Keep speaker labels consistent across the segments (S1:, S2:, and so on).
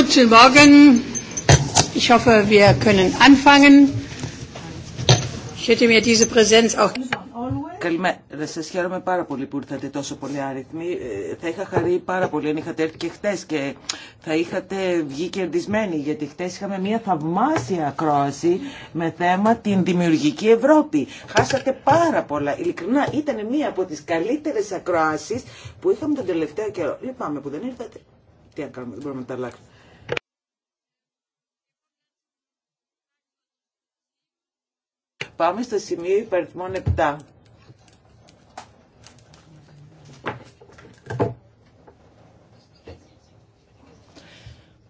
S1: Guten Morgen. Ich hoffe, wir können anfangen. Ich mir diese Präsenz
S2: auch Καλημέρα σα. Χαίρομαι πάρα πολύ που ήρθατε τόσο πολύ άριθμοι. Ε, θα είχα χαρεί πάρα πολύ αν είχατε έρθει και χτε και θα είχατε βγει κερδισμένοι, γιατί χτε είχαμε μια θαυμάσια ακρόαση με θέμα την δημιουργική Ευρώπη. Χάσατε πάρα πολλά. Ειλικρινά, ήταν μια από τι καλύτερε ακροάσει που είχαμε τον τελευταίο καιρό. Λυπάμαι που δεν ήρθατε. Τι να κάνουμε, δεν μπορούμε να τα αλλάξουμε. Πάμε στο σημείο υπαριθμών 7.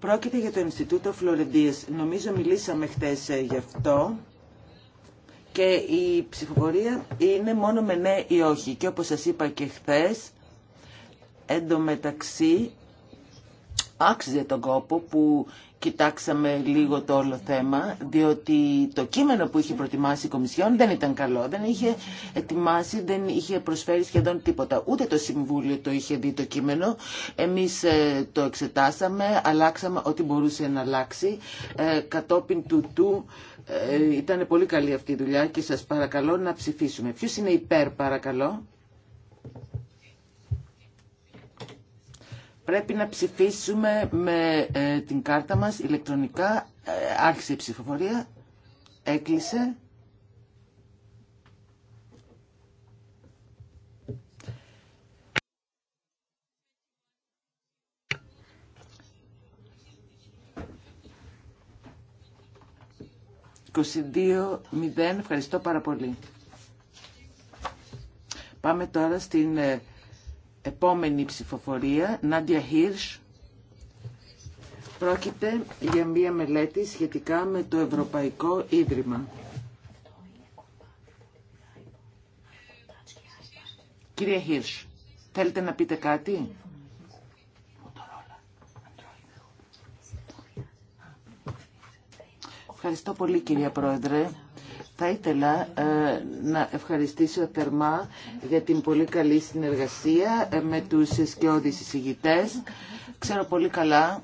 S2: Πρόκειται για το Ινστιτούτο Φλωρεντίας. Νομίζω μιλήσαμε χτες ε, γι' αυτό και η ψηφοφορία είναι μόνο με ναι ή όχι. Και όπως σας είπα και χθες, εντωμεταξύ άξιζε τον κόπο που κοιτάξαμε λίγο το όλο θέμα, διότι το κείμενο που είχε προτιμάσει η Κομισιόν δεν ήταν καλό. Δεν είχε ετοιμάσει, δεν είχε προσφέρει σχεδόν τίποτα. Ούτε το Συμβούλιο το είχε δει το κείμενο. Εμείς ε, το εξετάσαμε, αλλάξαμε ό,τι μπορούσε να αλλάξει. Ε, κατόπιν του του ε, ήταν πολύ καλή αυτή η δουλειά και σας παρακαλώ να ψηφίσουμε. Ποιος είναι υπέρ παρακαλώ. Πρέπει να ψηφίσουμε με ε, την κάρτα μας ηλεκτρονικά. Ε, άρχισε η ψηφοφορία. Έκλεισε. Ευχαριστώ πάρα πολύ. Πάμε τώρα στην ε, επόμενη ψηφοφορία, Νάντια Χίρς, πρόκειται για μία μελέτη σχετικά με το Ευρωπαϊκό Ίδρυμα. Κυρία Χίρς, θέλετε να πείτε κάτι? Ευχαριστώ πολύ κυρία Πρόεδρε. Θα ήθελα ε, να ευχαριστήσω θερμά για την πολύ καλή συνεργασία ε, με τους σκιώδεις εισηγητές. Ξέρω πολύ καλά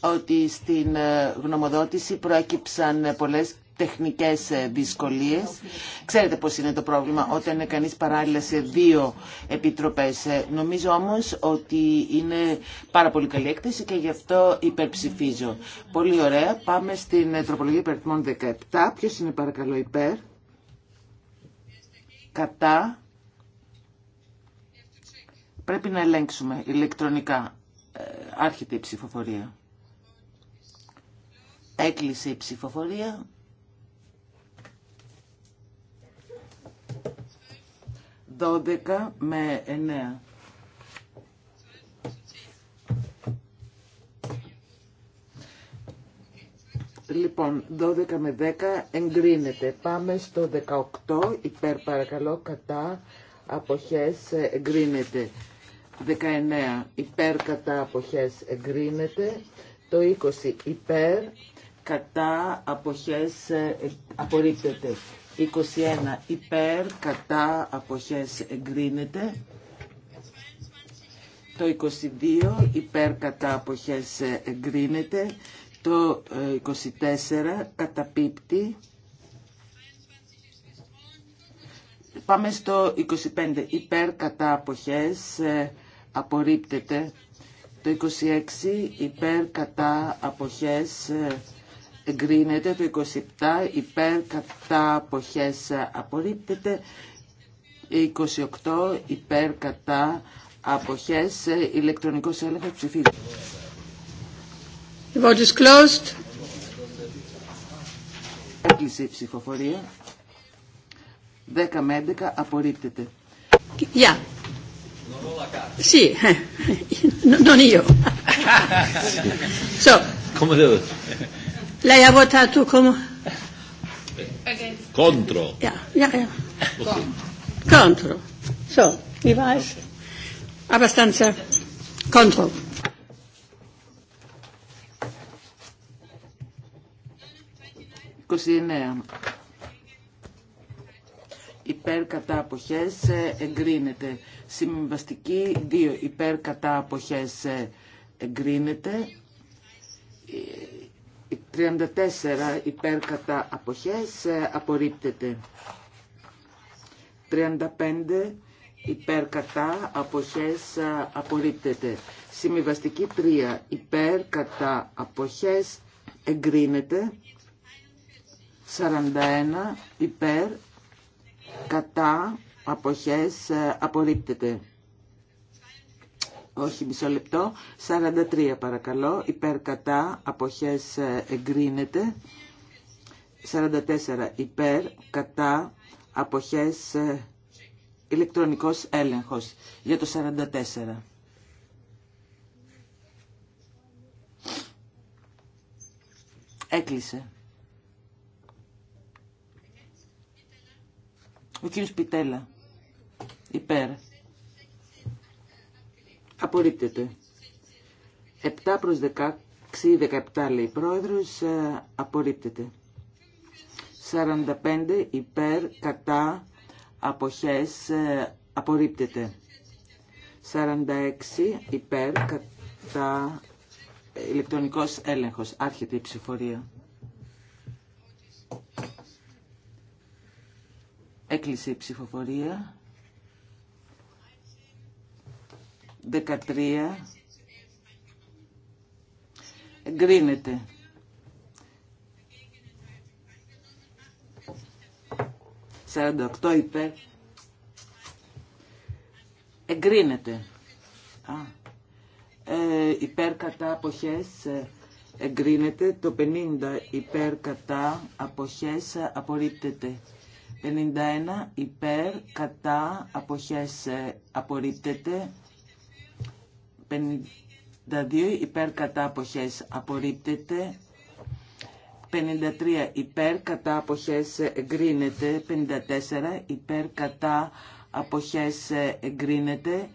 S2: ότι στην ε, γνωμοδότηση προέκυψαν πολλές τεχνικές ε, δυσκολίες. Ξέρετε πώ είναι το πρόβλημα όταν είναι κανεί παράλληλα σε δύο επιτροπές. Ε, νομίζω όμως ότι είναι πάρα πολύ καλή έκθεση και γι' αυτό υπερψηφίζω. Πολύ ωραία. Πάμε στην ε, τροπολογία υπερθμών 17. Ποιος είναι παρακαλώ υπέρ. Κατά. Πρέπει να ελέγξουμε ηλεκτρονικά. Άρχεται η ψηφοφορία. Έκλεισε η ψηφοφορία. 12 με 9. Λοιπόν, 12 με 10 εγκρίνεται. Πάμε στο 18, υπέρ παρακαλώ, κατά αποχές εγκρίνεται. 19, υπέρ κατά αποχές εγκρίνεται. Το 20, υπέρ κατά αποχές ε, απορρίπτεται. 21 υπέρ, κατά, αποχές εγκρίνεται. Το 22 υπέρ, κατά, αποχές εγκρίνεται. Το 24 ε, καταπίπτει. Πάμε στο 25 υπέρ, κατά, αποχές ε, απορρίπτεται. Το 26 υπέρ, κατά, αποχές ε, εγκρίνεται, το 27 υπέρ κατά αποχές απορρίπτεται, 28 υπέρ κατά αποχές ηλεκτρονικός έλεγχος ψηφίδων. The vote is closed. Έκλεισε η ψηφοφορία. 10 με 11 απορρίπτεται.
S1: Γεια. Sì, non
S3: io. so. Come
S1: Lei ha votato come?
S3: Contro. Yeah,
S1: yeah, ja. Contro. So, mi va? Abbastanza. Contro.
S2: Υπέρ κατά αποχές εγκρίνεται. Συμβαστική 2. Υπέρ κατά αποχές εγκρίνεται. 34 υπέρ κατά αποχές ε, απορρίπτεται. 35 υπέρ κατά αποχές ε, απορρίπτεται. Συμβιβαστική 3 υπέρ κατά αποχές εγκρίνεται. 41 υπέρ κατά αποχές ε, απορρίπτεται όχι μισό λεπτό, 43 παρακαλώ, υπέρ κατά, αποχές ε, εγκρίνεται, 44 υπέρ κατά, αποχές ε, ηλεκτρονικός έλεγχος για το 44. Έκλεισε. Ο κύριος Πιτέλα. Υπέρ. Απορρίπτεται. 7 προς 16, 17 λέει πρόεδρος, ε, απορρίπτεται. 45 υπέρ, κατά, αποχές, ε, απορρίπτεται. 46 υπέρ, κατά, ηλεκτρονικός έλεγχος, άρχεται η ψηφορία. Έκλεισε η ψηφοφορία. 13 εγκρίνεται. 48 υπέρ. Εγκρίνεται. Α, ε, υπέρ κατά αποχές ε, εγκρίνεται. Το 50 υπέρ κατά αποχές ε, απορρίπτεται. 51 υπέρ κατά αποχές ε, απορρίπτεται. 52 υπέρ κατά αποχές απορρίπτεται. 53 υπέρ κατά αποχές εγκρίνεται. 54 υπέρ κατά αποχές εγκρίνεται.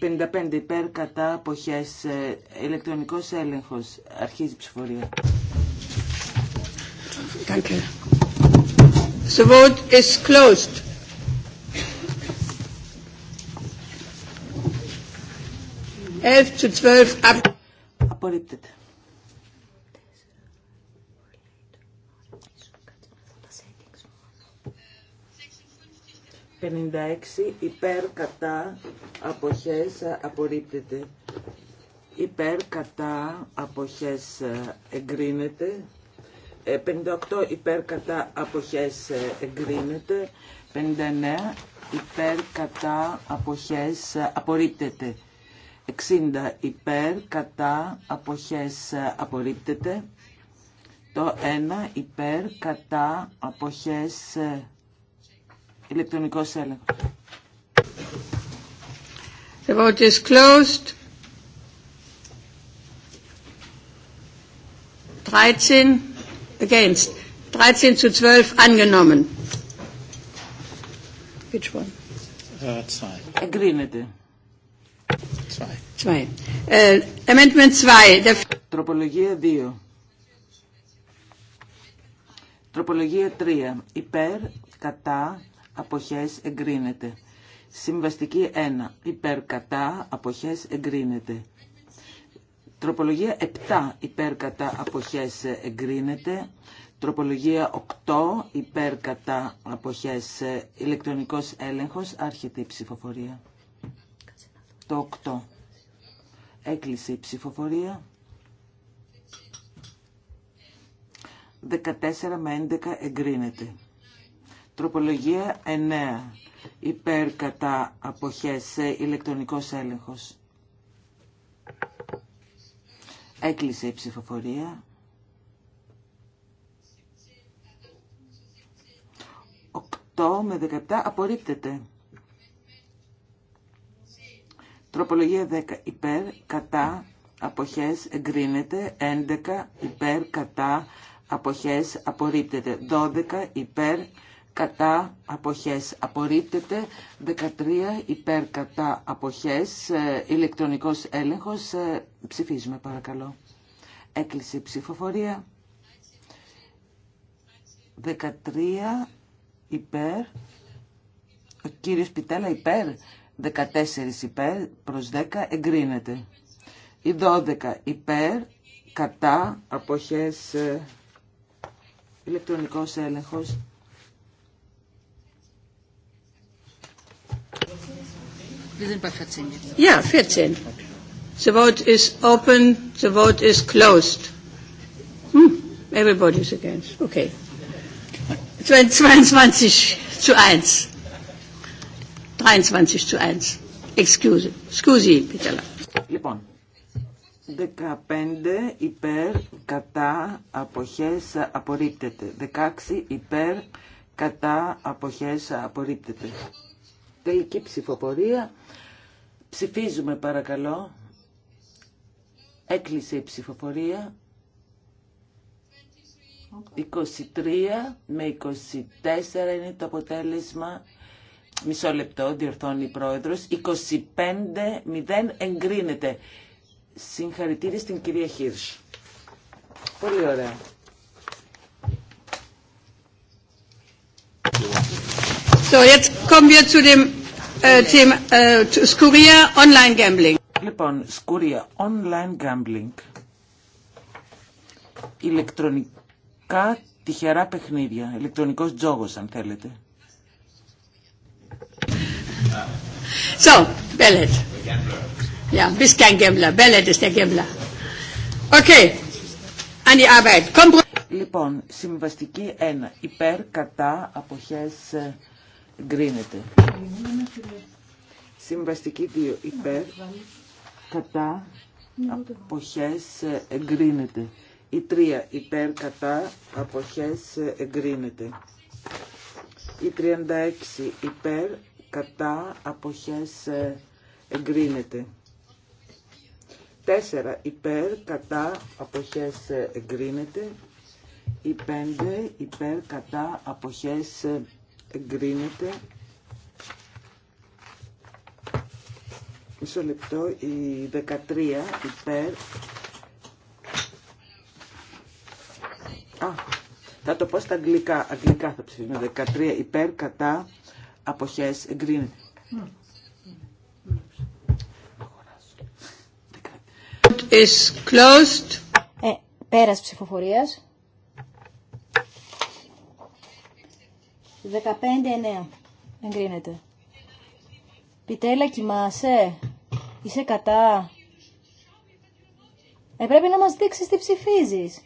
S2: 55 υπέρ κατά αποχές ε, ηλεκτρονικός έλεγχος. Αρχίζει η ψηφορία. The vote is closed.
S1: 11 12
S2: 56 υπέρ κατά αποχές απορρίπτεται. Υπέρ κατά αποχές εγκρίνεται. 58 ε, υπέρ κατά αποχές εγκρίνεται. 59 υπέρ κατά αποχές απορρίπτεται. 60 υπέρ, κατά, αποχές ε, απορρίπτεται. Το 1 υπέρ, κατά, αποχές ε, ηλεκτρονικός έλεγχο. The
S1: vote is closed. 13 against. 13 zu 12 angenommen. Which one?
S2: Uh, Εγκρίνεται. Äh, Amendment 2. Τροπολογία 2. Τροπολογία 3. Υπέρ, κατά, αποχές, εγκρίνεται. Συμβαστική 1. Υπέρ, κατά, αποχές, εγκρίνεται. Τροπολογία 7. Υπέρ, κατά, αποχές, εγκρίνεται. Τροπολογία 8. Υπέρ, κατά, αποχές, ηλεκτρονικός έλεγχος, άρχεται η ψηφοφορία. Το 8. Έκλεισε η ψηφοφορία. 14 με 11 εγκρίνεται. Τροπολογία 9. Υπέρ κατά αποχές σε ηλεκτρονικός έλεγχος. Έκλεισε η ψηφοφορία. 8 με 17 απορρίπτεται. Τροπολογία 10 υπέρ, κατά, αποχές εγκρίνεται. 11 υπέρ, κατά, αποχές απορρίπτεται. 12 υπέρ, κατά, αποχές απορρίπτεται. 13 υπέρ, κατά, αποχές, ε, ηλεκτρονικός έλεγχος. Ε, ψηφίζουμε παρακαλώ. Έκλεισε η ψηφοφορία. 13 υπέρ. Ο κύριος Πιτέλα υπέρ. 14 υπέρ προς 10 εγκρίνεται. Οι 12 υπέρ κατά αποχές ηλεκτρονικός έλεγχος. Ja,
S1: 14. The vote is open. The vote is closed. Hm, everybody is against. Okay. 22 zu 1.
S2: Λοιπόν, 15 υπέρ, κατά, αποχές, απορρίπτεται. 16 υπέρ, κατά, αποχές, απορρίπτεται. Τελική ψηφοφορία. Ψηφίζουμε παρακαλώ. Έκλεισε η ψηφοφορία. 23 με 24 είναι το αποτέλεσμα. Μισό λεπτό, διορθώνει η πρόεδρος. 25-0 εγκρίνεται. Συγχαρητήρια στην κυρία Χίρς. Πολύ ωραία. jetzt kommen wir zu dem äh, Thema äh, Online Gambling. Λοιπόν, Skuria Online Gambling. Ηλεκτρονικά τυχερά παιχνίδια, ηλεκτρονικός τζόγος αν θέλετε. So, Bellet. Ja,
S1: bist kein Gambler. Bellet ist der Gambler.
S2: Okay. An die Arbeit. Λοιπόν, συμβαστική 1. Υπέρ, κατά, αποχές, ε, γκρίνεται. Συμβαστική 2. Υπέρ, κατά, αποχές, ε, εγκρίνεται. Η 3. Υπέρ, κατά, αποχές, ε, εγκρίνεται. Η 36. Υπέρ, κατά αποχές ε, εγκρίνεται. 4 υπέρ κατά αποχές ε, εγκρίνεται. Η 5 υπέρ κατά αποχές ε, εγκρίνεται. Μισό λεπτό, η 13 υπέρ. Α, θα το πω στα αγγλικά. Αγγλικά θα ψηφίσουμε. 13 υπέρ κατά αποχές εγκρίνεται. Is closed. Ε, πέρας
S4: ψηφοφορίας. 15-9. Εγκρίνεται. Πιτέλα, κοιμάσαι. Είσαι κατά. Ε, πρέπει να μας δείξεις τι ψηφίζεις.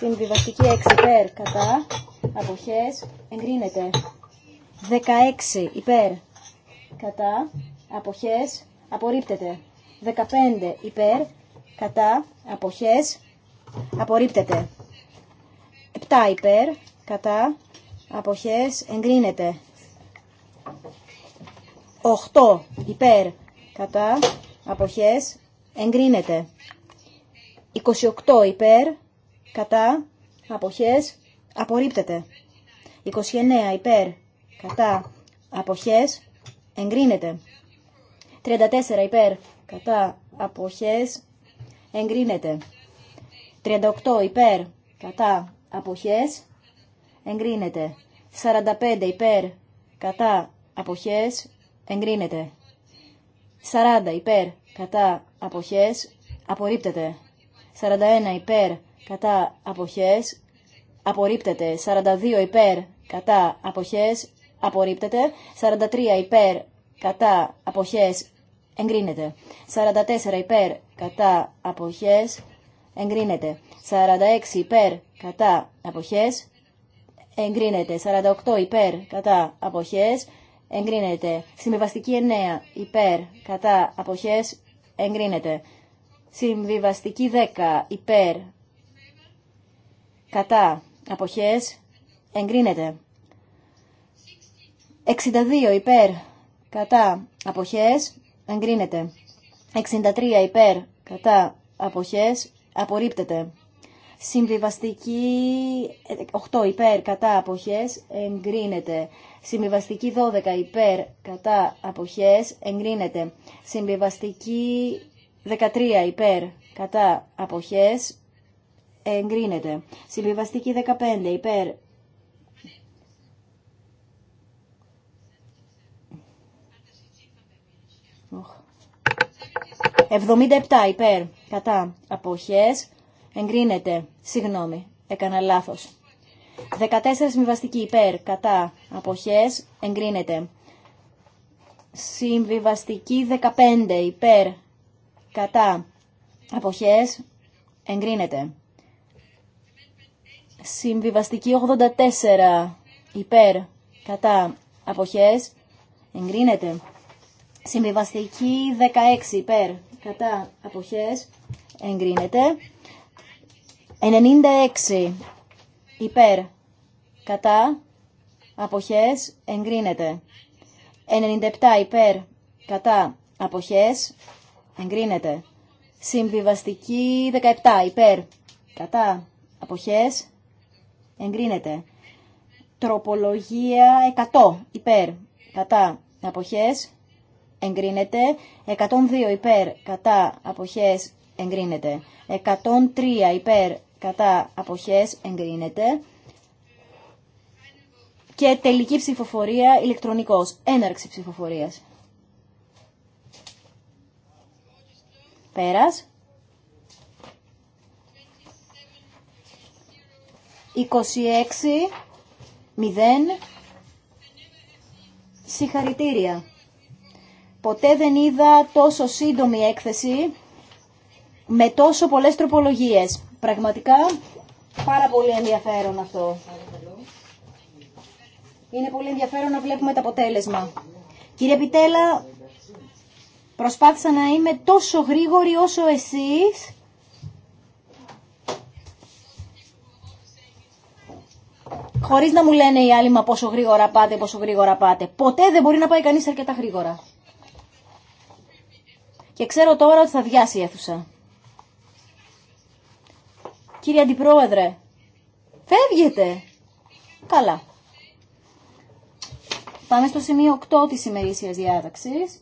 S4: Συμβιβαστική 6 υπέρ κατά αποχές εγκρίνεται. 16 υπέρ κατά αποχές απορρίπτεται. 15 υπέρ κατά αποχές απορρίπτεται. 7 υπέρ κατά αποχές εγκρίνεται. 8 υπέρ κατά αποχές εγκρίνεται. 28 υπέρ κατά, αποχές, απορρίπτεται. 29 υπέρ, κατά, αποχές, εγκρίνεται. 34 υπέρ, κατά, αποχές, εγκρίνεται. 38 υπέρ, κατά, αποχές, εγκρίνεται. 45 υπέρ, κατά, αποχές, εγκρίνεται. 40 υπέρ, κατά, αποχές, απορρίπτεται. 41 υπέρ, κατά αποχές απορρίπτεται. 42 υπέρ κατά αποχές απορρίπτεται. 43 υπέρ κατά αποχές εγκρίνεται. 44 υπέρ κατά αποχές εγκρίνεται. 46 υπέρ κατά αποχές εγκρίνεται. 48 υπέρ κατά αποχές εγκρίνεται. Συμβιβαστική 9 υπέρ κατά αποχές εγκρίνεται. Συμβιβαστική 10 υπέρ κατά αποχές εγκρίνεται. 62 υπέρ κατά αποχές εγκρίνεται. 63 υπέρ κατά αποχές απορρίπτεται. Συμβιβαστική 8 υπέρ κατά αποχές εγκρίνεται. Συμβιβαστική 12 υπέρ κατά αποχές εγκρίνεται. Συμβιβαστική 13 υπέρ κατά αποχές εγκρίνεται. Συμβιβαστική 15 υπέρ. 77 υπέρ. Κατά. Αποχές. Εγκρίνεται. Συγγνώμη. Έκανα λάθος. 14 συμβιβαστική υπέρ. Κατά. Αποχές. Εγκρίνεται. Συμβιβαστική 15 υπέρ. Κατά. Αποχές. Εγκρίνεται. Συμβιβαστική 84 υπέρ κατά αποχές εγκρίνεται. Συμβιβαστική 16 υπέρ κατά αποχές εγκρίνεται. 96 υπέρ κατά αποχές εγκρίνεται. 97 υπέρ κατά αποχές εγκρίνεται. Συμβιβαστική 17 υπέρ κατά αποχές εγκρίνεται. Τροπολογία 100 υπέρ κατά αποχές εγκρίνεται. 102 υπέρ κατά αποχές εγκρίνεται. 103 υπέρ κατά αποχές εγκρίνεται. Και τελική ψηφοφορία ηλεκτρονικός. Έναρξη ψηφοφορίας. Πέρας. 26 0 συγχαρητήρια. Ποτέ δεν είδα τόσο σύντομη έκθεση με τόσο πολλές τροπολογίες. Πραγματικά πάρα πολύ ενδιαφέρον αυτό. Είναι πολύ ενδιαφέρον να βλέπουμε το αποτέλεσμα. Κύριε Πιτέλα, προσπάθησα να είμαι τόσο γρήγορη όσο εσείς χωρίς να μου λένε οι άλλοι μα πόσο γρήγορα πάτε, πόσο γρήγορα πάτε. Ποτέ δεν μπορεί να πάει κανεί αρκετά γρήγορα. Και ξέρω τώρα ότι θα διάσει η αίθουσα. Κύριε Αντιπρόεδρε, φεύγετε. Καλά. Πάμε στο σημείο 8 της ημερήσιας διάταξης.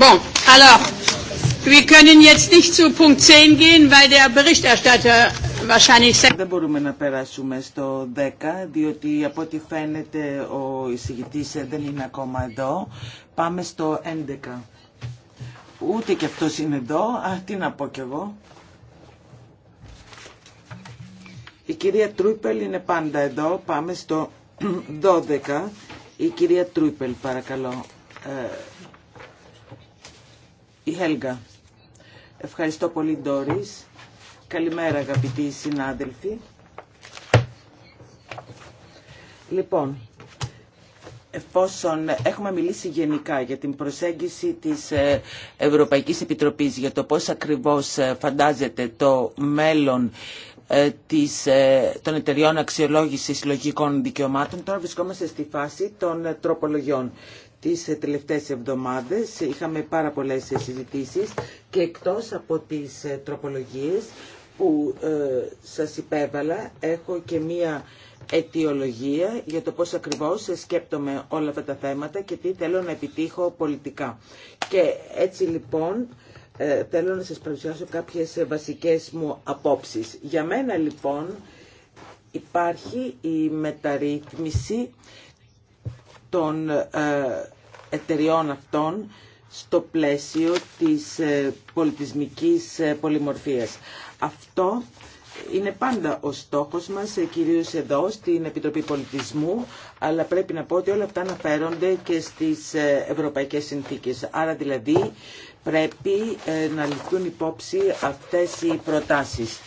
S1: Bon, alors, wir können jetzt nicht zu Punkt 10 gehen, weil der Berichterstatter wahrscheinlich...
S2: Δεν μπορούμε να περάσουμε στο 10, διότι από ό,τι φαίνεται ο εισηγητή ε, δεν είναι ακόμα εδώ. Πάμε στο 11. Ούτε και αυτό είναι εδώ. Α, τι να πω κι εγώ. Η κυρία Τρούπελ είναι πάντα εδώ. Πάμε στο 12. Η κυρία Τρούπελ, παρακαλώ. Ε, η Χέλγα. Ευχαριστώ πολύ, Ντόρις. Καλημέρα, αγαπητοί συνάδελφοι. Λοιπόν, εφόσον έχουμε μιλήσει γενικά για την προσέγγιση της ε, Ευρωπαϊκής Επιτροπής, για το πώς ακριβώς ε, φαντάζεται το μέλλον ε, της, των εταιριών αξιολόγησης λογικών δικαιωμάτων, τώρα βρισκόμαστε στη φάση των τροπολογιών τις τελευταίες εβδομάδες. Είχαμε πάρα πολλές συζητήσεις και εκτός από τις ε, τροπολογίες που ε, σας υπέβαλα έχω και μία αιτιολογία για το πώς ακριβώς σκέπτομαι όλα αυτά τα θέματα και τι θέλω να επιτύχω πολιτικά. Και έτσι λοιπόν ε, θέλω να σας παρουσιάσω κάποιες βασικές μου απόψεις. Για μένα λοιπόν υπάρχει η μεταρρύθμιση των ε, εταιριών αυτών στο πλαίσιο της ε, πολιτισμικής ε, πολυμορφίας. Αυτό είναι πάντα ο στόχος μας, κυρίως εδώ στην Επιτροπή Πολιτισμού, αλλά πρέπει να πω ότι όλα αυτά αναφέρονται και στις ευρωπαϊκές συνθήκες. Άρα δηλαδή πρέπει να ληφθούν υπόψη αυτές οι προτάσεις.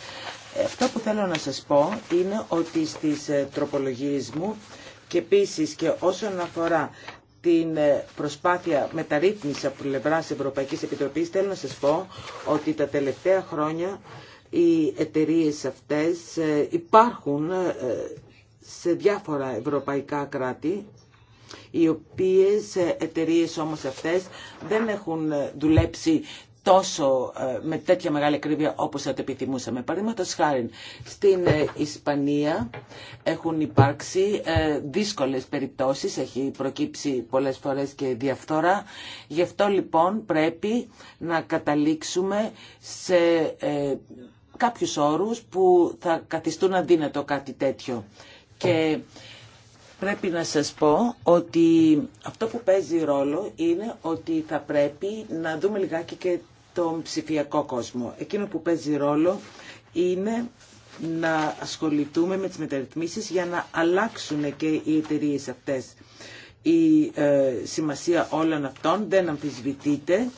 S2: Αυτό που θέλω να σας πω είναι ότι στις τροπολογίες μου και επίση, και όσον αφορά την ε, προσπάθεια μεταρρύθμιση από πλευρά Ευρωπαϊκή Επιτροπή, θέλω να σα πω ότι τα τελευταία χρόνια οι εταιρείε αυτές ε, υπάρχουν ε, σε διάφορα ευρωπαϊκά κράτη, οι οποίες εταιρείε όμως αυτές δεν έχουν δουλέψει τόσο ε, με τέτοια μεγάλη ακρίβεια όπως θα το επιθυμούσαμε. Παραδείγματο χάρη, στην ε, Ισπανία έχουν υπάρξει ε, δύσκολες περιπτώσεις, έχει προκύψει πολλές φορές και διαφθόρα. Γι' αυτό λοιπόν πρέπει να καταλήξουμε σε κάποιους όρους που θα καθιστούν αδύνατο κάτι τέτοιο. Και πρέπει να σας πω ότι αυτό που παίζει ρόλο είναι ότι θα πρέπει να δούμε λιγάκι και τον ψηφιακό κόσμο. Εκείνο που παίζει ρόλο είναι να ασχοληθούμε με τις μεταρρυθμίσεις για να αλλάξουν και οι εταιρείε αυτές. Η ε, σημασία όλων αυτών δεν αμφισβητείται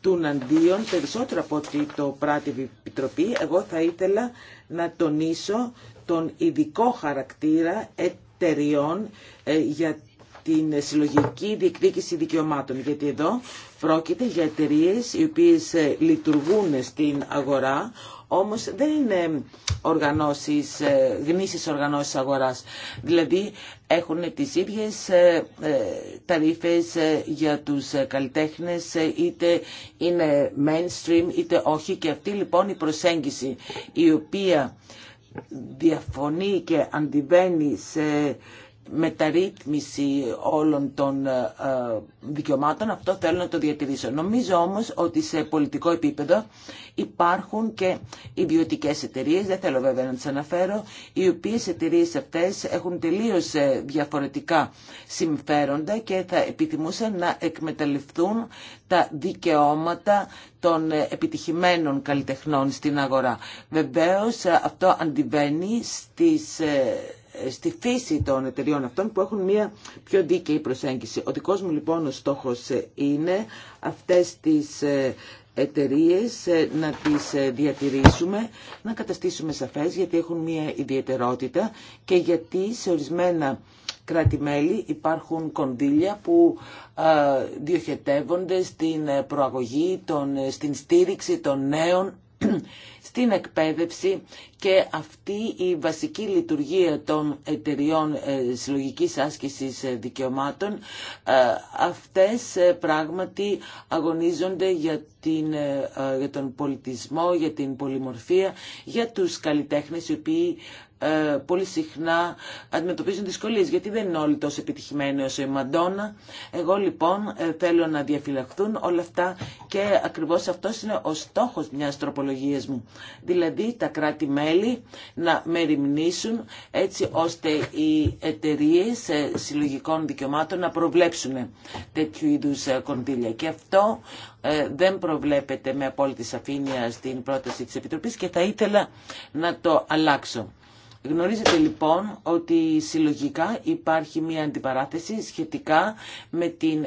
S2: του αντίον περισσότερο από ότι το πράττει η Επιτροπή. Εγώ θα ήθελα να τονίσω τον ειδικό χαρακτήρα εταιριών ε, για την συλλογική διεκδίκηση δικαιωμάτων. Γιατί εδώ Πρόκειται για εταιρείε οι οποίες ε, λειτουργούν στην αγορά, όμως δεν είναι οργανώσεις, ε, γνήσιες οργανώσεις αγοράς. Δηλαδή έχουν τις ίδιες ε, ταρίφες για τους καλλιτέχνες, είτε είναι mainstream είτε όχι. Και αυτή λοιπόν η προσέγγιση η οποία διαφωνεί και αντιβαίνει σε μεταρρύθμιση όλων των ε, δικαιωμάτων. Αυτό θέλω να το διατηρήσω. Νομίζω όμως ότι σε πολιτικό επίπεδο υπάρχουν και ιδιωτικέ εταιρείε, δεν θέλω βέβαια να τις αναφέρω, οι οποίες εταιρείε αυτές έχουν τελείως ε, διαφορετικά συμφέροντα και θα επιθυμούσαν να εκμεταλλευτούν τα δικαιώματα των ε, επιτυχημένων καλλιτεχνών στην αγορά. Βεβαίως αυτό αντιβαίνει στις στη φύση των εταιριών αυτών που έχουν μια πιο δίκαιη προσέγγιση. Ο δικός μου λοιπόν ο στόχος ε, είναι αυτές τις ε, εταιρείε ε, να τις διατηρήσουμε, να καταστήσουμε σαφές γιατί έχουν μια ιδιαιτερότητα και γιατί σε ορισμένα κράτη-μέλη υπάρχουν κονδύλια που διοχετεύονται στην προαγωγή, των, στην στήριξη των νέων στην εκπαίδευση και αυτή η βασική λειτουργία των εταιριών ε, συλλογικής άσκησης ε, δικαιωμάτων ε, αυτές πράγματι αγωνίζονται για, την, για τον πολιτισμό, για την πολυμορφία, για τους καλλιτέχνες οι οποίοι ε, πολύ συχνά αντιμετωπίζουν δυσκολίες γιατί δεν είναι όλοι τόσο επιτυχημένοι όσο η Μαντόνα. Εγώ λοιπόν ε, θέλω να διαφυλαχθούν όλα αυτά και ακριβώς αυτός είναι ο στόχος μιας τροπολογίας μου. Δηλαδή τα κράτη-μέλη να μεριμνήσουν έτσι ώστε οι εταιρείε ε, συλλογικών δικαιωμάτων να προβλέψουν τέτοιου είδους κονδύλια. Και αυτό δεν προβλέπεται με απόλυτη σαφήνεια στην πρόταση της Επιτροπής και θα ήθελα να το αλλάξω. Γνωρίζετε λοιπόν ότι συλλογικά υπάρχει μια αντιπαράθεση σχετικά με την,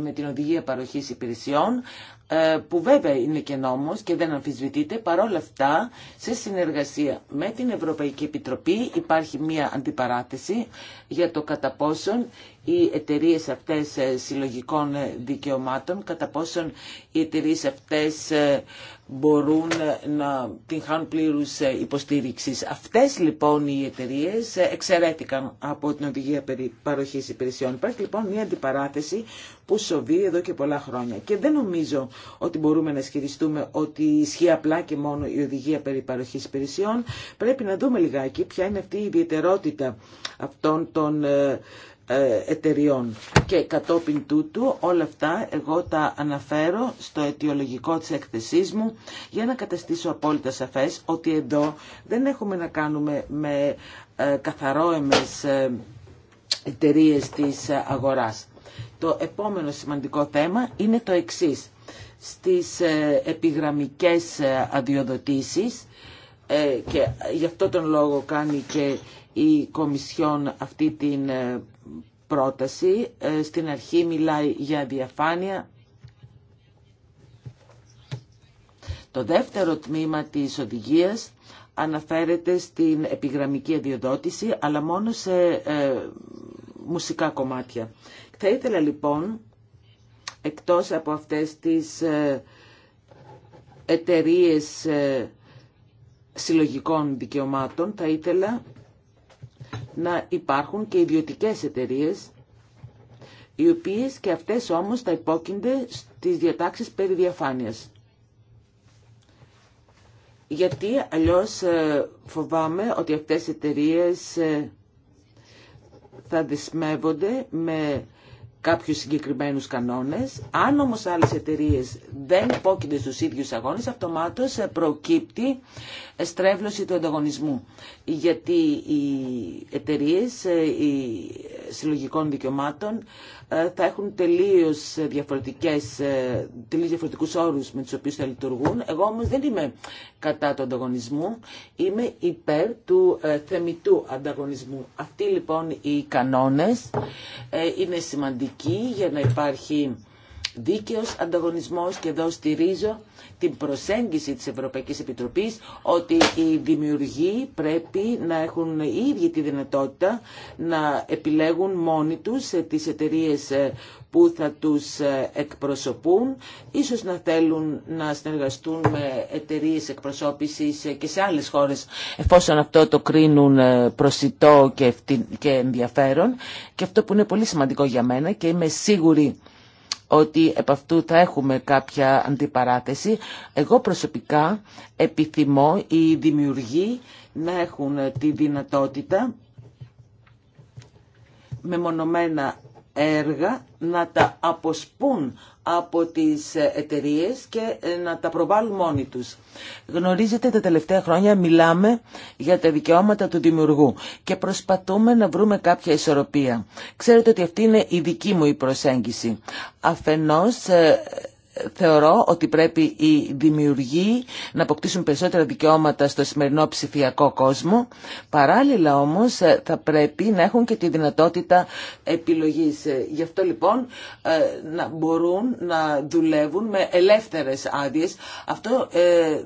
S2: με την οδηγία παροχής υπηρεσιών ε, που βέβαια είναι και νόμος και δεν αμφισβητείται, παρόλα αυτά σε συνεργασία με την Ευρωπαϊκή Επιτροπή υπάρχει μία αντιπαράθεση για το κατά πόσον οι εταιρείε αυτές ε, συλλογικών ε, δικαιωμάτων, κατά πόσον οι εταιρείε αυτές ε, μπορούν να την χάνουν πλήρους υποστήριξης. Αυτές λοιπόν οι εταιρείε εξαιρέθηκαν από την οδηγία περί παροχής υπηρεσιών. Υπάρχει λοιπόν μια αντιπαράθεση που σοβεί εδώ και πολλά χρόνια και δεν νομίζω ότι μπορούμε να ισχυριστούμε ότι ισχύει απλά και μόνο η οδηγία περί παροχής υπηρεσιών. Πρέπει να δούμε λιγάκι ποια είναι αυτή η ιδιαιτερότητα αυτών των ε, εταιριών. Και κατόπιν τούτου όλα αυτά εγώ τα αναφέρω στο αιτιολογικό της εκθεσής μου για να καταστήσω απόλυτα σαφές ότι εδώ δεν έχουμε να κάνουμε με ε, καθαρόεμες ε, εταιρείε της αγοράς. Το επόμενο σημαντικό θέμα είναι το εξής. Στις επιγραμμικές αδειοδοτήσεις και γι' αυτό τον λόγο κάνει και η Κομισιόν αυτή την πρόταση. Ε, στην αρχή μιλάει για διαφάνεια. Το δεύτερο τμήμα της οδηγίας αναφέρεται στην επιγραμμική αδειοδότηση, αλλά μόνο σε ε, μουσικά κομμάτια. Θα ήθελα λοιπόν, εκτός από αυτές τις ε, εταιρείες ε, συλλογικών δικαιωμάτων, θα ήθελα να υπάρχουν και ιδιωτικές εταιρείες οι οποίες και αυτές όμως θα υπόκεινται στις διατάξεις περί διαφάνειας. Γιατί αλλιώς ε, φοβάμαι ότι αυτές οι εταιρείες ε, θα δεσμεύονται με κάποιους συγκεκριμένους κανόνες. Αν όμως άλλες εταιρείες δεν υπόκεινται στους ίδιους αγώνες, αυτομάτως ε, προκύπτει ε, στρέβλωση του ανταγωνισμού. Γιατί οι εταιρείες ε, οι συλλογικών δικαιωμάτων θα έχουν τελείως, διαφορετικές, τελείως διαφορετικούς όρους με τους οποίους θα λειτουργούν. Εγώ όμως δεν είμαι κατά του ανταγωνισμού, είμαι υπέρ του θεμητού ανταγωνισμού. Αυτοί λοιπόν οι κανόνες είναι σημαντικοί για να υπάρχει δίκαιος ανταγωνισμός και εδώ στηρίζω την προσέγγιση της Ευρωπαϊκής Επιτροπής ότι οι δημιουργοί πρέπει να έχουν οι τη δυνατότητα να επιλέγουν μόνοι τους τις εταιρείες ε, που θα τους ε, εκπροσωπούν, ίσως να θέλουν να συνεργαστούν με εταιρείε εκπροσώπησης ε, και σε άλλες χώρες, εφόσον αυτό το κρίνουν προσιτό και ενδιαφέρον. Και αυτό που είναι πολύ σημαντικό για μένα και είμαι σίγουρη ότι επ' αυτού θα έχουμε κάποια αντιπαράθεση. Εγώ προσωπικά επιθυμώ οι δημιουργοί να έχουν τη δυνατότητα με μονομένα έργα να τα αποσπούν από τις εταιρείε και ε, να τα προβάλλουν μόνοι τους. Γνωρίζετε τα τελευταία χρόνια μιλάμε για τα δικαιώματα του δημιουργού και προσπαθούμε να βρούμε κάποια ισορροπία. Ξέρετε ότι αυτή είναι η δική μου η προσέγγιση. Αφενός ε, θεωρώ ότι πρέπει οι δημιουργοί να αποκτήσουν περισσότερα δικαιώματα στο σημερινό ψηφιακό κόσμο. Παράλληλα όμως ε, θα πρέπει να έχουν και τη δυνατότητα επιλογής. Ε, γι' αυτό λοιπόν ε, να μπορούν να δουλεύουν με ελεύθερες άδειες. Αυτό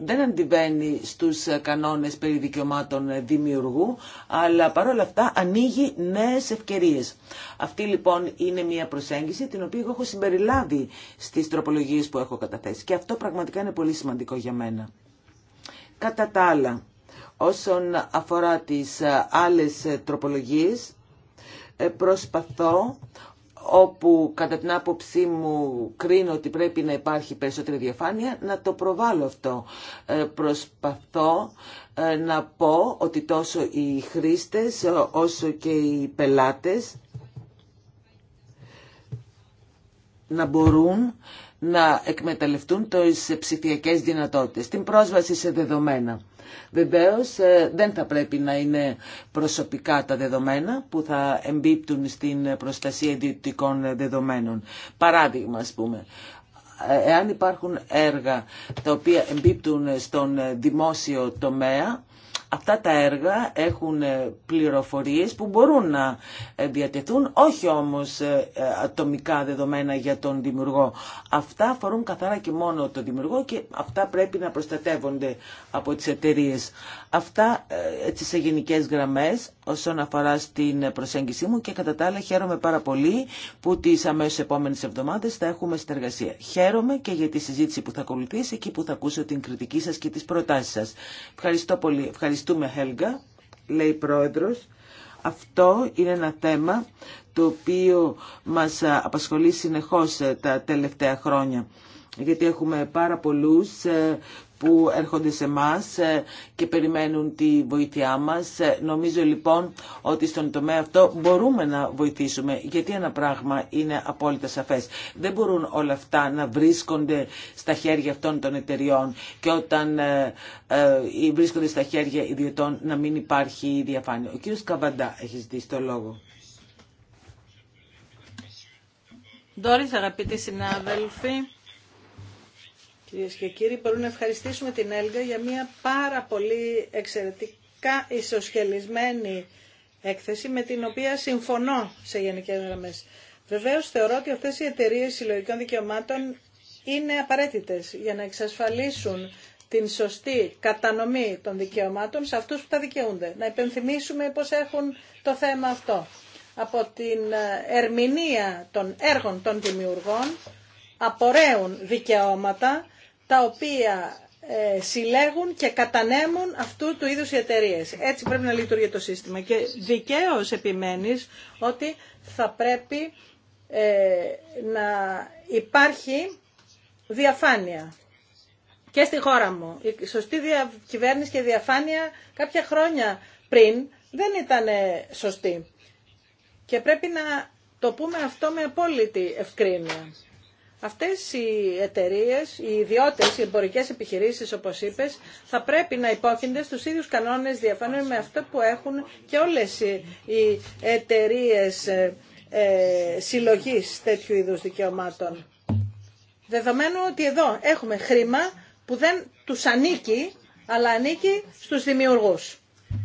S2: δεν αντιβαίνει στους κανόνες περί δικαιωμάτων δημιουργού, αλλά παρόλα αυτά ανοίγει νέες ευκαιρίες. Αυτή λοιπόν είναι μια προσέγγιση την οποία έχω συμπεριλάβει στις τροπολογίες που έχω καταθέσει. Και αυτό πραγματικά είναι πολύ σημαντικό για μένα. Κατά τα άλλα, όσον αφορά τις ε, άλλες ε, τροπολογίες, ε, προσπαθώ όπου κατά την άποψή μου κρίνω ότι πρέπει να υπάρχει περισσότερη διαφάνεια, να το προβάλλω αυτό. προσπαθώ να πω ότι τόσο οι χρήστες όσο και οι πελάτες να μπορούν να εκμεταλλευτούν τις ψηφιακές δυνατότητες, την πρόσβαση σε δεδομένα. Βεβαίως ε, δεν θα πρέπει να είναι προσωπικά τα δεδομένα που θα εμπίπτουν στην προστασία ιδιωτικών δεδομένων. Παράδειγμα, ας πούμε, ε, εάν υπάρχουν έργα τα οποία εμπίπτουν στον δημόσιο τομέα, Αυτά τα έργα έχουν ε, πληροφορίες που μπορούν να ε, διατεθούν, όχι όμως ε, ατομικά δεδομένα για τον δημιουργό. Αυτά αφορούν καθαρά και μόνο τον δημιουργό και αυτά πρέπει να προστατεύονται από τις εταιρείε. Αυτά ε, έτσι σε γενικές γραμμές όσον αφορά στην προσέγγιση μου και κατά τα άλλα χαίρομαι πάρα πολύ που τις αμέσως επόμενες εβδομάδες θα έχουμε συνεργασία. Χαίρομαι και για τη συζήτηση που θα ακολουθήσει και που θα ακούσω την κριτική σας και τις προτάσεις σας. Ευχαριστώ πολύ. Ευχαριστούμε Χέλγα, λέει πρόεδρος. Αυτό είναι ένα θέμα το οποίο μας απασχολεί συνεχώς ε, τα τελευταία χρόνια γιατί έχουμε πάρα πολλούς ε, που έρχονται σε εμά και περιμένουν τη βοήθειά μας. Ε, νομίζω λοιπόν ότι στον τομέα αυτό μπορούμε να βοηθήσουμε, γιατί ένα πράγμα είναι απόλυτα σαφές. Δεν μπορούν όλα αυτά να βρίσκονται στα χέρια αυτών των εταιριών και όταν ε, ε, βρίσκονται στα χέρια ιδιωτών να μην υπάρχει διαφάνεια. Ο κύριος Καβαντά έχει ζητήσει το λόγο.
S3: Ντόρις, αγαπητοί συνάδελφοι, Κυρίε και κύριοι, μπορούμε να ευχαριστήσουμε την Έλγα για μια πάρα πολύ εξαιρετικά ισοσχελισμένη έκθεση με την οποία συμφωνώ σε γενικές γραμμές. Βεβαίως θεωρώ ότι αυτές οι εταιρείε συλλογικών δικαιωμάτων είναι απαραίτητες για να εξασφαλίσουν την σωστή κατανομή των δικαιωμάτων σε αυτούς που τα δικαιούνται. Να υπενθυμίσουμε πώς έχουν το θέμα αυτό. Από την ε, ερμηνεία των έργων των δημιουργών απορρέουν δικαιώματα τα οποία ε, συλλέγουν και κατανέμουν αυτού του είδους οι εταιρείε. Έτσι πρέπει να λειτουργεί το σύστημα. Και δικαίως επιμένεις ότι θα πρέπει ε, να υπάρχει διαφάνεια. Και στη χώρα μου. Η σωστή κυβέρνηση και διαφάνεια κάποια χρόνια πριν δεν ήταν ε, σωστή. Και πρέπει να το πούμε αυτό με απόλυτη ευκρίνεια. Αυτές οι εταιρείες, οι ιδιώτες, οι εμπορικές επιχειρήσεις όπως είπες, θα πρέπει να υπόκεινται στους ίδιους κανόνες διαφάνεια με αυτό που έχουν και όλες οι εταιρείες ε, ε, συλλογής τέτοιου είδους δικαιωμάτων. Δεδομένου ότι εδώ έχουμε χρήμα που δεν τους ανήκει, αλλά ανήκει στους δημιουργούς.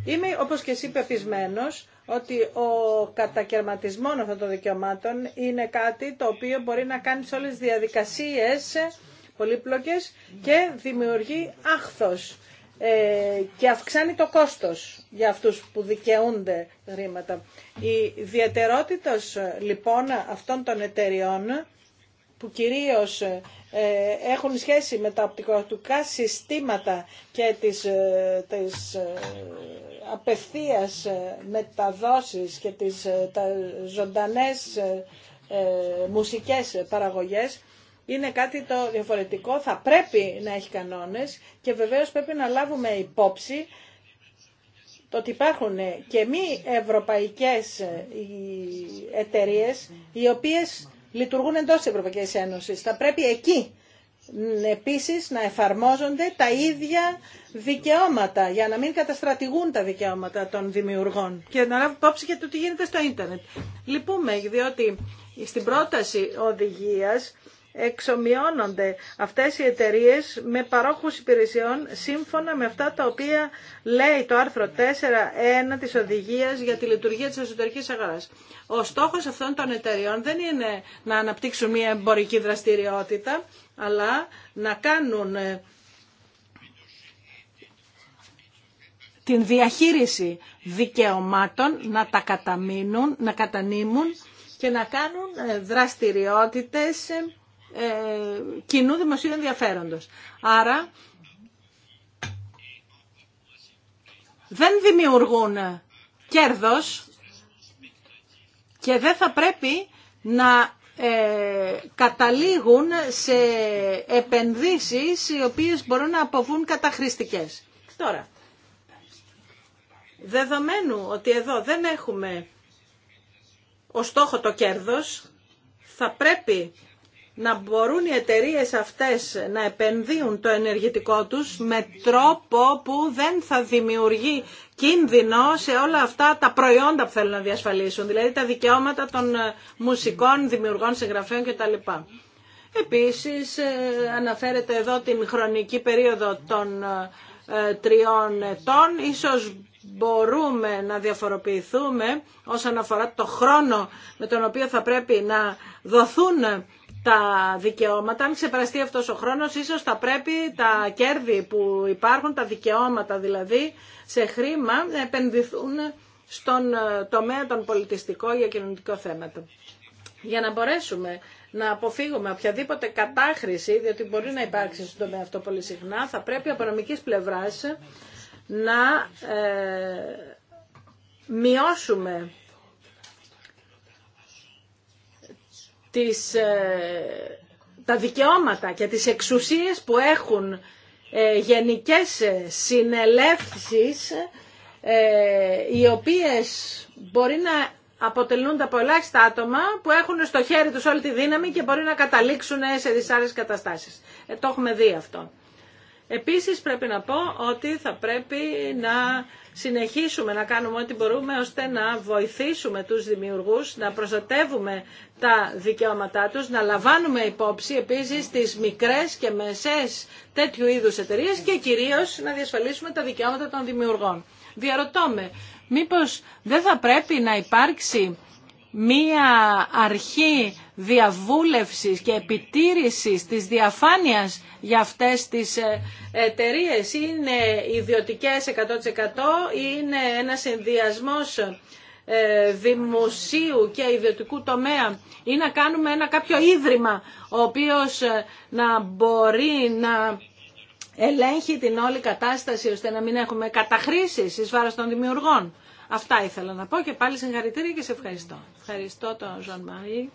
S3: Είμαι, όπως και εσύ, πεπισμένος ότι ο κατακαιρματισμός αυτών των δικαιωμάτων είναι κάτι το οποίο μπορεί να κάνει σε όλες τις διαδικασίες πολύπλοκες και δημιουργεί άχθος ε, και αυξάνει το κόστος για αυτούς που δικαιούνται χρήματα. Η ιδιαιτερότητα λοιπόν αυτών των εταιριών που κυρίως ε, έχουν σχέση με τα οπτικοακουστικά συστήματα και τις, ε, τις ε, απευθείας μεταδόσεις και τις τα ζωντανές μουσικές παραγωγές είναι κάτι το διαφορετικό, θα πρέπει να έχει κανόνες και βεβαίως πρέπει να λάβουμε υπόψη το ότι υπάρχουν και μη ευρωπαϊκές εταιρείες οι οποίες λειτουργούν εντό τη Ευρωπαϊκή Ένωση. Θα πρέπει εκεί επίσης να εφαρμόζονται τα ίδια δικαιώματα για να μην καταστρατηγούν τα δικαιώματα των δημιουργών και να λάβουν υπόψη για το τι γίνεται στο ίντερνετ. Λυπούμε διότι στην πρόταση οδηγίας εξομοιώνονται αυτές οι εταιρείες με παρόχους υπηρεσιών σύμφωνα με αυτά τα οποία λέει το άρθρο 4.1 της οδηγίας για τη λειτουργία της εσωτερικής αγοράς. Ο στόχος αυτών των εταιριών δεν είναι να αναπτύξουν μια εμπορική δραστηριότητα, αλλά να κάνουν ε, την διαχείριση δικαιωμάτων, να τα καταμείνουν, να κατανείμουν και να κάνουν ε, δραστηριότητες ε, ε, κοινού δημοσίου ενδιαφέροντος. Άρα δεν δημιουργούν κέρδος και δεν θα πρέπει να ε, καταλήγουν σε επενδύσεις οι οποίες μπορούν να αποβούν καταχρηστικές. Τώρα, δεδομένου ότι εδώ δεν έχουμε ως στόχο το κέρδος, θα πρέπει να μπορούν οι εταιρείε αυτές να επενδύουν το ενεργητικό τους με τρόπο που δεν θα δημιουργεί κίνδυνο σε όλα αυτά τα προϊόντα που θέλουν να διασφαλίσουν, δηλαδή τα δικαιώματα των ε, μουσικών, δημιουργών, συγγραφέων κτλ. Επίσης ε, αναφέρεται εδώ την χρονική περίοδο των ε, τριών ετών. Ίσως μπορούμε να διαφοροποιηθούμε όσον αφορά το χρόνο με τον οποίο θα πρέπει να δοθούν τα δικαιώματα. Αν ξεπεραστεί αυτός ο χρόνος, ίσως θα πρέπει τα κέρδη που υπάρχουν, τα δικαιώματα δηλαδή, σε χρήμα, να επενδυθούν στον ε, τομέα των πολιτιστικών για κοινωνικό θέματα. Για να μπορέσουμε να αποφύγουμε οποιαδήποτε κατάχρηση, διότι μπορεί να υπάρξει στον τομέα αυτό πολύ συχνά, θα πρέπει από νομικής πλευράς να ε, μειώσουμε τις, ε, τα δικαιώματα και τις εξουσίες που έχουν ε, γενικές ε, συνελεύσεις οι οποίες μπορεί να αποτελούνται από ελάχιστα άτομα που έχουν στο χέρι τους όλη τη δύναμη και μπορεί να καταλήξουν σε δυσάρες καταστάσεις. Ε, το έχουμε δει αυτό. Επίσης πρέπει να πω ότι θα πρέπει να συνεχίσουμε να κάνουμε ό,τι μπορούμε ώστε να βοηθήσουμε τους δημιουργούς, να προστατεύουμε τα δικαιώματά τους, να λαμβάνουμε υπόψη επίσης τις μικρές και μεσές τέτοιου είδους εταιρείες και κυρίως να διασφαλίσουμε τα δικαιώματα των δημιουργών. Διαρωτώ με, μήπως δεν θα πρέπει να υπάρξει μία αρχή διαβούλευσης και επιτήρησης της διαφάνειας για αυτές τις ε, εταιρείε είναι ιδιωτικέ 100% ή είναι ένα συνδυασμός ε, δημοσίου και ιδιωτικού τομέα ή να κάνουμε ένα κάποιο ίδρυμα ο οποίος ε, να μπορεί να ελέγχει την όλη κατάσταση ώστε να μην έχουμε καταχρήσεις εις βάρος των δημιουργών. Αυτά ήθελα να πω και πάλι συγχαρητήρια και σε ευχαριστώ. Ευχαριστώ τον Ζων Μαρή.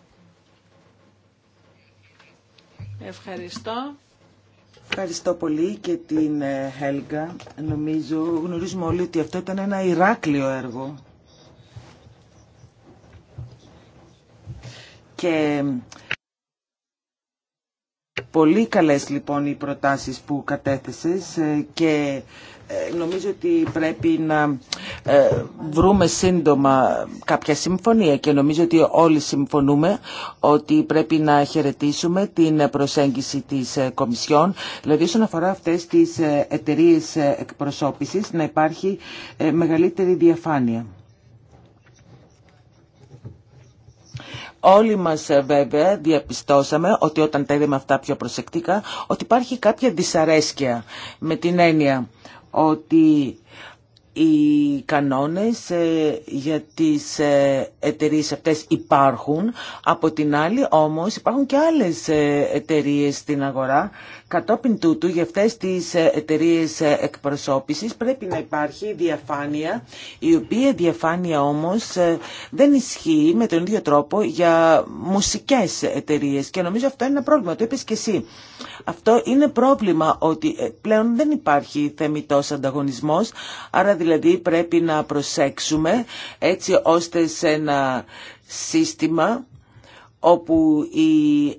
S3: Ευχαριστώ.
S2: Ευχαριστώ πολύ και την Χέλγα. Ε, Νομίζω γνωρίζουμε όλοι ότι αυτό ήταν ένα Ηράκλειο έργο. Και πολύ καλές λοιπόν οι προτάσεις που κατέθεσες ε, και ε, νομίζω ότι πρέπει να ε, βρούμε σύντομα κάποια συμφωνία και νομίζω ότι όλοι συμφωνούμε ότι πρέπει να χαιρετήσουμε την προσέγγιση της ε, Κομισιόν, δηλαδή όσον αφορά αυτές τις εταιρείε εκπροσώπησης να υπάρχει μεγαλύτερη διαφάνεια. Όλοι μας βέβαια διαπιστώσαμε ότι όταν τα είδαμε αυτά πιο προσεκτικά ότι υπάρχει κάποια δυσαρέσκεια με την έννοια ότι οι κανόνες ε, για τις ε, εταιρείες αυτές υπάρχουν. Από την άλλη όμως υπάρχουν και άλλες ε, εταιρείες στην αγορά Κατόπιν τούτου για αυτές τις ε, εταιρείε ε, εκπροσώπησης πρέπει να υπάρχει διαφάνεια, η οποία διαφάνεια όμως ε, δεν ισχύει με τον ίδιο τρόπο για μουσικές εταιρείε. και νομίζω αυτό είναι ένα πρόβλημα, το είπες και εσύ. Αυτό είναι πρόβλημα ότι πλέον δεν υπάρχει θεμητός ανταγωνισμός, άρα δηλαδή πρέπει να προσέξουμε έτσι ώστε σε ένα σύστημα όπου οι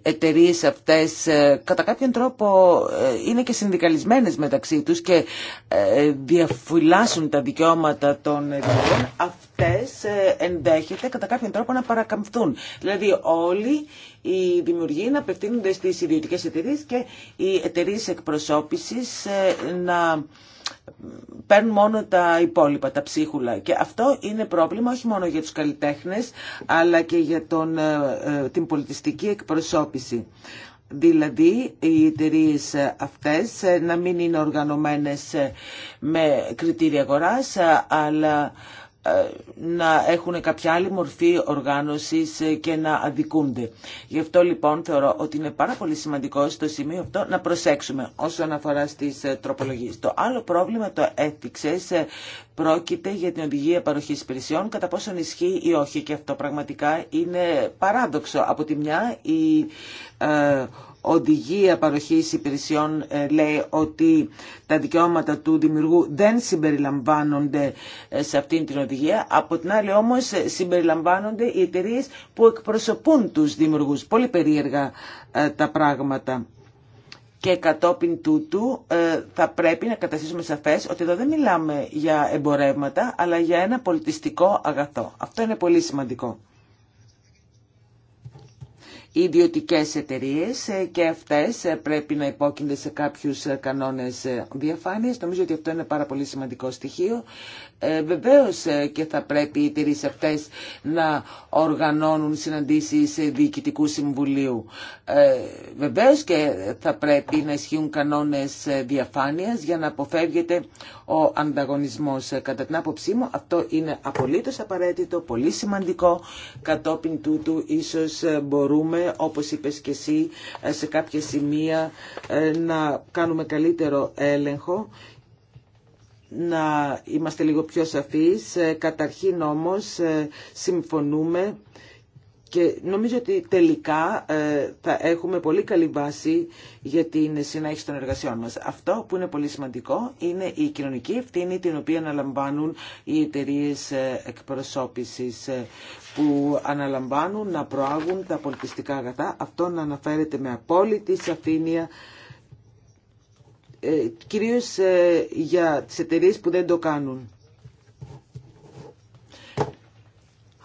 S2: εταιρείε αυτές ε, κατά κάποιον τρόπο ε, είναι και συνδικαλισμένες μεταξύ τους και ε, διαφυλάσσουν τα δικαιώματα των εταιρείων, αυτές ενδέχεται κατά κάποιον τρόπο να παρακαμφθούν. Δηλαδή όλοι οι δημιουργοί να απευθύνονται στις ιδιωτικές εταιρείε και οι εταιρείε εκπροσώπησης να παίρνουν μόνο τα υπόλοιπα, τα ψίχουλα. Και αυτό είναι πρόβλημα όχι μόνο για τους καλλιτέχνες, αλλά και για τον, ε, ε, την πολιτιστική εκπροσώπηση. Δηλαδή οι εταιρείε αυτές ε, να μην είναι οργανωμένες με κριτήρια αγοράς, αλλά ε, να έχουν κάποια άλλη μορφή οργάνωσης και να αδικούνται. Γι' αυτό λοιπόν θεωρώ ότι είναι πάρα πολύ σημαντικό στο σημείο αυτό να προσέξουμε όσον αφορά στις ε, τροπολογίες. Το άλλο πρόβλημα το σε ε, πρόκειται για την οδηγία παροχή υπηρεσιών, κατά πόσο ισχύει ή όχι. Και αυτό πραγματικά είναι παράδοξο. Από τη μια οδηγία παροχής υπηρεσιών ε, λέει ότι τα δικαιώματα του δημιουργού δεν συμπεριλαμβάνονται ε, σε αυτήν την οδηγία. Από την άλλη όμως ε, συμπεριλαμβάνονται οι εταιρείε που εκπροσωπούν τους δημιουργούς. Πολύ περίεργα τα πράγματα. Και κατόπιν τούτου θα πρέπει να καταστήσουμε σαφές ότι εδώ δεν μιλάμε για εμπορεύματα αλλά για ένα πολιτιστικό αγαθό. Αυτό είναι πολύ σημαντικό ιδιωτικές εταιρείες ε, και αυτές ε, πρέπει να υπόκεινται σε κάποιους ε, κανόνες διαφάνειας. Νομίζω ότι αυτό είναι πάρα πολύ σημαντικό στοιχείο. Ε, ε, και θα πρέπει οι εταιρείε να οργανώνουν συναντήσεις διοικητικού συμβουλίου. Ε, και θα πρέπει να ισχύουν κανόνε ε, διαφάνειας για να αποφεύγεται ο ανταγωνισμός. Ε, κατά την άποψή μου αυτό είναι απολύτω απαραίτητο, πολύ σημαντικό. Κατόπιν τούτου ίσω μπορούμε, όπως είπε και εσύ, σε κάποια σημεία να κάνουμε καλύτερο έλεγχο να είμαστε λίγο πιο σαφείς. Ε, καταρχήν όμως ε, συμφωνούμε και νομίζω ότι τελικά ε, θα έχουμε πολύ καλή βάση για την συνέχιση των εργασιών μας. Αυτό που είναι πολύ σημαντικό είναι η κοινωνική ευθύνη την οποία αναλαμβάνουν οι εταιρείε εκπροσώπησης που αναλαμβάνουν να προάγουν τα πολιτιστικά αγαθά. Αυτό να αναφέρεται με απόλυτη σαφήνεια ε, κυρίως ε, για τις εταιρείε που δεν το κάνουν.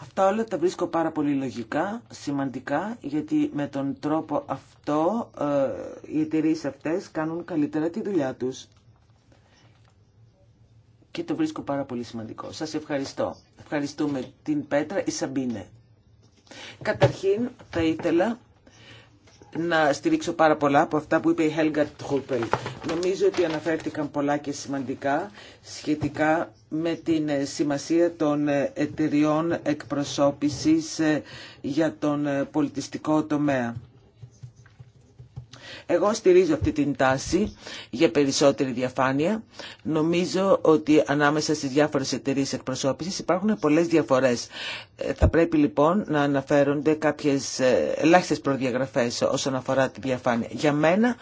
S2: Αυτά όλα τα βρίσκω πάρα πολύ λογικά, σημαντικά, γιατί με τον τρόπο αυτό ε, οι εταιρείε αυτές κάνουν καλύτερα τη δουλειά τους. Και το βρίσκω πάρα πολύ σημαντικό. Σας ευχαριστώ. Ευχαριστούμε την Πέτρα, η Σαμπίνε. Καταρχήν θα ήθελα να στηρίξω πάρα πολλά από αυτά που είπε η Helga Τρούπελ. Νομίζω ότι αναφέρθηκαν πολλά και σημαντικά σχετικά με την σημασία των εταιριών εκπροσώπησης ε, για τον ε, πολιτιστικό τομέα. Εγώ στηρίζω αυτή την τάση για περισσότερη διαφάνεια. Νομίζω ότι ανάμεσα στις διάφορες εταιρείε εκπροσώπησης υπάρχουν πολλές διαφορές. Ε, θα πρέπει λοιπόν να αναφέρονται κάποιες ε, ελάχιστες προδιαγραφές όσον αφορά τη διαφάνεια. Για μένα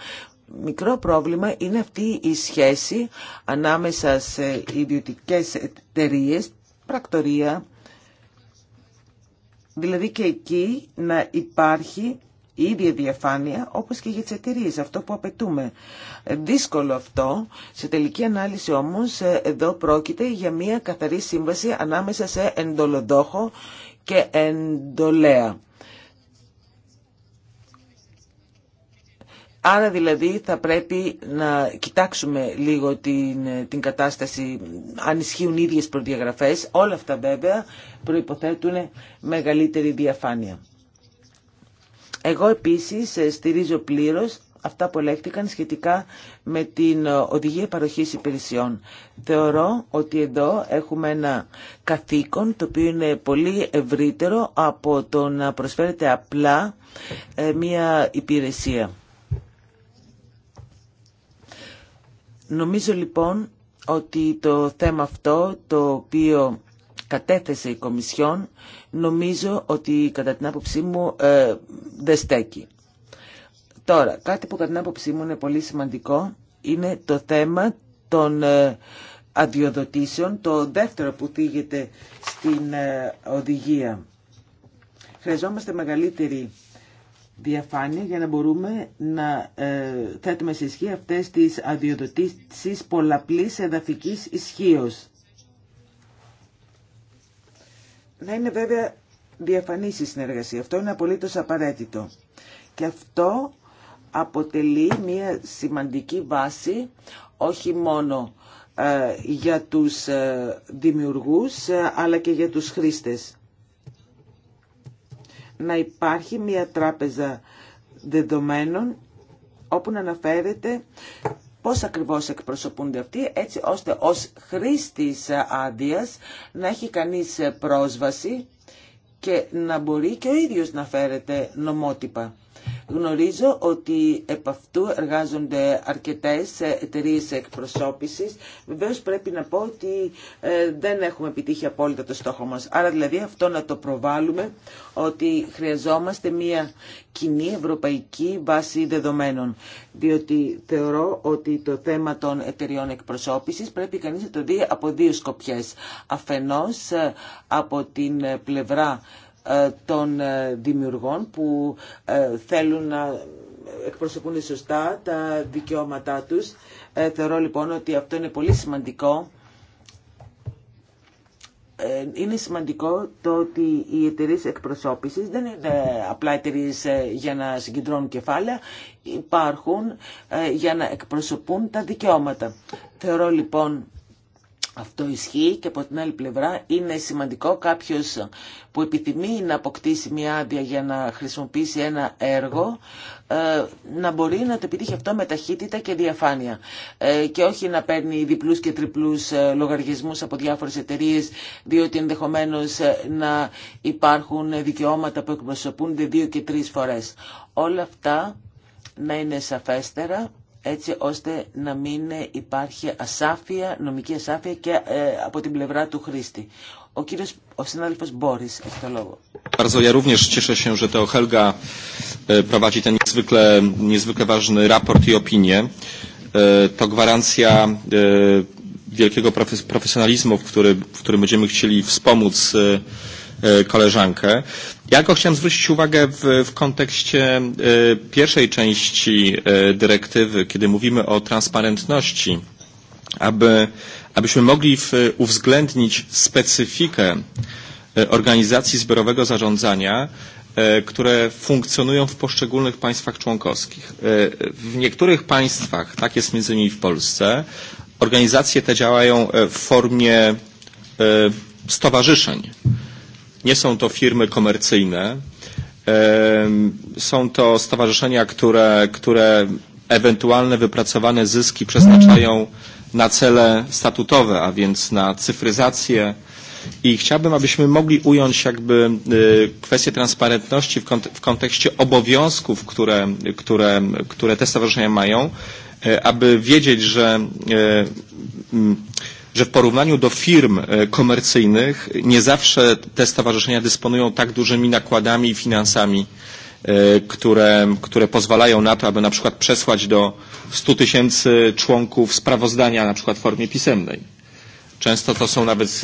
S2: μικρό πρόβλημα είναι αυτή η σχέση ανάμεσα σε ιδιωτικές εταιρείε, πρακτορία, δηλαδή και εκεί να υπάρχει η ίδια διαφάνεια όπως και για τις εταιρείε, αυτό που απαιτούμε. Ε, δύσκολο αυτό, σε τελική ανάλυση όμως ε, εδώ πρόκειται για μια καθαρή σύμβαση ανάμεσα σε εντολοδόχο και εντολέα. Άρα δηλαδή θα πρέπει να κοιτάξουμε λίγο την, ε, την κατάσταση αν ισχύουν ίδιες προδιαγραφές. Όλα αυτά βέβαια προϋποθέτουν μεγαλύτερη διαφάνεια. Εγώ επίσης ε, στηρίζω πλήρως αυτά που ελέγχθηκαν σχετικά με την ε, οδηγία παροχής υπηρεσιών. Θεωρώ ότι εδώ έχουμε ένα καθήκον το οποίο είναι πολύ ευρύτερο από το να προσφέρεται απλά ε, μία υπηρεσία. Νομίζω λοιπόν ότι το θέμα αυτό το οποίο κατέθεσε η Κομισιόν νομίζω ότι κατά την άποψή μου ε, δεν στέκει. Τώρα, κάτι που κατά την άποψή μου είναι πολύ σημαντικό είναι το θέμα των ε, αδειοδοτήσεων, το δεύτερο που θίγεται στην ε, οδηγία. Χρειαζόμαστε μεγαλύτερη διαφάνεια για να μπορούμε να ε, θέτουμε σε ισχύ αυτές τις αδειοδοτήσεις πολλαπλής εδαφικής ισχύω. να είναι βέβαια διαφανής η συνεργασία. Αυτό είναι απολύτως απαραίτητο. Και αυτό αποτελεί μια σημαντική βάση όχι μόνο ε, για τους ε, δημιουργούς ε, αλλά και για τους χρήστες. Να υπάρχει μια τράπεζα δεδομένων όπου να αναφέρεται πώς ακριβώς εκπροσωπούνται αυτοί, έτσι ώστε ως χρήστης άδεια να έχει κανείς πρόσβαση και να μπορεί και ο ίδιος να φέρεται νομότυπα. Γνωρίζω ότι επ' αυτού εργάζονται αρκετές εταιρείε εκπροσώπησης. Βεβαίως πρέπει να πω ότι ε, δεν έχουμε επιτύχει απόλυτα το στόχο μας. Άρα δηλαδή αυτό να το προβάλλουμε ότι χρειαζόμαστε μια κοινή ευρωπαϊκή βάση δεδομένων. Διότι θεωρώ ότι το θέμα των εταιριών εκπροσώπησης πρέπει κανείς να το δει από δύο σκοπιές. Αφενός ε, από την πλευρά ε, των ε, δημιουργών που ε, θέλουν να εκπροσωπούν σωστά τα δικαιώματά τους. Θεωρώ λοιπόν ότι αυτό είναι πολύ σημαντικό. Είναι σημαντικό το ότι οι εταιρείε εκπροσώπησης δεν είναι απλά εταιρείε για να συγκεντρώνουν κεφάλαια, υπάρχουν για να εκπροσωπούν τα δικαιώματα. Θεωρώ λοιπόν αυτό ισχύει και από την άλλη πλευρά είναι σημαντικό κάποιος που επιθυμεί να αποκτήσει μια άδεια για να χρησιμοποιήσει ένα έργο ε, να μπορεί να το επιτύχει αυτό με ταχύτητα και διαφάνεια ε, και όχι να παίρνει διπλούς και τριπλούς ε, λογαριασμούς από διάφορες εταιρείες διότι ενδεχομένως να υπάρχουν δικαιώματα που εκπροσωπούνται δύο και τρεις φορές. Όλα αυτά να είναι σαφέστερα έτσι ώστε να μην υπάρχει ασάφεια, νομική ασάφεια και από την πλευρά του χρήστη. Ο κύριος, ο συνάδελφος Μπόρις, έχει το λόγο.
S5: Bardzo ja również cieszę się, że to Helga prowadzi ten niezwykle, niezwykle ważny raport i opinię. To gwarancja wielkiego profesjonalizmu, w którym będziemy chcieli wspomóc koleżankę. Ja tylko chciałem zwrócić uwagę w kontekście pierwszej części dyrektywy, kiedy mówimy o transparentności, aby abyśmy mogli uwzględnić specyfikę organizacji zbiorowego zarządzania, które funkcjonują w poszczególnych państwach członkowskich. W niektórych państwach, tak jest między innymi w Polsce, organizacje te działają w formie stowarzyszeń Nie są to firmy komercyjne, są to stowarzyszenia, które, które ewentualne wypracowane zyski przeznaczają na cele statutowe, a więc na cyfryzację i chciałbym, abyśmy mogli ująć jakby kwestię transparentności w kontekście obowiązków, które, które, które te stowarzyszenia mają, aby wiedzieć, że że w porównaniu do firm komercyjnych nie zawsze te stowarzyszenia dysponują tak dużymi nakładami i finansami, które, które pozwalają na to, aby na przykład przesłać do 100 tysięcy członków sprawozdania na przykład w formie pisemnej. Często to są nawet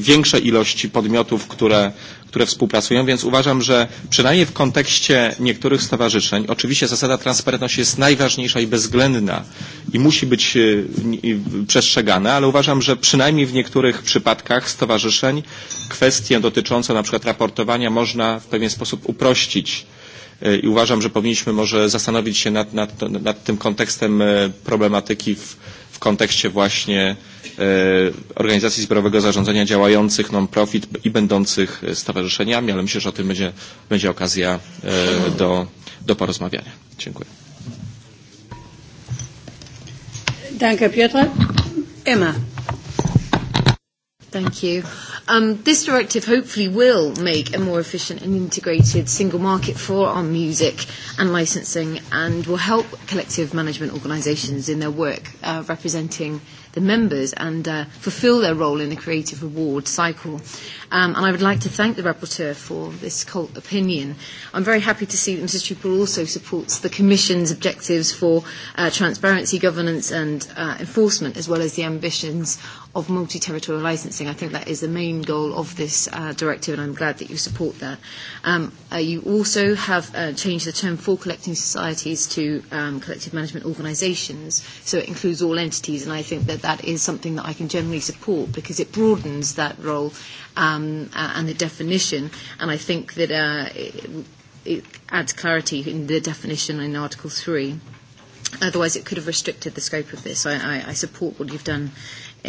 S5: większe ilości podmiotów, które, które współpracują, więc uważam, że przynajmniej w kontekście niektórych stowarzyszeń, oczywiście zasada transparentności jest najważniejsza i bezwzględna i musi być przestrzegana, ale uważam, że przynajmniej w niektórych przypadkach stowarzyszeń kwestię dotyczące na przykład raportowania można w pewien sposób uprościć i uważam, że powinniśmy może zastanowić się nad, nad, nad tym kontekstem problematyki w w kontekście właśnie organizacji zbiorowego zarządzania działających non-profit i będących stowarzyszeniami, ale myślę, że o tym będzie, będzie okazja do, do porozmawiania. Dziękuję.
S6: Danke, Emma. Thank you. This directive hopefully will make a more efficient and integrated single market for our music and licensing and will help collective management organisations in their work representing the members and fulfil their role in the creative reward cycle and I would like to thank the rapporteur for this cult opinion. I'm very happy to see that Mr. Trupel also supports the Commission's objectives for transparency, governance and enforcement, as well as the ambitions of multi-territorial licensing. I think that is the main goal of this directive, and I'm glad that you support that. You also have changed the term for collecting societies to collective management organisations, so it includes all entities, and I think that that is something that I can generally support because it broadens that role and the definition. And I think that it adds clarity in the definition in Article 3. Otherwise, it could have restricted the scope of this. I support what you've done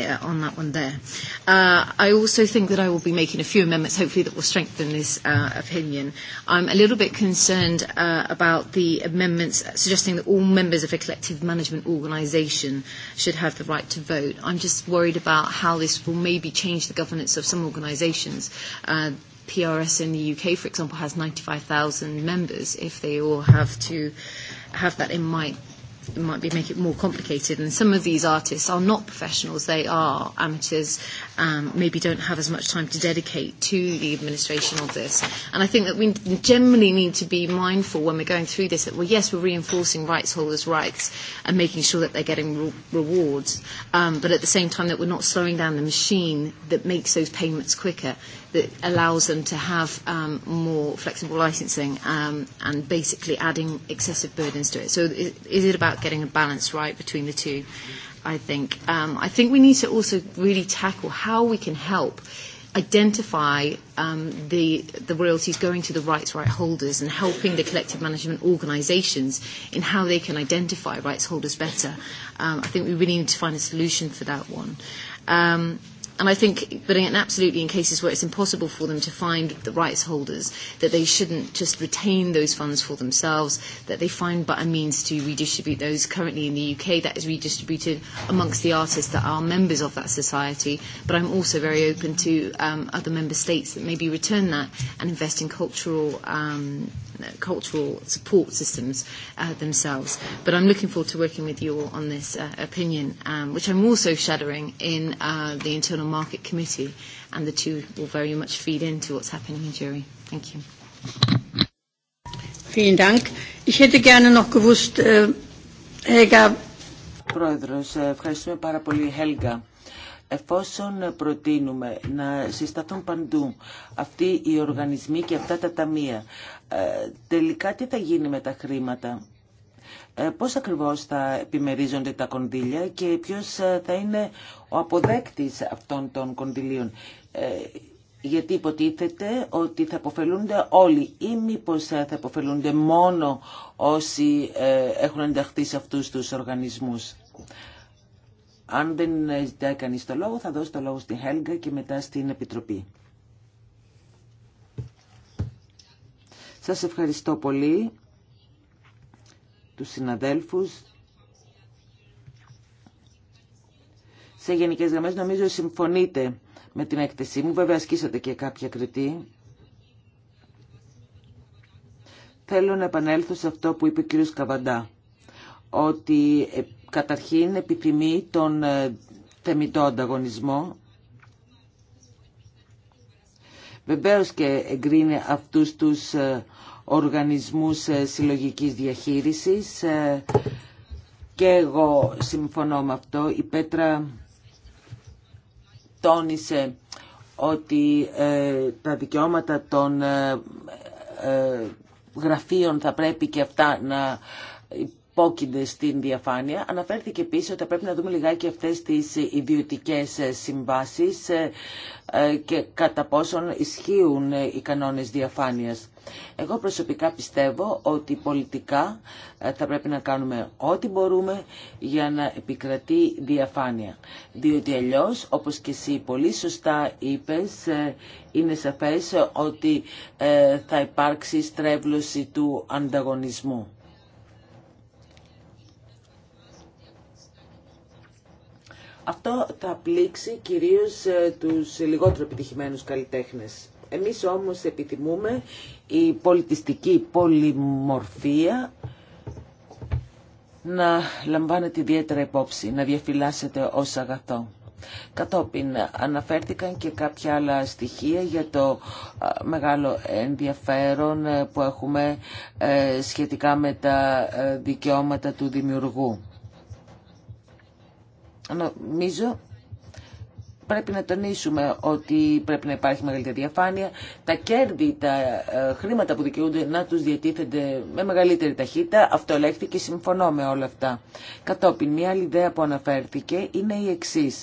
S6: on that one there. I also think that I will be making a few amendments, hopefully, that will strengthen this opinion. I'm a little bit concerned about the amendments suggesting that all members of a collective management organisation should have the right to vote. I'm just worried about how this will maybe change the governance of some organisations. PRS in the UK, for example, has 95,000 members. If they all have to have that in mind, might be make it more complicated. And some of these artists are not professionals; they are amateurs maybe don't have as much time to dedicate to the administration of this. And I think that we generally need to be mindful when we're going through this that, well, yes, we're reinforcing rights holders' rights and making sure that they're getting rewards, um but at the same time that we're not slowing down the machine that makes those payments quicker, that allows them to have um more flexible licensing um and basically adding excessive burdens to it. So is it about getting a balance right between the two? I think. I think we need to also really tackle how we can help identify the the royalties going to the rights right holders and helping the collective management organisations in how they can identify rights holders better. I think we really need to find a solution for that one. And I think, but absolutely in cases where it's impossible for them to find the rights holders, that they shouldn't just retain those funds for themselves, that they find but a means to redistribute those. Currently in the UK, that is redistributed amongst the artists that are members of that society. But I'm also very open to other member states that maybe return that and invest in cultural cultural support systems themselves. But I'm looking forward to working with you all on this opinion, which I'm also shadowing in the internal Market Committee, and the two will very much feed into what's happening in jury. Thank you.
S1: Vielen Dank. Ich hätte gerne noch gewusst, äh, Helga.
S2: Πρόεδρος, ε, ευχαριστούμε πάρα πολύ, Helga. Εφόσον προτείνουμε να συσταθούν παντού αυτοί οι οργανισμοί και αυτά τα ταμεία, ε, τελικά τι θα γίνει με τα χρήματα ε, πώς ακριβώς θα επιμερίζονται τα κονδύλια και ποιος ε, θα είναι ο αποδέκτης αυτών των κονδυλίων. Ε, γιατί υποτίθεται ότι θα αποφελούνται όλοι ή μήπως θα αποφελούνται μόνο όσοι έχουν ενταχθεί σε αυτούς τους οργανισμούς. Αν δεν ζητάει κανείς το λόγο θα δώσω το λόγο στην Χέλγκα και μετά στην Επιτροπή. Σας ευχαριστώ πολύ τους συναδέλφους. Σε γενικές γραμμές νομίζω συμφωνείτε με την έκθεσή μου. Βέβαια ασκήσατε και κάποια κριτή. Θέλω να επανέλθω σε αυτό που είπε ο κ. Καβαντά. Ότι ε, καταρχήν επιθυμεί τον ε, θεμητό ανταγωνισμό. Βεβαίως και εγκρίνει αυτούς τους ε, οργανισμούς ε, συλλογικής διαχείρισης ε, και εγώ συμφωνώ με αυτό. Η Πέτρα τόνισε ότι ε, τα δικαιώματα των γραφείων θα πρέπει και αυτά να υπόκεινται στην διαφάνεια. Αναφέρθηκε επίση ότι πρέπει να δούμε λιγάκι αυτές τις ιδιωτικέ συμβάσεις ε, ε, και κατά πόσον ισχύουν ε, οι κανόνες διαφάνειας. Εγώ προσωπικά πιστεύω ότι πολιτικά θα πρέπει να κάνουμε ό,τι μπορούμε για να επικρατεί διαφάνεια. Διότι αλλιώ, όπως και εσύ πολύ σωστά είπες, είναι σαφές ότι θα υπάρξει στρέβλωση του ανταγωνισμού. Αυτό θα πλήξει κυρίως ε, τους λιγότερο επιτυχημένους καλλιτέχνες. Εμείς όμως επιθυμούμε η πολιτιστική πολυμορφία να λαμβάνεται ιδιαίτερα υπόψη, να διαφυλάσσετε ως αγαθό. Κατόπιν αναφέρθηκαν και κάποια άλλα στοιχεία για το μεγάλο ενδιαφέρον ε, που έχουμε ε, σχετικά με τα δικαιώματα του δημιουργού. Νομίζω πρέπει να τονίσουμε ότι πρέπει να υπάρχει μεγαλύτερη διαφάνεια. Τα κέρδη, τα ε, χρήματα που δικαιούνται να τους διατίθενται με μεγαλύτερη ταχύτητα. Αυτό λέχθηκε και συμφωνώ με όλα αυτά. Κατόπιν, μια άλλη ιδέα που αναφέρθηκε είναι η εξή.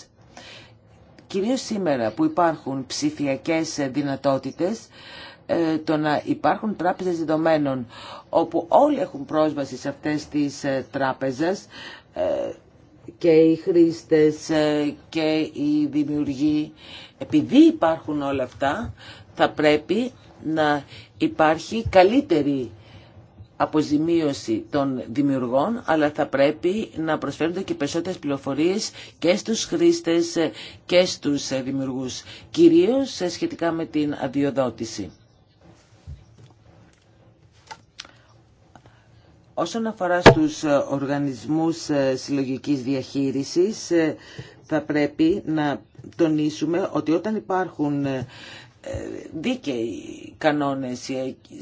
S2: Κυρίως σήμερα που υπάρχουν ψηφιακές δυνατότητες, ε, το να υπάρχουν τράπεζες δεδομένων όπου όλοι έχουν πρόσβαση σε αυτές τις ε, τράπεζες και οι χρήστες ε, και οι δημιουργοί. Επειδή υπάρχουν όλα αυτά, θα πρέπει να υπάρχει καλύτερη αποζημίωση των δημιουργών, αλλά θα πρέπει να προσφέρονται και περισσότερες πληροφορίες και στους χρήστες ε, και στους ε, δημιουργούς, κυρίως σχετικά με την αδειοδότηση. Όσον αφορά στους ε, οργανισμούς ε, συλλογικής διαχείρισης, ε, θα πρέπει να τονίσουμε ότι όταν υπάρχουν δίκαιοι κανόνες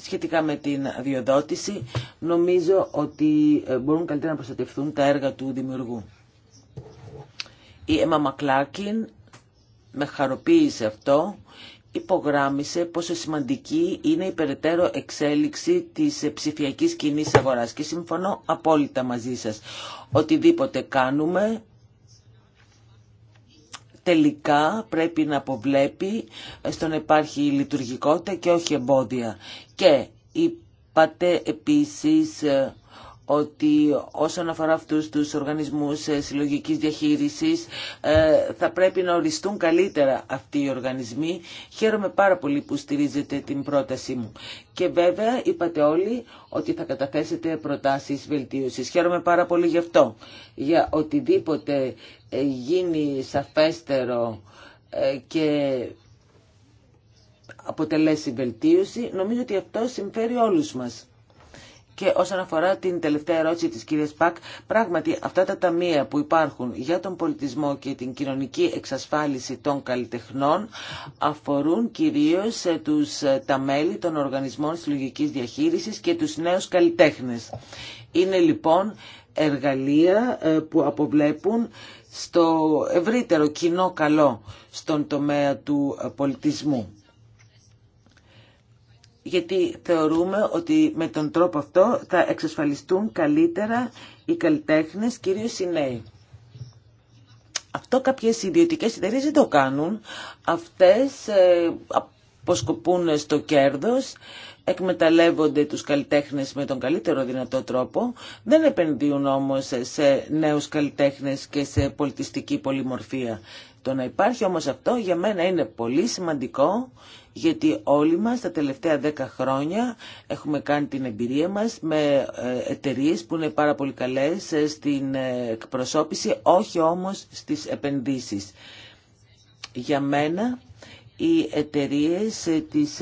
S2: σχετικά με την αδειοδότηση, νομίζω ότι μπορούν καλύτερα να προστατευτούν τα έργα του δημιουργού. Η Έμα Μακλάκιν με χαροποίησε αυτό υπογράμμισε πόσο σημαντική είναι η περαιτέρω εξέλιξη της ψηφιακής κοινή αγοράς και συμφωνώ απόλυτα μαζί σας. Οτιδήποτε κάνουμε τελικά πρέπει να αποβλέπει στον υπάρχει λειτουργικότητα και όχι εμπόδια. Και είπατε επίσης ε, ότι όσον αφορά αυτούς τους οργανισμούς ε, συλλογικής διαχείρισης ε, θα πρέπει να οριστούν καλύτερα αυτοί οι οργανισμοί. Χαίρομαι πάρα πολύ που στηρίζετε την πρότασή μου. Και βέβαια είπατε όλοι ότι θα καταθέσετε προτάσεις βελτίωσης. Χαίρομαι πάρα πολύ γι' αυτό. Για οτιδήποτε ε, γίνει σαφέστερο και αποτελέσει βελτίωση, νομίζω ότι αυτό συμφέρει όλους μας. Και όσον αφορά την τελευταία ερώτηση της κυρίας Πακ, πράγματι αυτά τα ταμεία που υπάρχουν για τον πολιτισμό και την κοινωνική εξασφάλιση των καλλιτεχνών αφορούν κυρίως ε, τους, ε, τα μέλη των οργανισμών συλλογική διαχείρισης και τους νέους καλλιτέχνες. Είναι λοιπόν εργαλεία ε, που αποβλέπουν στο ευρύτερο κοινό καλό στον τομέα του πολιτισμού γιατί θεωρούμε ότι με τον τρόπο αυτό θα εξασφαλιστούν καλύτερα οι καλλιτέχνες, κυρίως οι νέοι. Αυτό κάποιες ιδιωτικές εταιρείε δεν το κάνουν. Αυτές ε, αποσκοπούν στο κέρδος, εκμεταλλεύονται τους καλλιτέχνες με τον καλύτερο δυνατό τρόπο, δεν επενδύουν όμως σε νέους καλλιτέχνες και σε πολιτιστική πολυμορφία. Το να υπάρχει όμως αυτό για μένα είναι πολύ σημαντικό γιατί όλοι μας τα τελευταία δέκα χρόνια έχουμε κάνει την εμπειρία μας με ε, εταιρείε που είναι πάρα πολύ καλές ε, στην ε, εκπροσώπηση, όχι όμως στις επενδύσεις. Για μένα οι εταιρείε της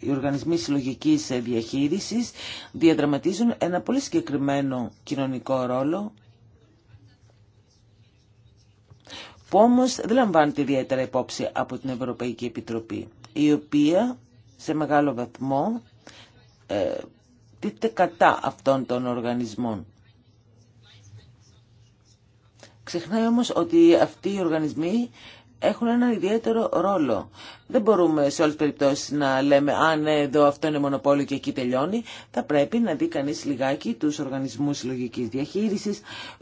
S2: οι οργανισμοί συλλογικής διαχείρισης διαδραματίζουν ένα πολύ συγκεκριμένο κοινωνικό ρόλο που όμως δεν λαμβάνεται ιδιαίτερα υπόψη από την Ευρωπαϊκή Επιτροπή η οποία σε μεγάλο βαθμό ε, κατά αυτών των οργανισμών. Ξεχνάει όμως ότι αυτοί οι οργανισμοί έχουν ένα ιδιαίτερο ρόλο. Δεν μπορούμε σε όλες τις περιπτώσεις να λέμε αν ναι, εδώ αυτό είναι μονοπόλιο και εκεί τελειώνει. Θα πρέπει να δει κανείς λιγάκι τους οργανισμούς συλλογική διαχείρισης,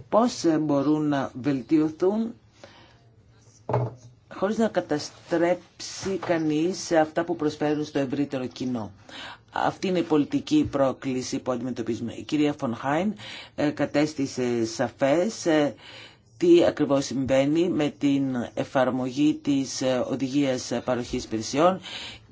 S2: πώς μπορούν να βελτιωθούν χωρίς να καταστρέψει κανείς αυτά που προσφέρουν στο ευρύτερο κοινό. Αυτή είναι η πολιτική πρόκληση που αντιμετωπίζουμε. Η κυρία Φονχάιν ε, κατέστησε σαφές ε, τι ακριβώς συμβαίνει με την εφαρμογή της ε, οδηγίας παροχής υπηρεσιών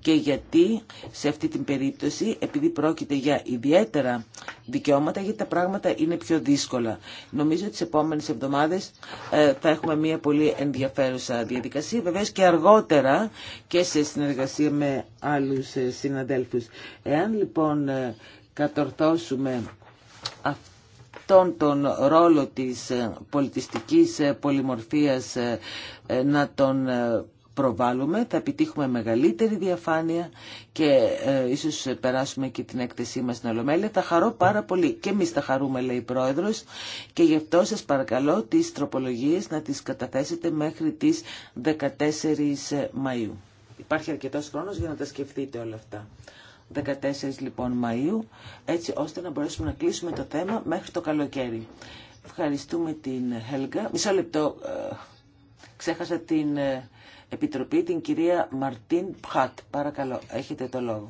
S2: και γιατί σε αυτή την περίπτωση, επειδή πρόκειται για ιδιαίτερα δικαιώματα, γιατί τα πράγματα είναι πιο δύσκολα. Νομίζω ότι τις επόμενες εβδομάδες ε, θα έχουμε μια πολύ ενδιαφέρουσα διαδικασία, βεβαίως και αργότερα και σε συνεργασία με άλλους ε, συναδέλφους. Εάν λοιπόν ε, κατορθώσουμε αυτόν τον ρόλο της πολιτιστικής πολυμορφίας να τον προβάλλουμε, θα επιτύχουμε μεγαλύτερη διαφάνεια και ε, ίσως περάσουμε και την έκθεσή μας στην Ολομέλεια. Θα χαρώ πάρα πολύ. Και εμείς θα χαρούμε, λέει η Πρόεδρος, και γι' αυτό σας παρακαλώ τις τροπολογίες να τις καταθέσετε μέχρι τις 14 ε, Μαΐου. Υπάρχει αρκετός χρόνος για να τα σκεφτείτε όλα αυτά. 14 λοιπόν Μαΐου, έτσι ώστε να μπορέσουμε να κλείσουμε το θέμα μέχρι το καλοκαίρι. Ευχαριστούμε την Χέλγα. Μισό λεπτό, ε, ξέχασα την... Ε, Επιτροπή, την κυρία Μαρτίν Πχάτ. Παρακαλώ, έχετε το λόγο.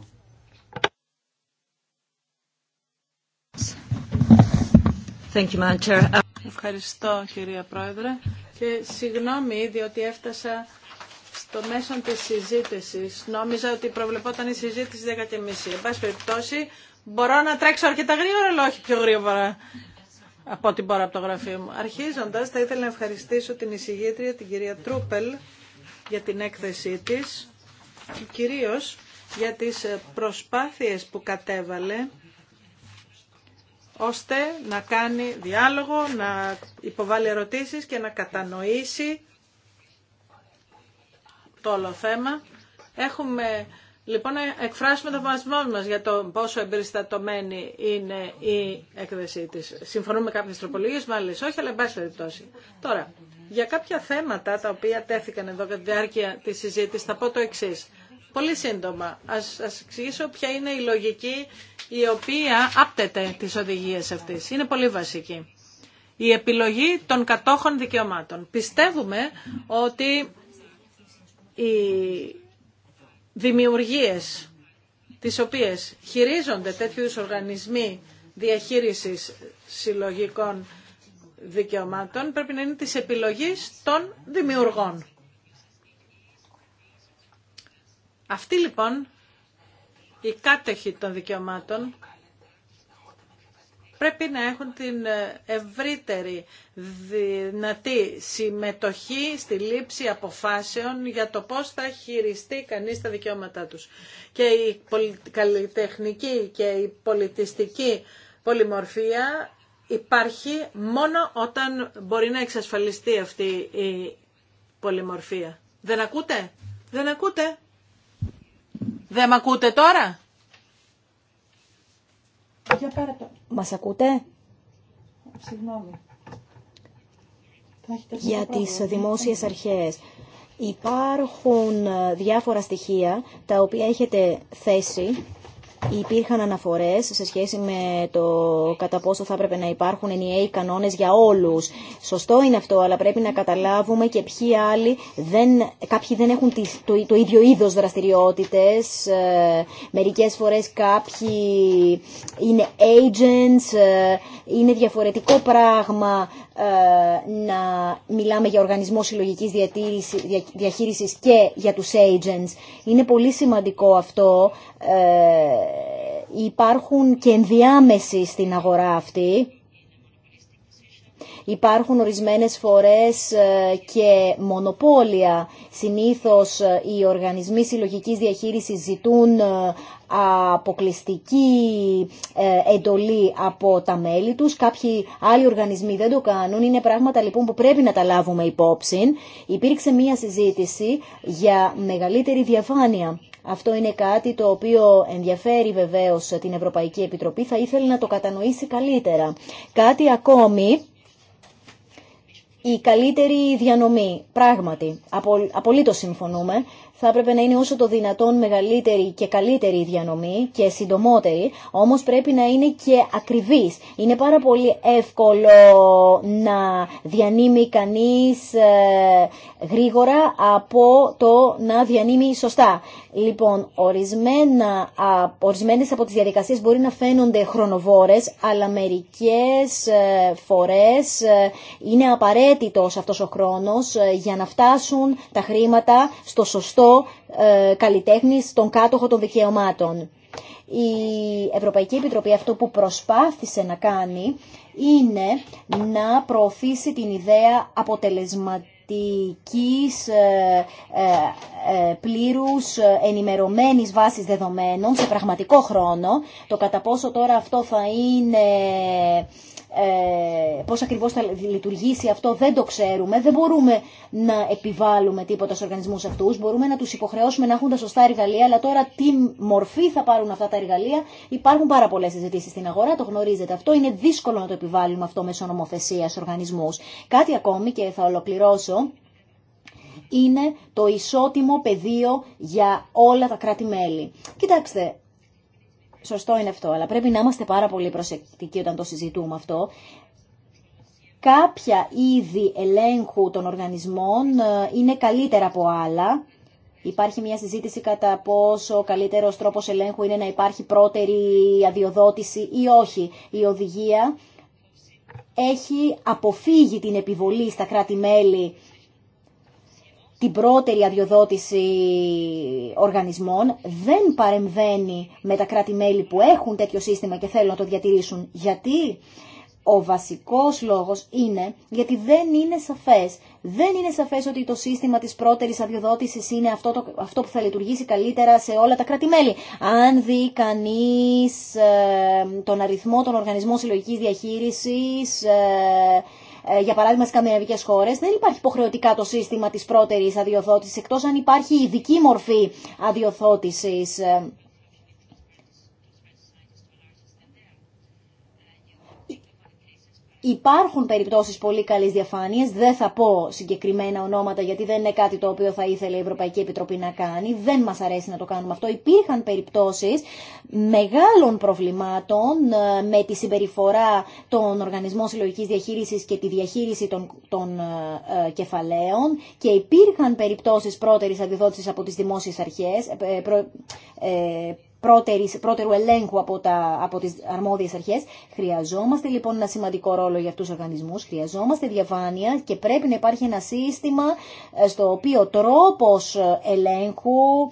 S6: Thank you, Madam
S2: Ευχαριστώ,
S3: κυρία Πρόεδρε. Και συγγνώμη, διότι έφτασα στο μέσο της συζήτησης. Νόμιζα ότι προβλεπόταν η συζήτηση 10.30. Εν πάση περιπτώσει, μπορώ να τρέξω αρκετά γρήγορα, αλλά όχι πιο γρήγορα από ό,τι μπορώ από το γραφείο μου. Αρχίζοντας, θα ήθελα να ευχαριστήσω την εισηγήτρια, την κυρία Τρούπελ, για την έκθεσή της και κυρίως για τις προσπάθειες που κατέβαλε ώστε να κάνει διάλογο, να υποβάλει ερωτήσεις και να κατανοήσει το όλο θέμα. Έχουμε λοιπόν να εκφράσουμε το βασμό μας για το πόσο εμπεριστατωμένη είναι η έκθεσή της. Συμφωνούμε με κάποιες τροπολογίες, με όχι, αλλά εν πάση Τώρα, για κάποια θέματα τα οποία τέθηκαν εδώ κατά τη διάρκεια της συζήτησης θα πω το εξή. Πολύ σύντομα, ας, ας εξηγήσω ποια είναι η λογική η οποία άπτεται τις οδηγίες αυτή. Είναι πολύ βασική. Η επιλογή των κατόχων δικαιωμάτων. Πιστεύουμε ότι οι δημιουργίες τις οποίες χειρίζονται τέτοιου οργανισμοί διαχείρισης συλλογικών δικαιωμάτων πρέπει να είναι της επιλογής των δημιουργών. Αυτοί λοιπόν οι κάτοχοι των δικαιωμάτων πρέπει να έχουν την ε, ευρύτερη δυνατή συμμετοχή στη λήψη αποφάσεων για το πώς θα χειριστεί κανείς τα δικαιώματά τους. Και η καλλιτεχνική και η πολιτιστική πολυμορφία υπάρχει μόνο όταν μπορεί να εξασφαλιστεί αυτή η πολυμορφία. Δεν ακούτε? Δεν ακούτε? Δεν με ακούτε τώρα? Για
S4: Μας ακούτε?
S3: Συγγνώμη.
S4: Για τις δημόσιες αρχές. Υπάρχουν ε, διάφορα στοιχεία τα οποία έχετε θέσει υπήρχαν αναφορές σε σχέση με το κατά πόσο θα έπρεπε να υπάρχουν ενιαίοι κανόνες για όλους. Σωστό είναι αυτό, αλλά πρέπει να καταλάβουμε και ποιοι άλλοι δεν, κάποιοι δεν έχουν το, το ίδιο είδος δραστηριότητες. Ε, μερικές φορές κάποιοι είναι agents, ε, είναι διαφορετικό πράγμα ε, να μιλάμε για οργανισμό συλλογική διαχείρισης και για τους agents. Είναι πολύ σημαντικό αυτό υπάρχουν και ενδιάμεση στην αγορά αυτή. Υπάρχουν ορισμένες φορές ε, και μονοπόλια. Συνήθως ε, οι οργανισμοί συλλογικής διαχείρισης ζητούν ε, αποκλειστική εντολή από τα μέλη τους. Κάποιοι άλλοι οργανισμοί δεν το κάνουν. Είναι πράγματα λοιπόν που πρέπει να τα λάβουμε υπόψη. Υπήρξε μία συζήτηση για μεγαλύτερη διαφάνεια αυτό είναι κάτι το οποίο ενδιαφέρει βεβαίως την Ευρωπαϊκή Επιτροπή. Θα ήθελε να το κατανοήσει καλύτερα. Κάτι ακόμη η καλύτερη διανομή. Πράγματι, απολύτως συμφωνούμε, θα έπρεπε να είναι όσο το δυνατόν μεγαλύτερη και καλύτερη η διανομή και συντομότερη, όμως πρέπει να είναι και ακριβής. Είναι πάρα πολύ εύκολο να διανύμει κανείς ε, γρήγορα από το να διανύμει σωστά. Λοιπόν, ορισμένα, ορισμένες από τις διαδικασίες μπορεί να φαίνονται χρονοβόρες, αλλά μερικές ε, φορές ε, είναι απαραίτητος αυτός ο χρόνος ε, για να φτάσουν τα χρήματα στο σωστό καλλιτέχνη, στον κάτοχο των δικαιωμάτων. Η Ευρωπαϊκή Επιτροπή αυτό που προσπάθησε να κάνει είναι να προωθήσει την ιδέα αποτελεσματική ε, ε, ε, πλήρους ε, ενημερωμένης βάσης δεδομένων σε πραγματικό χρόνο. Το κατά πόσο τώρα αυτό θα είναι ε, πώς ακριβώς θα λειτουργήσει αυτό δεν το ξέρουμε. Δεν μπορούμε να επιβάλλουμε τίποτα στους οργανισμούς αυτούς. Μπορούμε να τους υποχρεώσουμε να έχουν τα σωστά εργαλεία, αλλά τώρα τι μορφή θα πάρουν αυτά τα εργαλεία. Υπάρχουν πάρα πολλές συζητήσει στην αγορά, το γνωρίζετε αυτό. Είναι δύσκολο να το επιβάλλουμε αυτό μέσω νομοθεσία στους οργανισμούς. Κάτι ακόμη και θα ολοκληρώσω είναι το ισότιμο πεδίο για όλα τα κράτη-μέλη. Κοιτάξτε, Σωστό είναι αυτό, αλλά πρέπει να είμαστε πάρα πολύ προσεκτικοί όταν το συζητούμε αυτό. Κάποια είδη ελέγχου των οργανισμών ε, είναι καλύτερα από άλλα. Υπάρχει μια συζήτηση κατά πόσο ο καλύτερος τρόπος ελέγχου είναι να υπάρχει πρώτερη αδειοδότηση ή όχι. Η οδηγία έχει αποφύγει την επιβολή στα κράτη-μέλη την πρώτερη αδειοδότηση οργανισμών, δεν παρεμβαίνει με τα κράτη-μέλη που έχουν τέτοιο σύστημα και θέλουν να το διατηρήσουν. Γιατί ο βασικός λόγος είναι γιατί δεν είναι σαφές. Δεν είναι σαφές ότι το σύστημα της πρώτερης αδειοδότησης είναι αυτό, το, αυτό που θα λειτουργήσει καλύτερα σε όλα τα κράτη-μέλη. Αν δει κανείς ε, τον αριθμό των οργανισμών συλλογικής διαχείρισης... Ε, ε, για παράδειγμα στι σκανδιναβικέ χώρε, δεν υπάρχει υποχρεωτικά το σύστημα τη πρώτερη αδειοδότηση, εκτό αν υπάρχει ειδική μορφή αδειοδότηση. Ε, Υπάρχουν περιπτώσεις πολύ καλής διαφάνειας, δεν θα πω συγκεκριμένα ονόματα γιατί δεν είναι κάτι το οποίο θα ήθελε η Ευρωπαϊκή Επιτροπή να κάνει, δεν μας αρέσει να το κάνουμε αυτό. Υπήρχαν περιπτώσεις μεγάλων προβλημάτων ε, με τη συμπεριφορά των οργανισμών συλλογικής διαχείρισης και τη διαχείριση των, των ε, ε, κεφαλαίων και υπήρχαν περιπτώσεις πρώτερης αντιδότησης από τις δημόσιες αρχές, ε, πρώτερης, πρώτερου ελέγχου από, τα, από τις αρμόδιες αρχές. Χρειαζόμαστε λοιπόν ένα σημαντικό ρόλο για αυτούς τους οργανισμούς, χρειαζόμαστε διαφάνεια και πρέπει να υπάρχει ένα σύστημα ε, στο οποίο τρόπος ε, ελέγχου,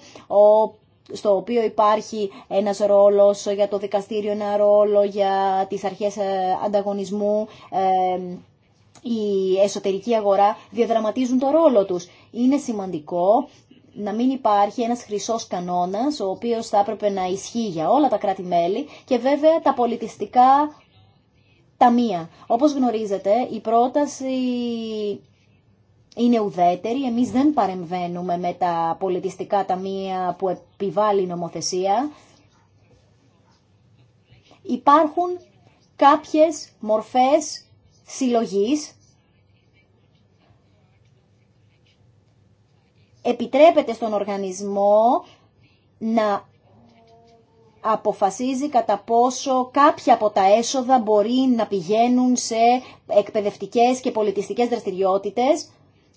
S4: στο οποίο υπάρχει ένας ρόλος για το δικαστήριο, ένα ρόλο για τις αρχές ε, ανταγωνισμού, η εσωτερική αγορά διαδραματίζουν το ρόλο τους. Είναι σημαντικό να μην υπάρχει ένας χρυσός κανόνας, ο οποίος θα έπρεπε να ισχύει για όλα τα κράτη-μέλη και βέβαια τα πολιτιστικά ταμεία. Όπως γνωρίζετε, η πρόταση είναι ουδέτερη. Εμείς δεν παρεμβαίνουμε με τα πολιτιστικά ταμεία που επιβάλλει η νομοθεσία. Υπάρχουν κάποιες μορφές συλλογής επιτρέπεται στον οργανισμό να αποφασίζει κατά πόσο κάποια από τα έσοδα μπορεί να πηγαίνουν σε εκπαιδευτικές και πολιτιστικές δραστηριότητες.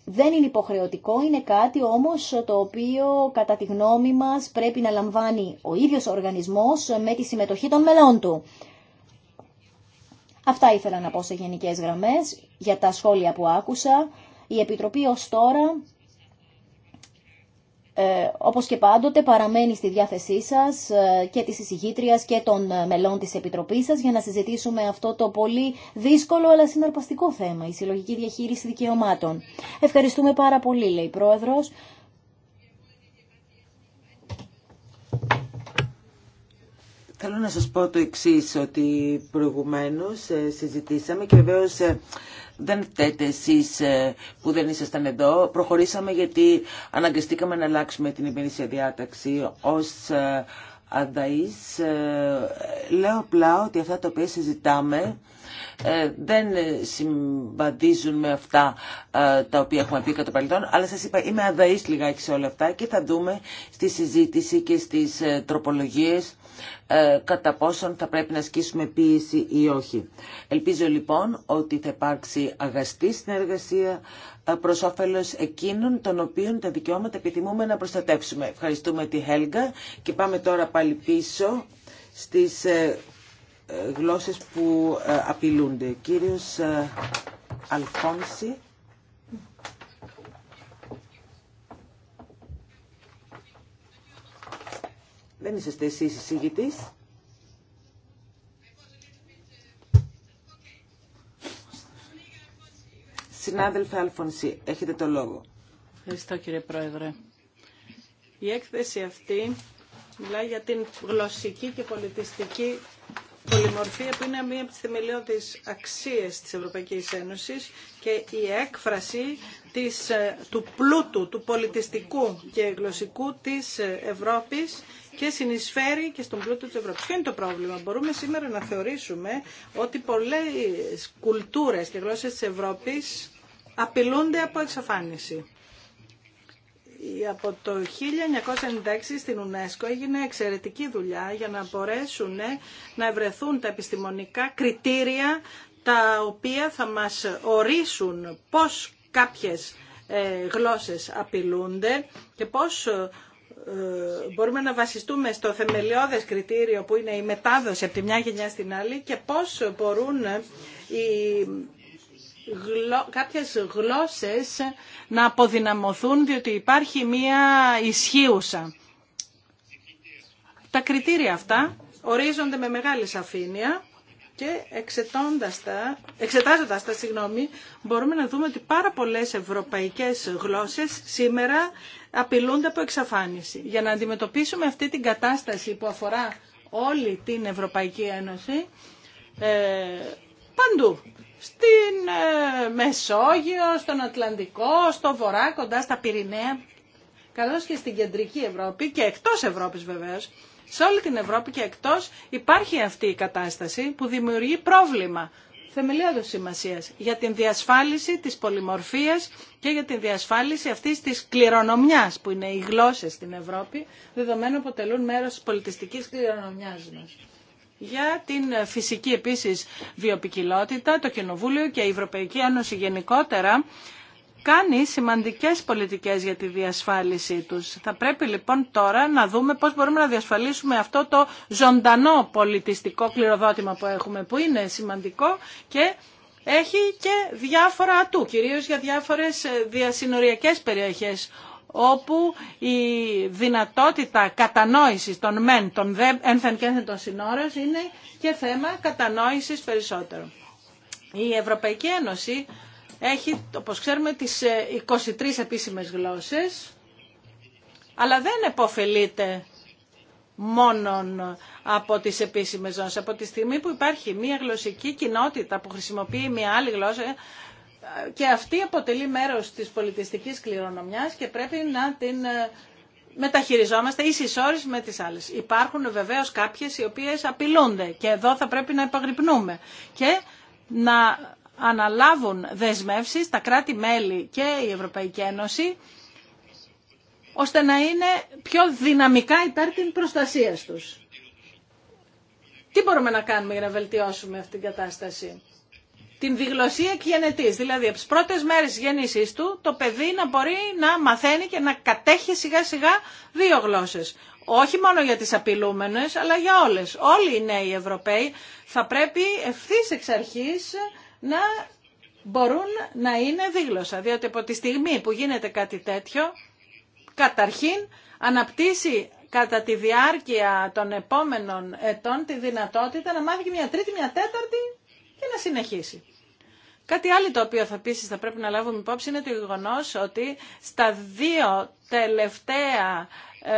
S4: Δεν είναι υποχρεωτικό, είναι κάτι όμως το οποίο κατά τη γνώμη μας πρέπει να λαμβάνει ο ίδιος ο οργανισμός με τη συμμετοχή των μελών του. Αυτά ήθελα να πω σε γενικές γραμμές για τα σχόλια που άκουσα. Η Επιτροπή ως τώρα ε, όπως και πάντοτε παραμένει στη διάθεσή σας ε, και της εισηγήτριας και των ε, μελών της Επιτροπής σας για να συζητήσουμε αυτό το πολύ δύσκολο αλλά συναρπαστικό θέμα, η συλλογική διαχείριση δικαιωμάτων. Ευχαριστούμε πάρα πολύ, λέει η Πρόεδρος.
S2: Θέλω να σας πω το εξής, ότι προηγουμένως συζητήσαμε και βεβαίως δεν φταίτε εσείς ε, που δεν ήσασταν εδώ. Προχωρήσαμε γιατί αναγκαστήκαμε να αλλάξουμε την ημερήσια διάταξη ως ε, αδαείς. Ε, λέω απλά ότι αυτά τα οποία συζητάμε δεν συμβαδίζουν με αυτά τα οποία έχουμε πει κατά το παρελθόν, αλλά σας είπα είμαι αδαίς λιγάκι σε όλα αυτά και θα δούμε στη συζήτηση και στις τροπολογίες ε, κατά πόσον θα πρέπει να ασκήσουμε πίεση ή όχι. Ελπίζω λοιπόν ότι θα υπάρξει αγαστή συνεργασία ε, προ όφελο εκείνων των οποίων τα δικαιώματα επιθυμούμε να προστατεύσουμε. Ευχαριστούμε τη Χέλγα και πάμε τώρα πάλι πίσω στις ε, γλώσσες που απειλούνται. Κύριος Αλφόνση. Δεν είσαστε εσείς εισηγητής. Συνάδελφε Αλφονσί, έχετε το λόγο.
S3: Ευχαριστώ κύριε Πρόεδρε. Η έκθεση αυτή μιλάει για την γλωσσική και πολιτιστική πολυμορφία που είναι μία από τις θεμελιώδεις αξίες της Ευρωπαϊκής Ένωσης και η έκφραση της, ε, του πλούτου, του πολιτιστικού και γλωσσικού της Ευρώπης και συνεισφέρει και στον πλούτο της Ευρώπης. Ποιο είναι το πρόβλημα. Μπορούμε σήμερα να θεωρήσουμε ότι πολλές κουλτούρες και γλώσσες της Ευρώπης απειλούνται από εξαφάνιση. Από το 1996 στην UNESCO έγινε εξαιρετική δουλειά για να μπορέσουν να ευρεθούν τα επιστημονικά κριτήρια τα οποία θα μας ορίσουν πώς κάποιες ε, γλώσσες απειλούνται και πώς μπορούμε να βασιστούμε στο θεμελιώδες κριτήριο που είναι η μετάδοση από τη μια γενιά στην άλλη και πώς μπορούν οι γλω... κάποιες γλώσσες να αποδυναμωθούν διότι υπάρχει μία ισχύουσα. Τα κριτήρια αυτά ορίζονται με μεγάλη σαφήνεια και εξετώντας τα, τα, συγγνώμη, μπορούμε να δούμε ότι πάρα πολλές ευρωπαϊκές γλώσσες σήμερα απειλούνται από εξαφάνιση. Για να αντιμετωπίσουμε αυτή την κατάσταση που αφορά όλη την Ευρωπαϊκή Ένωση, ε, παντού, στην ε, Μεσόγειο, στον Ατλαντικό, στο Βορρά, κοντά στα Πυρηναία, καθώς και στην Κεντρική Ευρώπη και εκτός Ευρώπης βεβαίως, σε όλη την Ευρώπη και εκτός υπάρχει αυτή η κατάσταση που δημιουργεί πρόβλημα θεμελιώδους σημασίας για την διασφάλιση της πολυμορφίας και για την διασφάλιση αυτής της κληρονομιάς που είναι οι γλώσσες στην Ευρώπη, δεδομένου αποτελούν μέρος της πολιτιστικής κληρονομιάς μας. Για την φυσική επίσης βιοπικιλότητα, το Κοινοβούλιο και η Ευρωπαϊκή Ένωση γενικότερα κάνει σημαντικές πολιτικές για τη διασφάλιση τους. Θα πρέπει λοιπόν τώρα να δούμε πώς μπορούμε να διασφαλίσουμε αυτό το ζωντανό πολιτιστικό κληροδότημα που έχουμε, που είναι σημαντικό και έχει και διάφορα ατού, κυρίως για διάφορες ε, διασυνοριακές περιοχές όπου η δυνατότητα κατανόησης των μεν, των δε, ένθεν και ένθεν των συνόρων είναι και θέμα κατανόησης περισσότερο. Η Ευρωπαϊκή Ένωση έχει, όπως ξέρουμε, τις 23 ε, επίσημες γλώσσες, αλλά δεν επωφελείται μόνο από τις επίσημες γλώσσες. Από τη στιγμή που υπάρχει μία γλωσσική κοινότητα που χρησιμοποιεί μία άλλη γλώσσα, και αυτή αποτελεί μέρος της πολιτιστικής κληρονομιάς και πρέπει να την ε, μεταχειριζόμαστε ίσης όρις με τις άλλες. Υπάρχουν βεβαίως κάποιες οι οποίες απειλούνται και εδώ θα πρέπει να επαγρυπνούμε και να αναλάβουν δεσμεύσεις τα κράτη-μέλη και η Ευρωπαϊκή Ένωση ώστε να είναι πιο δυναμικά υπέρ την προστασία τους. Τι μπορούμε να κάνουμε για να βελτιώσουμε αυτή την κατάσταση. Την διγλωσία εκγενετής, δηλαδή από τις πρώτες μέρες της γέννησής του το παιδί να μπορεί να μαθαίνει και να κατέχει σιγά σιγά δύο γλώσσες. Όχι μόνο για τις απειλούμενες, αλλά για όλες. Όλοι οι νέοι Ευρωπαίοι θα πρέπει ευθύ εξ αρχής να μπορούν να είναι δίγλωσσα. Διότι από τη στιγμή που γίνεται κάτι τέτοιο, καταρχήν αναπτύσσει κατά τη διάρκεια των επόμενων ετών τη δυνατότητα να μάθει μια τρίτη, μια τέταρτη και να συνεχίσει. Κάτι άλλο το οποίο θα επίση θα πρέπει να λάβουμε υπόψη είναι το γεγονό ότι στα δύο τελευταία ε,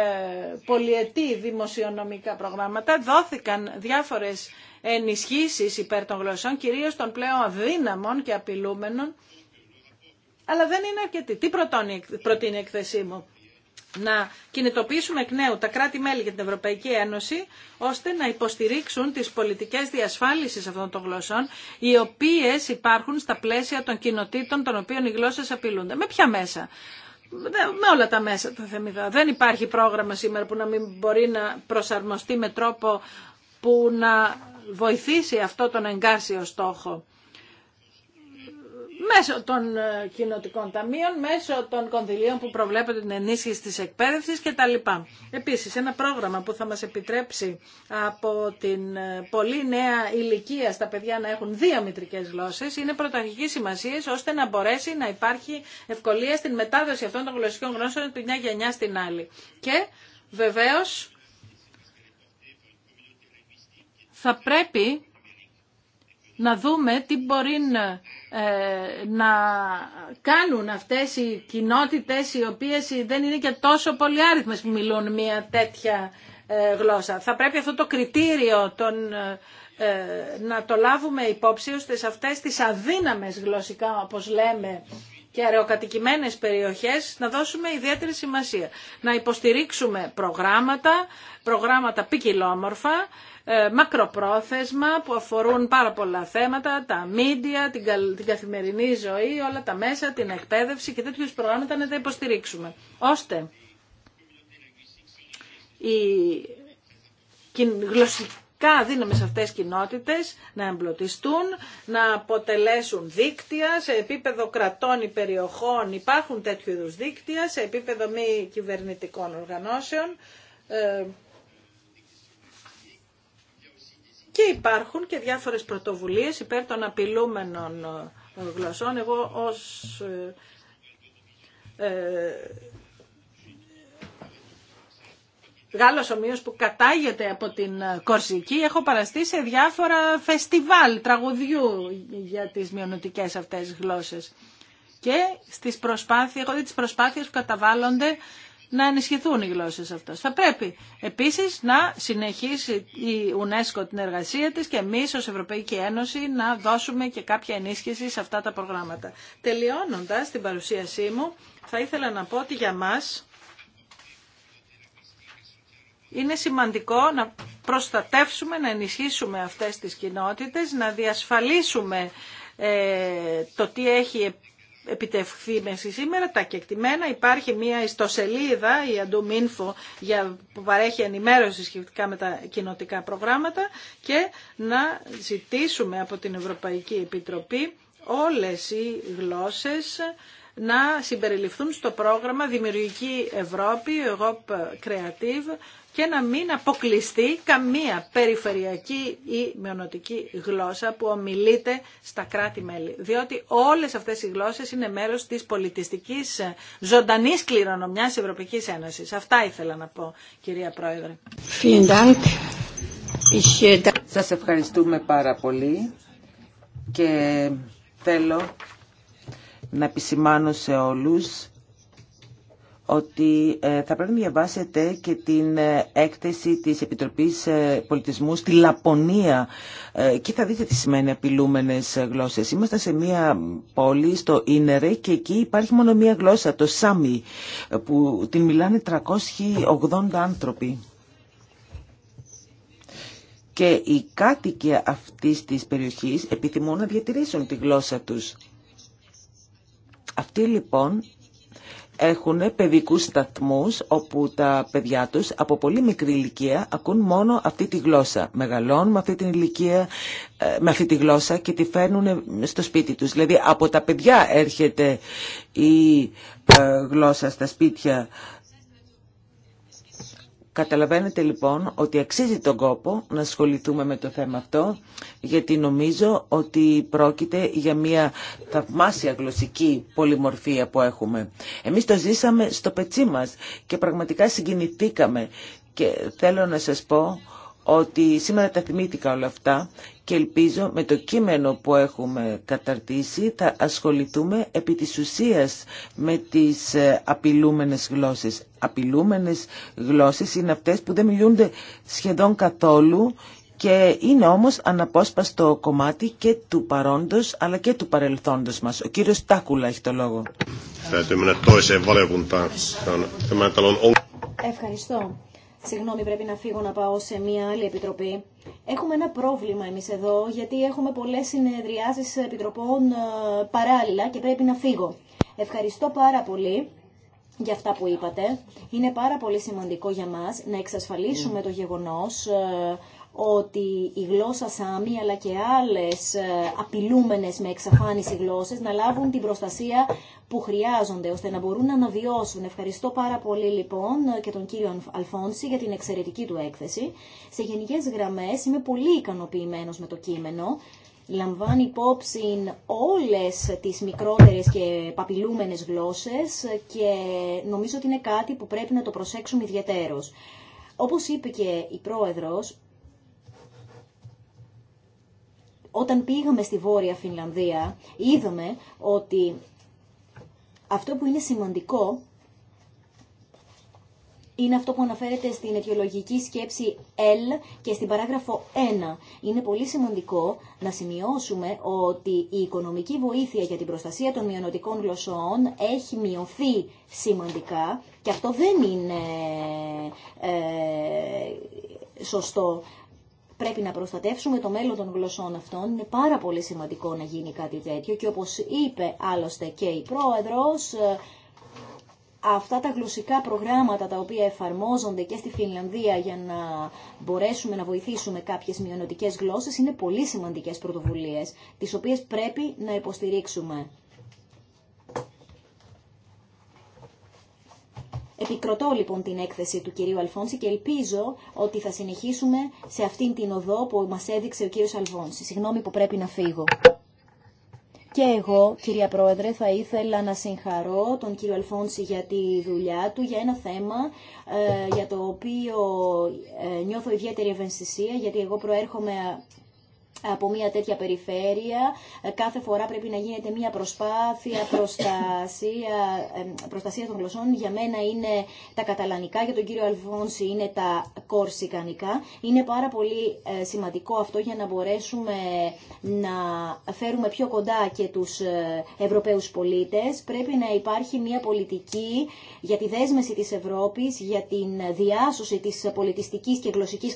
S3: πολιετή δημοσιονομικά προγράμματα δόθηκαν διάφορες ενισχύσεις υπέρ των γλωσσών, κυρίως των πλέον αδύναμων και απειλούμενων, αλλά δεν είναι αρκετή. Τι προτείνει η εκθεσή μου. Να κινητοποιήσουμε εκ νέου τα κράτη-μέλη για την Ευρωπαϊκή Ένωση ώστε να υποστηρίξουν τις πολιτικές διασφάλισης αυτών των γλωσσών οι οποίες υπάρχουν στα πλαίσια των κοινοτήτων των οποίων οι γλώσσες απειλούνται. Με ποια μέσα. Με όλα τα μέσα τα Δεν υπάρχει πρόγραμμα σήμερα που να μην μπορεί να προσαρμοστεί με τρόπο που να βοηθήσει αυτό τον εγκάσιο στόχο μέσω των ε, κοινοτικών ταμείων, μέσω των κονδυλίων που προβλέπεται την ενίσχυση της εκπαίδευσης κτλ. Επίσης, ένα πρόγραμμα που θα μας επιτρέψει από την ε, πολύ νέα ηλικία στα παιδιά να έχουν δύο μητρικές γλώσσες είναι πρωταρχική σημασία ώστε να μπορέσει να υπάρχει ευκολία στην μετάδοση αυτών των γλωσσικών γνώσεων τη μια γενιά στην άλλη. Και βεβαίως θα πρέπει να δούμε τι μπορεί ε, να, κάνουν αυτές οι κοινότητες οι οποίες δεν είναι και τόσο πολυάριθμες που μιλούν μια τέτοια ε, γλώσσα. Θα πρέπει αυτό το κριτήριο ε, να το λάβουμε υπόψη ώστε σε αυτές τις αδύναμες γλωσσικά όπως λέμε και αεροκατοικημένες περιοχές να δώσουμε ιδιαίτερη σημασία. Να υποστηρίξουμε προγράμματα, προγράμματα ποικιλόμορφα ε, μακροπρόθεσμα που αφορούν πάρα πολλά θέματα, τα μίντια, την καθημερινή ζωή, όλα τα μέσα, την εκπαίδευση και τέτοιους προγράμματα να τα υποστηρίξουμε. Ώστε οι γλωσσικά δύναμες αυτές κοινότητες να εμπλωτιστούν, να αποτελέσουν δίκτυα σε επίπεδο κρατών ή περιοχών υπάρχουν τέτοιου είδους δίκτυα, σε επίπεδο μη κυβερνητικών οργανώσεων ε, και υπάρχουν και διάφορες πρωτοβουλίες υπέρ των απειλούμενων ε, γλωσσών. Εγώ ως ε, ε Γάλλος που κατάγεται από την Κορσική, έχω παραστεί σε διάφορα φεστιβάλ τραγουδιού για τις μειονοτικές αυτές γλώσσες. Και στις προσπάθειες, έχω δει τις προσπάθειες που καταβάλλονται να ενισχυθούν οι γλώσσες αυτές. Θα πρέπει επίσης να συνεχίσει η UNESCO την εργασία της και εμείς ως Ευρωπαϊκή Ένωση να δώσουμε και κάποια ενίσχυση σε αυτά τα προγράμματα. Τελειώνοντας την παρουσίασή μου, θα ήθελα να πω ότι για μας είναι σημαντικό να προστατεύσουμε, να ενισχύσουμε αυτές τις κοινότητες, να διασφαλίσουμε ε, το τι έχει επιτευχθεί μέσα σήμερα, τα κεκτημένα. Υπάρχει μια ιστοσελίδα, η Αντομίνφο, για, που παρέχει ενημέρωση σχετικά με τα κοινοτικά προγράμματα και να ζητήσουμε από την Ευρωπαϊκή Επιτροπή όλες οι γλώσσες να συμπεριληφθούν στο πρόγραμμα Δημιουργική Ευρώπη, Europe Creative και να μην αποκλειστεί καμία περιφερειακή ή μειονοτική γλώσσα που ομιλείται στα κράτη-μέλη. Διότι όλες αυτές οι γλώσσες είναι μέρος της πολιτιστικής ζωντανής κληρονομιάς Ευρωπαϊκής Ένωσης. Αυτά ήθελα να πω,
S2: κυρία Πρόεδρε. Äh, Σας ευχαριστούμε πάρα πολύ και θέλω να επισημάνω σε όλους ότι ε, θα πρέπει να διαβάσετε και την ε, έκθεση της Επιτροπής ε, Πολιτισμού στη Λαπωνία και θα δείτε τι σημαίνει απειλούμενες γλώσσες. Είμαστε σε μία πόλη στο Ίνερε και εκεί υπάρχει μόνο μία γλώσσα, το Σάμι, που την μιλάνε 380 άνθρωποι. Και οι κάτοικοι αυτής της περιοχής επιθυμούν να διατηρήσουν τη γλώσσα τους. Αυτοί λοιπόν έχουν παιδικούς σταθμούς όπου τα παιδιά τους από πολύ μικρή ηλικία ακούν μόνο αυτή τη γλώσσα. Μεγαλώνουν με αυτή την ηλικία, ε, με αυτή τη γλώσσα και τη φέρνουν στο σπίτι τους. Δηλαδή από τα παιδιά έρχεται η ε, γλώσσα στα σπίτια Καταλαβαίνετε λοιπόν ότι αξίζει τον κόπο να ασχοληθούμε με το θέμα αυτό, γιατί νομίζω ότι πρόκειται για μια θαυμάσια γλωσσική πολυμορφία που έχουμε. Εμείς το ζήσαμε στο πετσί μας και πραγματικά συγκινηθήκαμε και θέλω να σας πω ότι σήμερα τα θυμήθηκα όλα αυτά και ελπίζω με το κείμενο που έχουμε καταρτήσει θα ασχοληθούμε επί της ουσίας με τις ε, απειλούμενες γλώσσες. Απειλούμενες γλώσσες είναι αυτές που δεν μιλούνται σχεδόν καθόλου και είναι όμως αναπόσπαστο κομμάτι και του παρόντος αλλά και του παρελθόντος μας. Ο κύριος Τάκουλα έχει το λόγο.
S4: Ευχαριστώ συγγνώμη πρέπει να φύγω να πάω σε μια άλλη επιτροπή. Έχουμε ένα πρόβλημα εμεί εδώ γιατί έχουμε πολλέ συνεδριάσει επιτροπών ε, παράλληλα και πρέπει να φύγω. Ευχαριστώ πάρα πολύ για αυτά που είπατε. Είναι πάρα πολύ σημαντικό για μα να εξασφαλίσουμε το γεγονός ε, ότι η γλώσσα Σάμι αλλά και άλλες ε, απειλούμενες με εξαφάνιση γλώσσες να λάβουν την προστασία που χρειάζονται ώστε να μπορούν να αναβιώσουν. Ευχαριστώ πάρα πολύ λοιπόν και τον κύριο Αλφόνση για την εξαιρετική του έκθεση. Σε γενικές γραμμές είμαι πολύ ικανοποιημένος με το κείμενο λαμβάνει υπόψη όλες τις μικρότερες και παπιλούμενες γλώσσες και νομίζω ότι είναι κάτι που πρέπει να το προσέξουμε ιδιαίτερος. Όπως είπε και η πρόεδρος, Όταν πήγαμε στη Βόρεια Φινλανδία, είδαμε ότι αυτό που είναι σημαντικό είναι αυτό που αναφέρεται στην αιτιολογική σκέψη L και στην παράγραφο 1. Είναι πολύ σημαντικό να σημειώσουμε ότι η οικονομική βοήθεια για την προστασία των μειονοτικών γλωσσών έχει μειωθεί σημαντικά και αυτό δεν είναι ε, σωστό. Πρέπει να προστατεύσουμε το μέλλον των γλωσσών αυτών. Είναι πάρα πολύ σημαντικό να γίνει κάτι τέτοιο και όπως είπε άλλωστε και η πρόεδρος, ε, αυτά τα γλωσσικά προγράμματα τα οποία εφαρμόζονται και στη Φινλανδία για να μπορέσουμε να βοηθήσουμε κάποιες μειονοτικές γλώσσες είναι πολύ σημαντικές πρωτοβουλίες, τις οποίες πρέπει να υποστηρίξουμε. Επικροτώ λοιπόν την έκθεση του κυρίου Αλφόνση και ελπίζω ότι θα συνεχίσουμε σε αυτήν την οδό που μας έδειξε ο κύριος Αλφόνση. Συγγνώμη που πρέπει να φύγω. Και εγώ, κυρία Πρόεδρε, θα ήθελα να συγχαρώ τον κύριο Αλφόνση για τη δουλειά του, για ένα θέμα ε, για το οποίο ε, νιώθω ιδιαίτερη ευαισθησία, γιατί εγώ προέρχομαι από μια τέτοια περιφέρεια. Ε, κάθε φορά πρέπει να γίνεται μια προσπάθεια προστασία, προστασία των γλωσσών. Για μένα είναι τα καταλανικά, για τον κύριο Αλφόνση είναι τα κορσικανικά. Είναι πάρα πολύ ε, σημαντικό αυτό για να μπορέσουμε να φέρουμε πιο κοντά και τους ε, Ευρωπαίους πολίτες. Πρέπει να υπάρχει μια πολιτική για τη δέσμευση της Ευρώπης, για την διάσωση της πολιτιστικής και γλωσσικής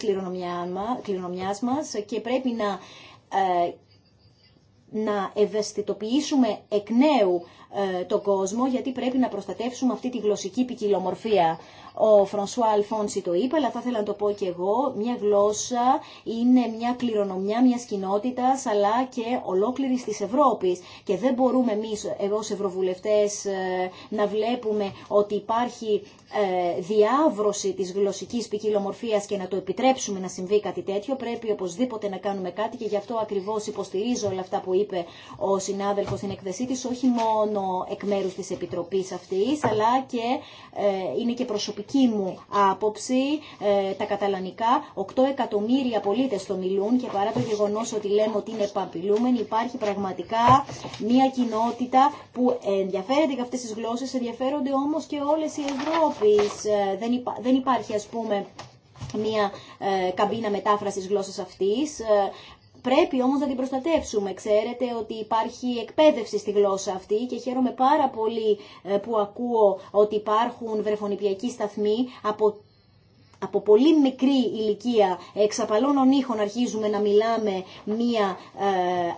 S4: κληρονομιάς μας και πρέπει να, ε, να ευαισθητοποιήσουμε εκ νέου ε, τον κόσμο γιατί πρέπει να προστατεύσουμε αυτή τη γλωσσική ποικιλομορφία. Ο Φρανσουά Αλφόνση το είπε, αλλά θα ήθελα να το πω και εγώ. Μια γλώσσα είναι μια κληρονομιά μια κοινότητα, αλλά και ολόκληρη τη Ευρώπη. Και δεν μπορούμε εμεί ω Ευρωβουλευτέ ε, να βλέπουμε ότι υπάρχει ε, διάβρωση τη γλωσσική ποικιλομορφία και να το επιτρέψουμε να συμβεί κάτι τέτοιο. Πρέπει οπωσδήποτε να κάνουμε κάτι και γι' αυτό ακριβώ υποστηρίζω όλα αυτά που είπε ο συνάδελφο στην εκθεσή τη, όχι μόνο μόνο εκ μέρους της Επιτροπής αυτής, αλλά και ε, είναι και προσωπική μου άποψη. Ε, τα καταλανικά, 8 εκατομμύρια πολίτες το μιλούν και παρά το γεγονός ότι λέμε ότι είναι επαπειλούμενοι, υπάρχει πραγματικά μια κοινότητα που ενδιαφέρεται για αυτές τις γλώσσες, ενδιαφέρονται όμως και όλες οι Ευρώπης. Ε, δεν, δεν υπάρχει, ας πούμε, μια ε, καμπίνα μετάφρασης γλώσσας αυτής. Πρέπει όμως να την προστατεύσουμε. Ξέρετε ότι υπάρχει εκπαίδευση στη γλώσσα αυτή και χαίρομαι πάρα πολύ ε, που ακούω ότι υπάρχουν βρεφονιπιακοί σταθμοί από από πολύ μικρή ηλικία, εξ ήχων αρχίζουμε να μιλάμε μία ε,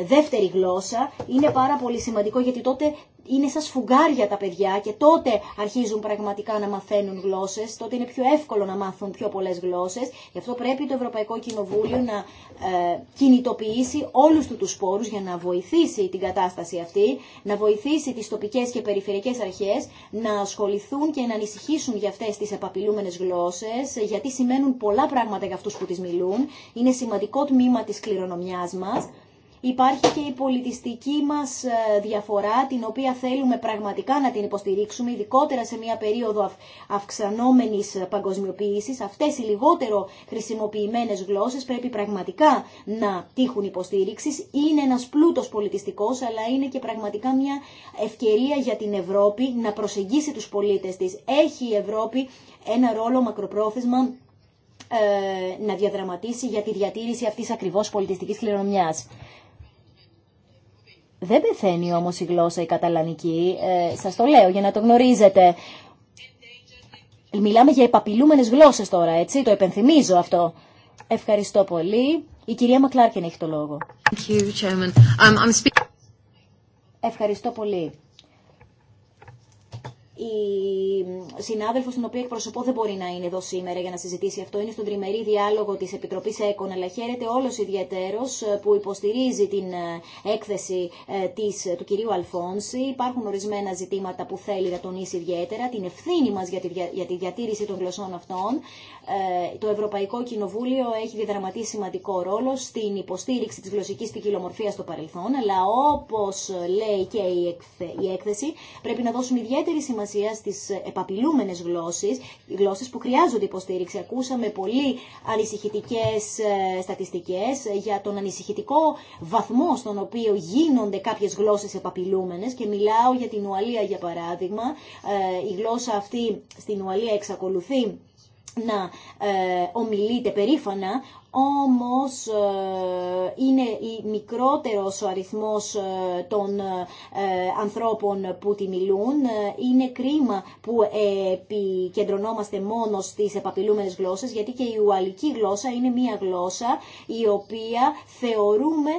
S4: ε, δεύτερη γλώσσα. Είναι πάρα πολύ σημαντικό γιατί τότε είναι σαν σφουγγάρια τα παιδιά και τότε αρχίζουν πραγματικά να μαθαίνουν γλώσσε. τότε είναι πιο εύκολο να μάθουν πιο πολλέ γλώσσε. Γι' αυτό πρέπει το Ευρωπαϊκό Κοινοβούλιο να ε, κινητοποιήσει όλου του τους σπόρους για να βοηθήσει την κατάσταση αυτή, να βοηθήσει τι τοπικέ και περιφερειακές αρχέ, να ασχοληθούν και να ανησυχήσουν για αυτέ τι επαπειλούμενες γλώσσε, γιατί σημαίνουν πολλά πράγματα για αυτού που τι μιλούν. Είναι σημαντικό τμήμα τη κληρονομιά μα. Υπάρχει και η πολιτιστική μας ε, διαφορά, την οποία θέλουμε πραγματικά να την υποστηρίξουμε, ειδικότερα σε μια περίοδο αυξανόμενης παγκοσμιοποίησης. Αυτές οι λιγότερο χρησιμοποιημένες γλώσσες πρέπει πραγματικά να τύχουν υποστήριξης. Είναι ένας πλούτος πολιτιστικός, αλλά είναι και πραγματικά μια ευκαιρία για την Ευρώπη να προσεγγίσει τους πολίτες της. Έχει η Ευρώπη ένα ρόλο μακροπρόθεσμα ε, να διαδραματίσει για τη διατήρηση αυτής ακριβώς πολιτιστικής κληρονομιάς. Δεν πεθαίνει όμως η γλώσσα η καταλανική, ε, σας το λέω για να το γνωρίζετε. Μιλάμε για επαπειλούμενε γλώσσε τώρα, έτσι, το επενθυμίζω αυτό. Ευχαριστώ πολύ. Η κυρία Μακλάρκεν έχει το λόγο. Thank you, chairman. Um, Ευχαριστώ πολύ η συνάδελφο, την οποία εκπροσωπώ δεν μπορεί να είναι εδώ σήμερα για να συζητήσει αυτό. Είναι στον τριμερή διάλογο τη Επιτροπή ΕΚΟΝ, αλλά χαίρεται όλος ιδιαίτερος ε, που υποστηρίζει την ε, έκθεση ε, της, του κυρίου Αλφόνση. Υπάρχουν ορισμένα ζητήματα που θέλει να τονίσει ιδιαίτερα, την ευθύνη μα για τη, για τη διατήρηση των γλωσσών αυτών. Το Ευρωπαϊκό Κοινοβούλιο έχει διδραματίσει σημαντικό ρόλο στην υποστήριξη τη γλωσσική ποικιλομορφία στο παρελθόν, αλλά όπω λέει και η έκθεση, πρέπει να δώσουν ιδιαίτερη σημασία για στι επαπειλούμενε γλώσσες, γλώσσες που χρειάζονται υποστήριξη. Ακούσαμε πολύ ανησυχητικέ ε, στατιστικές για τον ανησυχητικό βαθμό στον οποίο γίνονται κάποιε γλώσσε επαπιλούμενες και μιλάω για την Ουαλία για παράδειγμα. Ε, η γλώσσα αυτή στην Ουαλία εξακολουθεί να ε, ομιλείται περήφανα όμως ε, είναι η μικρότερος ο αριθμός ε, των ε, ανθρώπων που τη μιλούν. Είναι κρίμα που επικεντρωνόμαστε μόνο στις επαπειλούμενες γλώσσες, γιατί και η ουαλική γλώσσα είναι μία γλώσσα η οποία θεωρούμε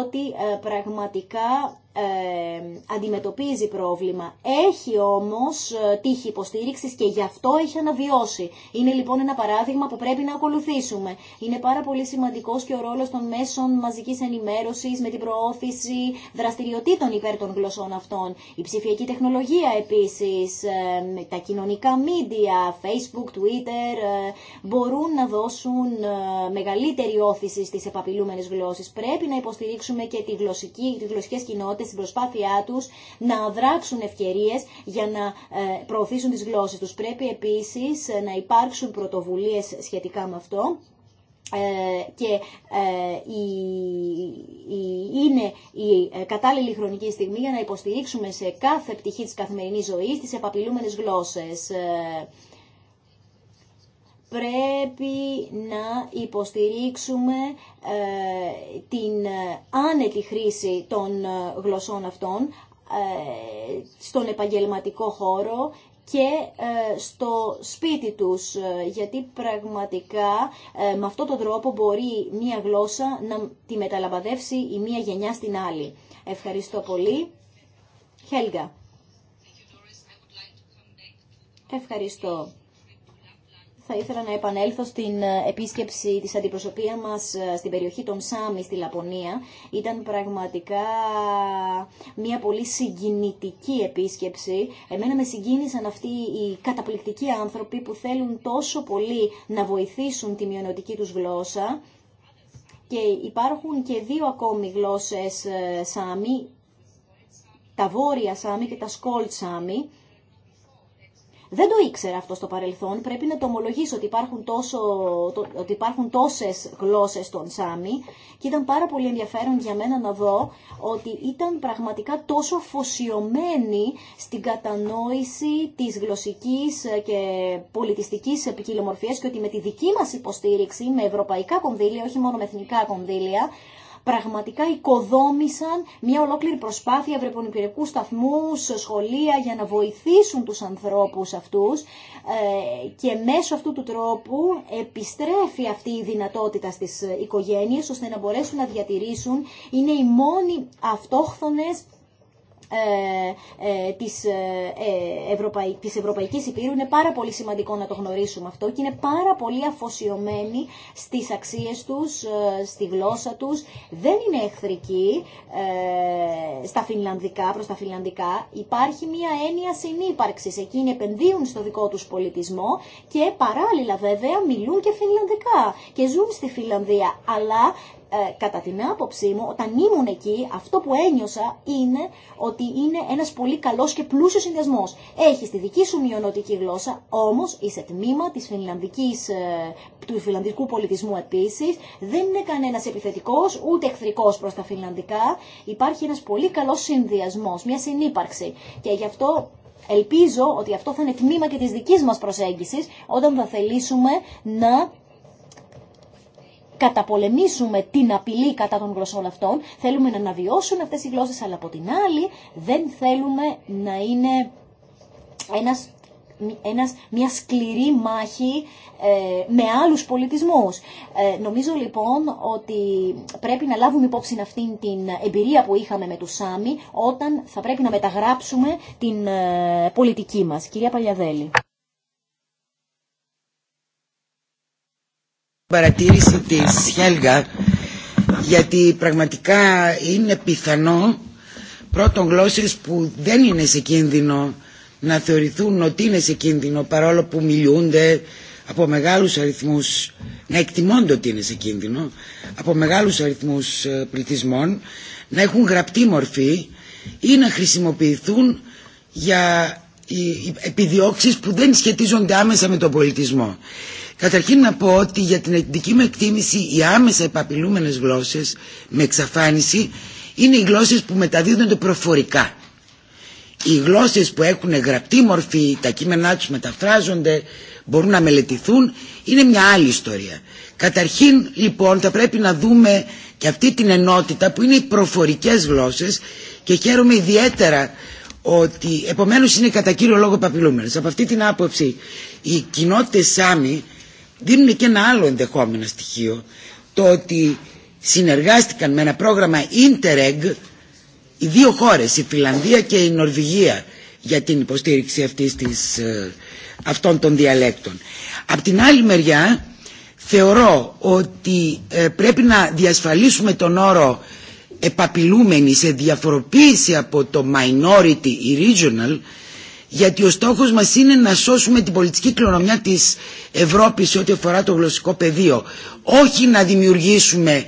S4: ότι πραγματικά ε, αντιμετωπίζει πρόβλημα. Έχει όμως ε, τύχη υποστήριξης και γι' αυτό έχει αναβιώσει. Είναι λοιπόν ένα παράδειγμα που πρέπει να ακολουθήσουμε. Είναι πάρα πολύ σημαντικός και ο ρόλος των μέσων μαζικής ενημέρωσης με την προώθηση δραστηριοτήτων υπέρ των γλωσσών αυτών. Η ψηφιακή τεχνολογία επίσης, ε, τα κοινωνικά μίντια, facebook, twitter, ε, μπορούν να δώσουν ε, μεγαλύτερη όθηση στις επαπειλούμενες γλώσσες. Πρέπει να υποστηρίξουμε και τη γλωσσική, τη γλωσσική κοινότητα ότι στην προσπάθειά τους να δράξουν ευκαιρίε για να ε, προωθήσουν τις γλώσσες τους. Πρέπει επίσης ε, να υπάρξουν πρωτοβουλίε σχετικά με αυτό ε, και είναι η κατάλληλη χρονική στιγμή για να υποστηρίξουμε σε κάθε πτυχή της καθημερινής ζωής τις επαπειλούμενες γλώσσες πρέπει να υποστηρίξουμε ε, την άνετη χρήση των ε, γλωσσών αυτών ε, στον επαγγελματικό χώρο και ε, στο σπίτι τους, γιατί πραγματικά με αυτόν τον τρόπο μπορεί μία γλώσσα να τη μεταλαμπαδεύσει η μία γενιά στην άλλη. Ευχαριστώ πολύ. Χέλγα. Ευχαριστώ θα ήθελα να επανέλθω στην ε, επίσκεψη της αντιπροσωπεία μας ε, στην περιοχή των Σάμι στη Λαπωνία. Ήταν πραγματικά μια πολύ συγκινητική επίσκεψη. Εμένα με συγκίνησαν αυτοί οι καταπληκτικοί άνθρωποι που θέλουν τόσο πολύ να βοηθήσουν τη μειονοτική τους γλώσσα. Και υπάρχουν και δύο ακόμη γλώσσες ε, Σάμι, τα βόρεια Σάμι και τα σκόλτ Σάμι δεν το ήξερα αυτό στο παρελθόν. Πρέπει να το ομολογήσω ότι υπάρχουν, τόσο, ότι υπάρχουν τόσες γλώσσες στον Σάμι και ήταν πάρα πολύ ενδιαφέρον για μένα να δω ότι ήταν πραγματικά τόσο φωσιωμένοι στην κατανόηση της γλωσσικής και πολιτιστικής επικοινωνία και ότι με τη δική μας υποστήριξη, με ευρωπαϊκά κονδύλια, όχι μόνο με εθνικά κονδύλια, πραγματικά οικοδόμησαν μια ολόκληρη προσπάθεια ευρεπονιπηρικού σταθμού, σχολεία για να βοηθήσουν τους ανθρώπους αυτούς ε, και μέσω αυτού του τρόπου επιστρέφει αυτή η δυνατότητα στις οικογένειες ώστε να μπορέσουν να διατηρήσουν. Είναι οι μόνοι αυτόχθονες ε, ε, της, ε, Ευρωπαϊ... της Ευρωπαϊκής Υπήρου. Είναι πάρα πολύ σημαντικό να το γνωρίσουμε αυτό και είναι πάρα πολύ αφοσιωμένοι στις αξίες τους, στη γλώσσα τους. Δεν είναι εχθρικοί στα φιλανδικά, προς τα φιλανδικά. Υπάρχει μια έννοια συνύπαρξης. Εκείνοι επενδύουν στο δικό τους πολιτισμό και παράλληλα βέβαια μιλούν και φιλανδικά και ζουν στη Φιλανδία. Αλλά ε, κατά την άποψή μου, όταν ήμουν εκεί, αυτό που ένιωσα είναι ότι είναι ένα πολύ καλό και πλούσιο συνδυασμό. Έχει τη δική σου μειονωτική γλώσσα, όμω, είσαι τμήμα της ε, του φιλανδικού πολιτισμού επίση, Δεν είναι κανένα επιθετικό ούτε εχθρικό προ τα φιλανδικά. Υπάρχει ένα πολύ καλό συνδυασμό, μια συνύπαρξη. Και γι' αυτό ελπίζω ότι αυτό θα είναι τμήμα και τη δική μα προσέγγιση όταν θα θελήσουμε να καταπολεμήσουμε την απειλή κατά των γλωσσών αυτών. Θέλουμε να αναβιώσουν αυτές οι γλώσσες, αλλά από την άλλη δεν θέλουμε να είναι ένας ένας, μια σκληρή μάχη ε, με άλλους πολιτισμούς. Ε, νομίζω λοιπόν ότι πρέπει να λάβουμε υπόψη αυτήν την εμπειρία που είχαμε με τους Σάμι όταν θα πρέπει να μεταγράψουμε την ε, πολιτική μας. Κυρία Παλιαδέλη.
S7: παρατήρηση της Χέλγα γιατί πραγματικά είναι πιθανό πρώτον γλώσσες που δεν είναι σε κίνδυνο να θεωρηθούν ότι είναι σε κίνδυνο παρόλο που μιλούνται από μεγάλους αριθμούς να εκτιμώνται ότι είναι σε κίνδυνο από μεγάλους αριθμούς ε, πληθυσμών να έχουν γραπτή μορφή ή να χρησιμοποιηθούν για ε, ε, επιδιώξεις που δεν σχετίζονται άμεσα με τον πολιτισμό. Καταρχήν να πω ότι για την δική μου εκτίμηση οι άμεσα επαπειλούμενες γλώσσες με εξαφάνιση είναι οι γλώσσες που μεταδίδονται προφορικά. Οι γλώσσες που έχουν γραπτή μορφή, τα κείμενά τους μεταφράζονται, μπορούν να μελετηθούν, είναι μια άλλη ιστορία. Καταρχήν λοιπόν θα πρέπει να δούμε και αυτή την ενότητα που είναι οι προφορικές γλώσσες και χαίρομαι ιδιαίτερα ότι επομένως είναι κατά κύριο λόγο επαπειλούμενες. Από αυτή την άποψη οι κοινότητες Σάμι δίνουν και ένα άλλο ενδεχόμενο στοιχείο το ότι συνεργάστηκαν με ένα πρόγραμμα Interreg οι δύο χώρες, η Φιλανδία και η Νορβηγία για την υποστήριξη αυτής της, ε, αυτών των διαλέκτων. Απ' την άλλη μεριά θεωρώ ότι ε, πρέπει να διασφαλίσουμε τον όρο επαπειλούμενη σε διαφοροποίηση από το minority ή regional γιατί ο στόχος μας είναι να σώσουμε την πολιτική κληρονομιά της Ευρώπης σε ό,τι αφορά το γλωσσικό πεδίο. Όχι να δημιουργήσουμε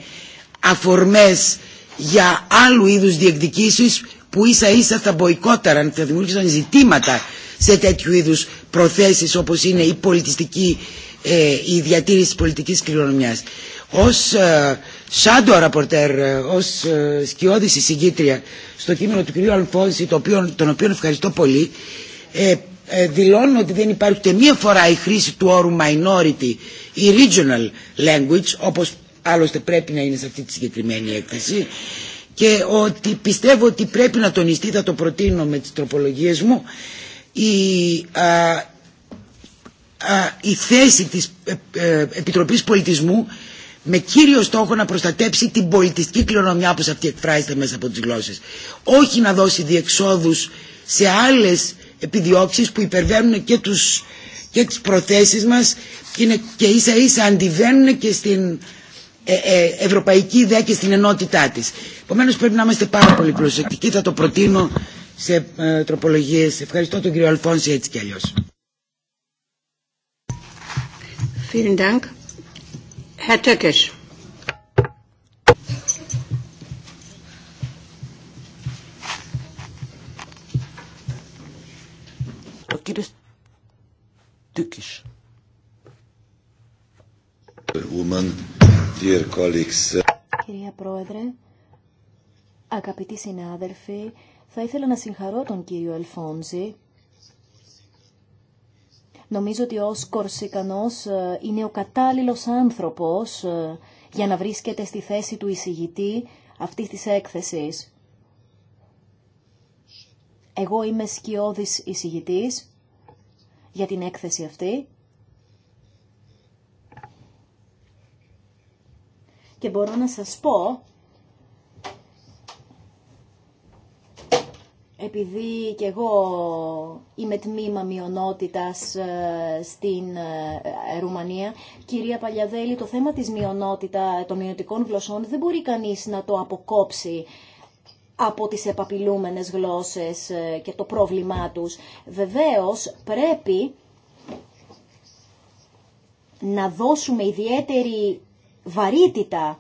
S7: αφορμές για άλλου είδους διεκδικήσεις που ίσα ίσα θα μποϊκόταραν, θα δημιούργησαν ζητήματα σε τέτοιου είδους προθέσεις όπως είναι η πολιτιστική, ε, η διατήρηση της πολιτικής κληρονομιάς. Ως ε, shadow ε, ως ε, στο κείμενο του κ. Αλφόνση, τον οποίο ευχαριστώ πολύ, ε, ε, δηλώνουν ότι δεν υπάρχει ούτε μία φορά η χρήση του όρου minority ή regional language όπως άλλωστε πρέπει να είναι σε αυτή τη συγκεκριμένη έκθεση και ότι πιστεύω ότι πρέπει να τονιστεί, θα το προτείνω με τις τροπολογίες μου, η, η θέση της ε, Επιτροπής Πολιτισμού με κύριο στόχο να προστατέψει την πολιτιστική κληρονομιά όπως αυτή εκφράζεται μέσα από τις γλώσσες. Όχι να δώσει διεξόδους σε άλλες επιδιώξεις που υπερβαίνουν και, τους, και τις προθέσεις μας και, είναι, και ίσα ίσα αντιβαίνουν και στην ε, ε, ευρωπαϊκή ιδέα και στην ενότητά της. Επομένως πρέπει να είμαστε πάρα πολύ προσεκτικοί, θα το προτείνω σε ε, τροπολογίες. Ευχαριστώ τον κύριο Αλφόνση έτσι κι αλλιώς.
S1: Vielen Dank. Herr
S2: Κύριε Τούκης.
S4: Κυρία Πρόεδρε, αγαπητοί συνάδελφοι, θα ήθελα να συγχαρώ τον κύριο Ελφόνζη. Νομίζω ότι ο Κορσικανός ε, είναι ο κατάλληλος άνθρωπος ε, για να βρίσκεται στη θέση του εισηγητή αυτής της έκθεσης. Εγώ είμαι σκιώδης εισηγητής για την έκθεση αυτή. Και μπορώ να σας πω, επειδή και εγώ είμαι τμήμα μειονότητας ε, στην ε, Ρουμανία, κυρία Παλιαδέλη, το θέμα της μειονότητα των μειωτικών γλωσσών δεν μπορεί κανείς να το αποκόψει από τις επαπειλούμενες γλώσσες ε, και το πρόβλημά τους. Βεβαίως πρέπει να δώσουμε ιδιαίτερη βαρύτητα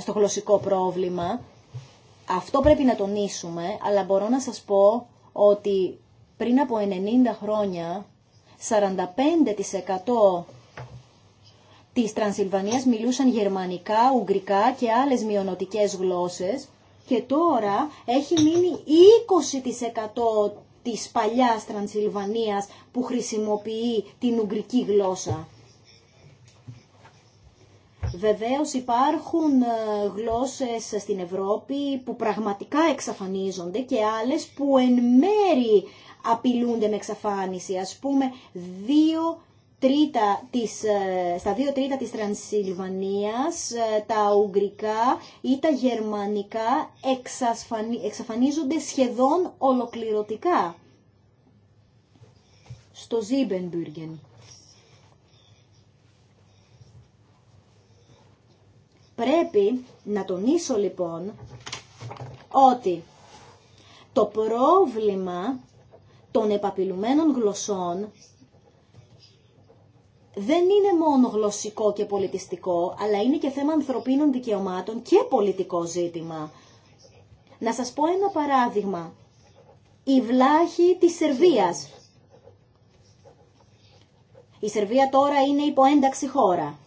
S4: στο γλωσσικό πρόβλημα. Αυτό πρέπει να τονίσουμε, αλλά μπορώ να σας πω ότι πριν από 90 χρόνια 45% της Τρανσιλβανίας μιλούσαν γερμανικά, ουγγρικά και άλλες μειονοτικές γλώσσες και τώρα έχει μείνει 20% της παλιάς Τρανσιλβανίας που χρησιμοποιεί την ουγγρική γλώσσα. Βεβαίως υπάρχουν ε, γλώσσες στην Ευρώπη που πραγματικά εξαφανίζονται και άλλες που εν μέρη απειλούνται με εξαφάνιση. Ας πούμε δύο τρίτα της, ε, στα δύο τρίτα της Τρανσιλβανίας ε, τα ουγγρικά ή τα γερμανικά εξαφανίζονται σχεδόν ολοκληρωτικά στο Ζίμπενμπουργεν. Πρέπει να τονίσω λοιπόν ότι το πρόβλημα των επαπειλουμένων γλωσσών δεν είναι μόνο γλωσσικό και πολιτιστικό, αλλά είναι και θέμα ανθρωπίνων δικαιωμάτων και πολιτικό ζήτημα. Να σας πω ένα παράδειγμα. Η βλάχη της Σερβίας. Η Σερβία τώρα είναι υπό ένταξη χώρα.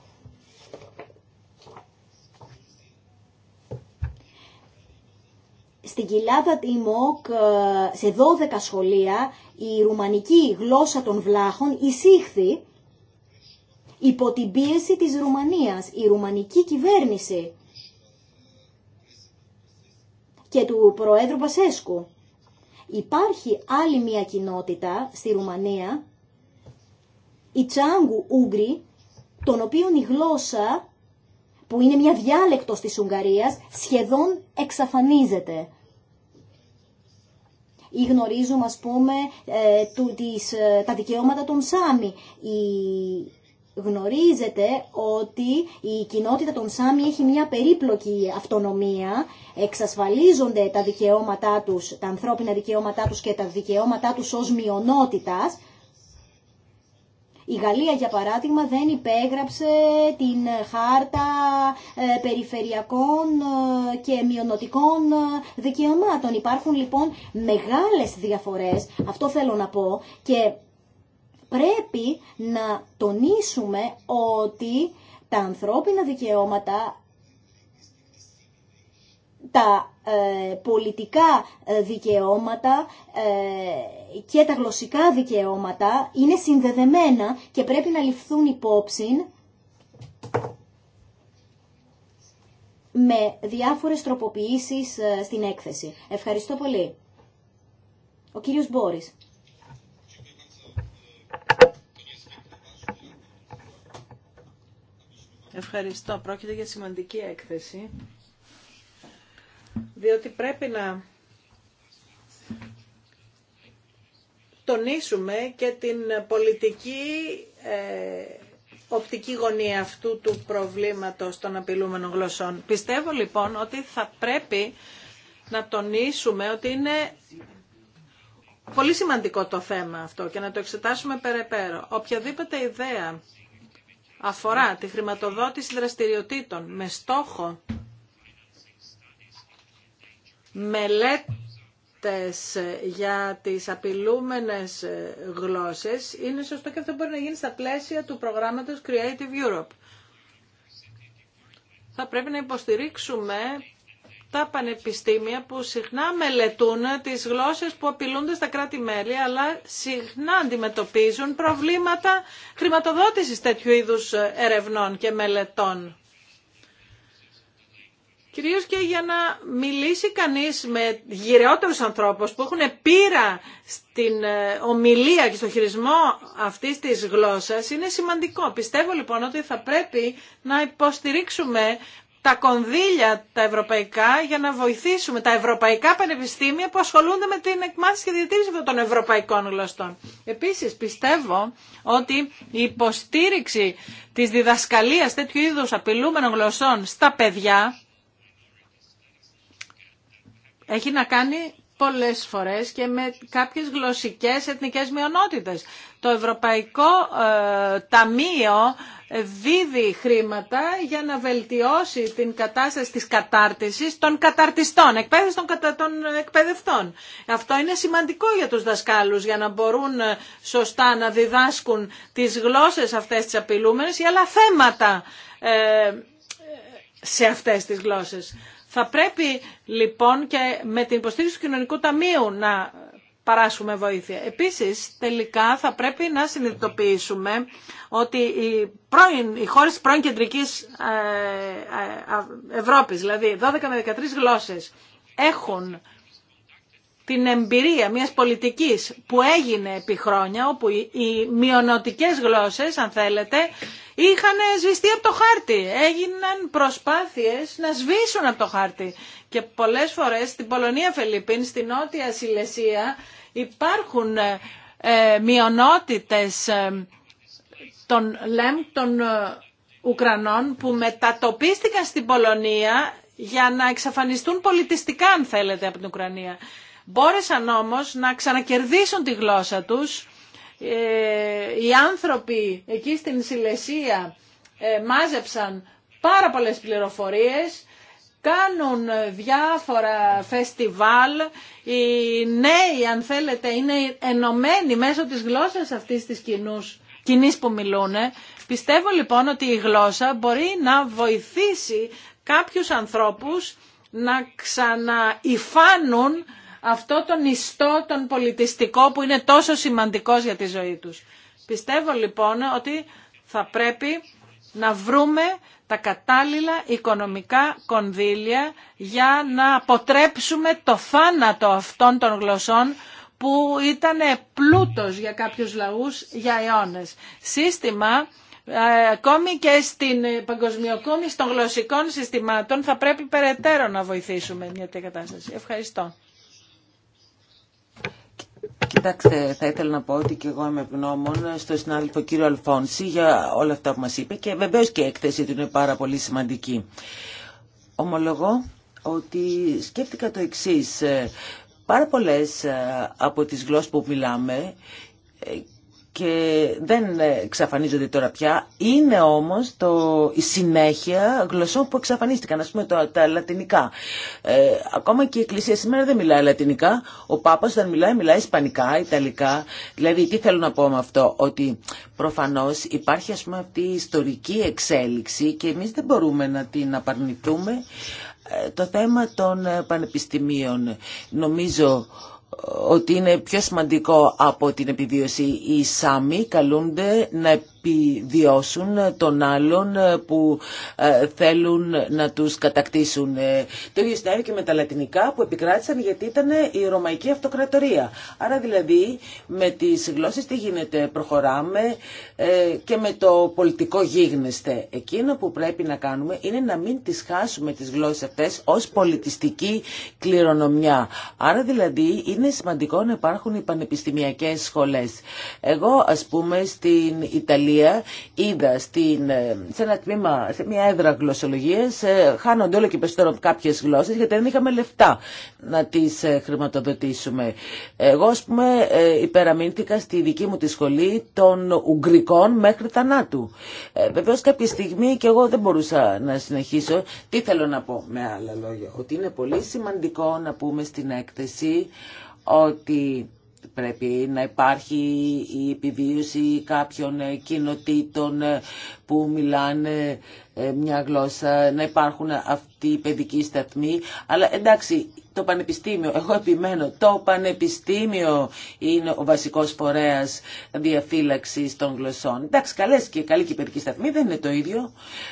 S4: Στην κοιλάδα Τιμόκ, ε, σε 12 σχολεία, η ρουμανική γλώσσα των βλάχων εισήχθη υπό την πίεση της Ρουμανίας, η ρουμανική κυβέρνηση και του Προέδρου Πασέσκου. Υπάρχει άλλη μια κοινότητα στη Ρουμανία, η Τσάγκου Ούγρι, τον οποιων η γλώσσα, που είναι μια διάλεκτος της Ουγγαρίας, σχεδόν εξαφανίζεται. Ή γνωρίζουμε, ας πούμε, ε, του, ε, τα δικαιώματα των Σάμι. Η γνωρίζετε ότι η κοινότητα των Σάμι έχει μια περίπλοκη αυτονομία, εξασφαλίζονται τα δικαιώματά τους, τα ανθρώπινα δικαιώματά τους και τα δικαιώματά τους ως μειονότητας. Η Γαλλία, για παράδειγμα, δεν υπέγραψε την χάρτα ε, περιφερειακών ε, και μειονοτικών ε, δικαιωμάτων. Υπάρχουν λοιπόν μεγάλες διαφορές, αυτό θέλω να πω, και πρέπει να τονίσουμε ότι τα ανθρώπινα δικαιώματα, τα ε, πολιτικά ε, δικαιώματα ε, και τα γλωσσικά δικαιώματα είναι συνδεδεμένα και πρέπει να ληφθούν υπόψη με διάφορες τροποποιήσεις στην έκθεση. Ευχαριστώ πολύ. Ο κύριος Μπόρης.
S3: Ευχαριστώ. Πρόκειται για σημαντική έκθεση, διότι πρέπει να τονίσουμε και την πολιτική ε, οπτική γωνία αυτού του προβλήματος των απειλούμενων γλωσσών. Πιστεύω λοιπόν ότι θα πρέπει να τονίσουμε ότι είναι πολύ σημαντικό το θέμα αυτό και να το εξετάσουμε περαιπέρω. Οποιαδήποτε ιδέα αφορά τη χρηματοδότηση δραστηριοτήτων με στόχο μελέτες για τις απειλούμενες γλώσσες είναι σωστό και αυτό μπορεί να γίνει στα πλαίσια του προγράμματος Creative Europe. Θα πρέπει να υποστηρίξουμε τα πανεπιστήμια που συχνά μελετούν τις γλώσσες που απειλούνται στα κράτη-μέλη, αλλά συχνά αντιμετωπίζουν προβλήματα χρηματοδότησης τέτοιου είδους ερευνών και μελετών. Κυρίως και για να μιλήσει κανείς με γυρεότερους ανθρώπους που έχουν πείρα στην ε, ομιλία και στο χειρισμό αυτής της γλώσσας είναι σημαντικό. Πιστεύω λοιπόν ότι θα πρέπει να υποστηρίξουμε τα κονδύλια τα ευρωπαϊκά για να βοηθήσουμε τα ευρωπαϊκά πανεπιστήμια που ασχολούνται με την εκμάθηση και διατήρηση των ευρωπαϊκών γλωστών. Επίσης πιστεύω ότι η υποστήριξη της διδασκαλίας τέτοιου είδους απειλούμενων γλωσσών στα παιδιά έχει να κάνει πολλές φορές και με κάποιες γλωσσικές εθνικές μειονότητες. Το Ευρωπαϊκό ε, Ταμείο δίδει χρήματα για να βελτιώσει την κατάσταση της κατάρτισης των καταρτιστών, εκπαίδευση των, κατα... των εκπαιδευτών. Αυτό είναι σημαντικό για τους δασκάλους για να μπορούν ε, σωστά να διδάσκουν τις γλώσσες αυτές τις απειλούμενες ή άλλα θέματα ε, σε αυτές τις γλώσσες. Θα πρέπει λοιπόν και με την υποστήριξη του Κοινωνικού Ταμείου να παράσουμε βοήθεια. Επίσης, τελικά θα πρέπει να συνειδητοποιήσουμε ότι οι, πρώην, οι χώρες της πρώην κεντρικής ε, ε, Ευρώπης, δηλαδή 12 με 13 γλώσσες, έχουν την εμπειρία μιας πολιτικής που έγινε επί χρόνια, όπου οι μειονοτικές γλώσσες, αν θέλετε, είχαν σβηστεί από το χάρτη. Έγιναν προσπάθειες να σβήσουν από το χάρτη. Και πολλές φορές στην Πολωνία Φελιππίν, στην Νότια Σιλεσία υπάρχουν ε, ε, ε των ΛΕΜ, των ε, Ουκρανών που μετατοπίστηκαν στην Πολωνία για να εξαφανιστούν πολιτιστικά αν θέλετε από την Ουκρανία. Μπόρεσαν όμως να ξανακερδίσουν τη γλώσσα τους ε, οι άνθρωποι εκεί στην Σιλεσία ε, μάζεψαν πάρα πολλές πληροφορίες, κάνουν διάφορα φεστιβάλ, οι νέοι αν θέλετε είναι ενωμένοι μέσω της γλώσσας αυτής της κοινούς, κοινής που μιλούν. Πιστεύω λοιπόν ότι η γλώσσα μπορεί να βοηθήσει κάποιους ανθρώπους να ξαναιφάνουν αυτό τον ιστό, τον πολιτιστικό που είναι τόσο σημαντικός για τη ζωή τους. Πιστεύω λοιπόν ότι θα πρέπει να βρούμε τα κατάλληλα οικονομικά κονδύλια για να αποτρέψουμε το θάνατο αυτών των γλωσσών που ήταν πλούτος για κάποιους λαούς για αιώνες. Σύστημα ε, ακόμη και στην ε, παγκοσμιοκόμηση των γλωσσικών συστημάτων θα πρέπει περαιτέρω να βοηθήσουμε μια τέτοια κατάσταση. Ευχαριστώ.
S2: Κοιτάξτε, θα ήθελα να πω ότι και εγώ είμαι ευγνώμων στον συνάδελφο κύριο Αλφόνση για όλα αυτά που μας είπε και βεβαίως και η έκθεση του είναι πάρα πολύ σημαντική. Ομολογώ ότι σκέφτηκα το εξής. Ε, πάρα πολλές ε, από τις γλώσσες που μιλάμε ε, και δεν εξαφανίζονται τώρα πια. Είναι όμως το, η συνέχεια γλωσσών που εξαφανίστηκαν, ας πούμε το, τα λατινικά. Ε, ακόμα και η Εκκλησία σήμερα δεν μιλάει λατινικά. Ο Πάπας όταν μιλάει, μιλάει ισπανικά, ιταλικά. Δηλαδή τι θέλω να πω με αυτό, ότι προφανώς υπάρχει ας πούμε αυτή η ιστορική εξέλιξη και εμείς δεν μπορούμε να την απαρνηθούμε. Ε, το θέμα των ε, πανεπιστημίων νομίζω ότι είναι πιο σημαντικό από την επιβίωση. Οι Σάμι καλούνται να επιδιώσουν τον άλλον ε, που ε, θέλουν να τους κατακτήσουν. Ε, το ίδιο συνέβη και με τα λατινικά που επικράτησαν γιατί ήταν η Ρωμαϊκή Αυτοκρατορία. Άρα δηλαδή με τις γλώσσες τι γίνεται, προχωράμε και με το πολιτικό γίγνεσθε. Εκείνο που πρέπει να κάνουμε είναι να μην τις χάσουμε τις γλώσσες αυτές ως πολιτιστική κληρονομιά. Άρα δηλαδή είναι σημαντικό να υπάρχουν οι πανεπιστημιακές σχολές. Εγώ ας πούμε στην Ιταλία είδα στην, ε, σε ένα τμήμα, σε μια έδρα γλωσσολογίας, ε, χάνονται όλο και περισσότερο κάποιες γλώσσες γιατί δεν είχαμε λεφτά να τις ε, χρηματοδοτήσουμε. Εγώ, α πούμε, υπεραμείνθηκα στη δική μου τη σχολή των Ουγγρικών μέχρι θανάτου. Βεβαίω κάποια στιγμή και εγώ δεν μπορούσα να συνεχίσω. Τι θέλω να πω με άλλα λόγια. Ότι είναι πολύ σημαντικό να πούμε στην έκθεση ότι πρέπει να υπάρχει η επιβίωση κάποιων ε, κοινοτήτων ε, που μιλάνε ε, μια γλώσσα, να υπάρχουν Τη παιδική σταθμή. Αλλά εντάξει, το πανεπιστήμιο, εγώ επιμένω, το πανεπιστήμιο είναι ο βασικός φορέας διαφύλαξης των γλωσσών. Εντάξει, καλέ και καλή και η παιδική σταθμή δεν είναι το ίδιο.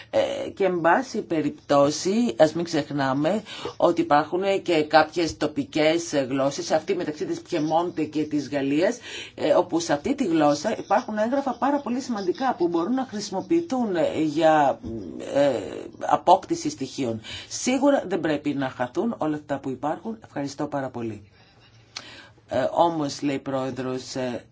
S2: Ε, και εν πάση περιπτώσει, ας μην ξεχνάμε ότι υπάρχουν και κάποιες τοπικές γλώσσες, αυτή μεταξύ τη Πιεμόντε και τη Γαλλία, ε, όπου σε αυτή τη γλώσσα υπάρχουν έγγραφα πάρα πολύ σημαντικά που μπορούν να χρησιμοποιηθούν για ε, απόκτηση στοιχείων. Σίγουρα δεν πρέπει να χαθούν όλα αυτά που υπάρχουν. Ευχαριστώ πάρα πολύ. Ε, όμως, λέει πρόεδρος, ε,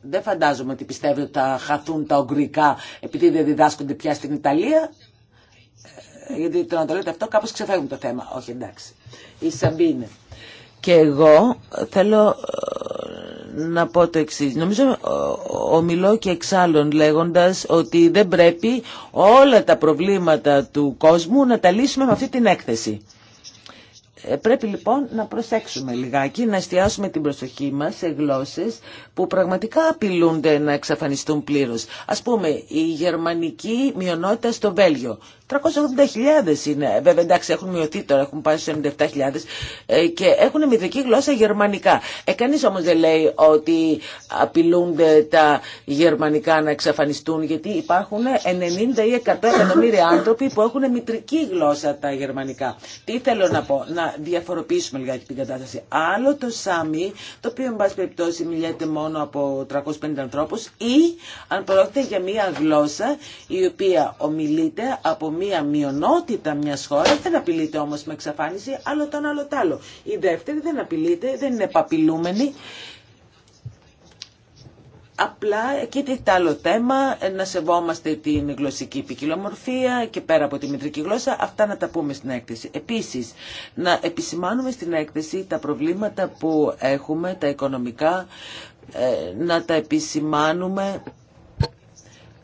S2: δεν φαντάζομαι ότι πιστεύει ότι θα χαθούν τα ογκρικά επειδή δεν διδάσκονται πια στην Ιταλία. Ε, γιατί το να το λέτε αυτό κάπως ξεφεύγουν το θέμα. Όχι, εντάξει. Η Σαμπίνε. Και εγώ θέλω να πω το εξή. Νομίζω ομιλώ και εξάλλον λέγοντας ότι δεν πρέπει όλα τα προβλήματα του κόσμου να τα λύσουμε με αυτή την έκθεση. Ε, πρέπει λοιπόν να προσέξουμε λιγάκι, να εστιάσουμε την προσοχή μας σε γλώσσες που πραγματικά απειλούνται να εξαφανιστούν πλήρως. Ας πούμε, η γερμανική μειονότητα στο Βέλγιο. 380.000 είναι. Ε, βέβαια, εντάξει, έχουν μειωθεί τώρα, έχουν πάει στου 97.000 ε, και έχουν μητρική γλώσσα γερμανικά. Ε, Κανεί όμω δεν λέει ότι απειλούνται τα γερμανικά να εξαφανιστούν, γιατί υπάρχουν 90 ή 100 εκατομμύρια άνθρωποι που έχουν μητρική γλώσσα τα γερμανικά. Τι θέλω να πω, να διαφοροποιήσουμε λιγάκι την κατάσταση. Άλλο το Σάμι, το οποίο με πάση περιπτώσει μιλιέται μόνο από 350 ανθρώπου ή αν πρόκειται για μια γλώσσα η οποία ομιλείται από μια μειονότητα μια χώρα, δεν απειλείται όμως με εξαφάνιση, άλλο το άλλο τ' άλλο. Η δεύτερη δεν απειλείται, δεν είναι επαπειλούμενη Απλά και τι άλλο θέμα, να σεβόμαστε την γλωσσική ποικιλομορφία και πέρα από τη μητρική γλώσσα, αυτά να τα πούμε στην έκθεση. Επίσης, να επισημάνουμε στην έκθεση τα προβλήματα που έχουμε, τα οικονομικά, ε, να τα επισημάνουμε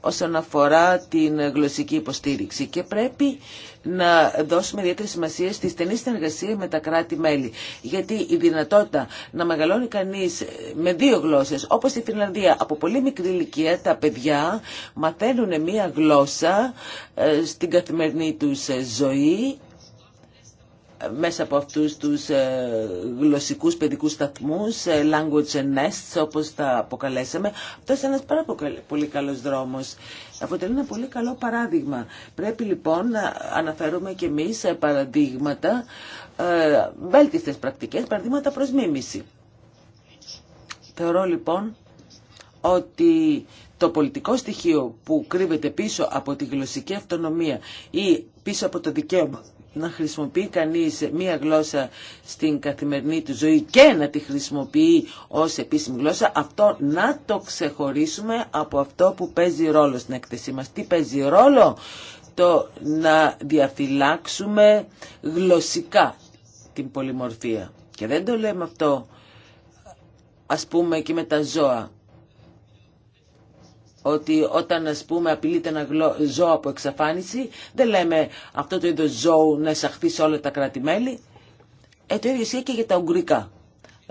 S2: όσον αφορά την γλωσσική υποστήριξη και πρέπει να δώσουμε ιδιαίτερη σημασία στη στενή συνεργασία με τα κράτη-μέλη. Γιατί η δυνατότητα να μεγαλώνει κανεί ε, με δύο γλώσσε, όπω στη Φινλανδία, από πολύ μικρή ηλικία τα παιδιά μαθαίνουν μία γλώσσα ε, στην καθημερινή τους ε, ζωή μέσα από αυτούς τους ε, γλωσσικούς παιδικούς σταθμούς, ε, language and nests όπως τα αποκαλέσαμε. Αυτό είναι ένας πάρα πολύ καλός δρόμος. Αποτελεί ένα πολύ καλό παράδειγμα. Πρέπει λοιπόν να αναφέρουμε και εμείς ε, παραδείγματα, βέλτιστες πρακτικές, παραδείγματα προς μίμηση. Θεωρώ λοιπόν ότι το πολιτικό στοιχείο που κρύβεται πίσω από τη γλωσσική αυτονομία ή πίσω από το δικαίωμα να χρησιμοποιεί κανείς μία γλώσσα στην καθημερινή του ζωή και να τη χρησιμοποιεί ως επίσημη γλώσσα, αυτό να το ξεχωρίσουμε από αυτό που παίζει ρόλο στην έκθεσή μας. Τι παίζει ρόλο? Το να διαφυλάξουμε γλωσσικά την πολυμορφία. Και δεν το λέμε αυτό, ας πούμε, και με τα ζώα ότι όταν ας πούμε απειλείται ένα ζώο από εξαφάνιση δεν λέμε αυτό το είδος ζώου να εισαχθεί σε όλα τα κράτη-μέλη. Ε, το ίδιο ισχύει και για τα ουγγρικά.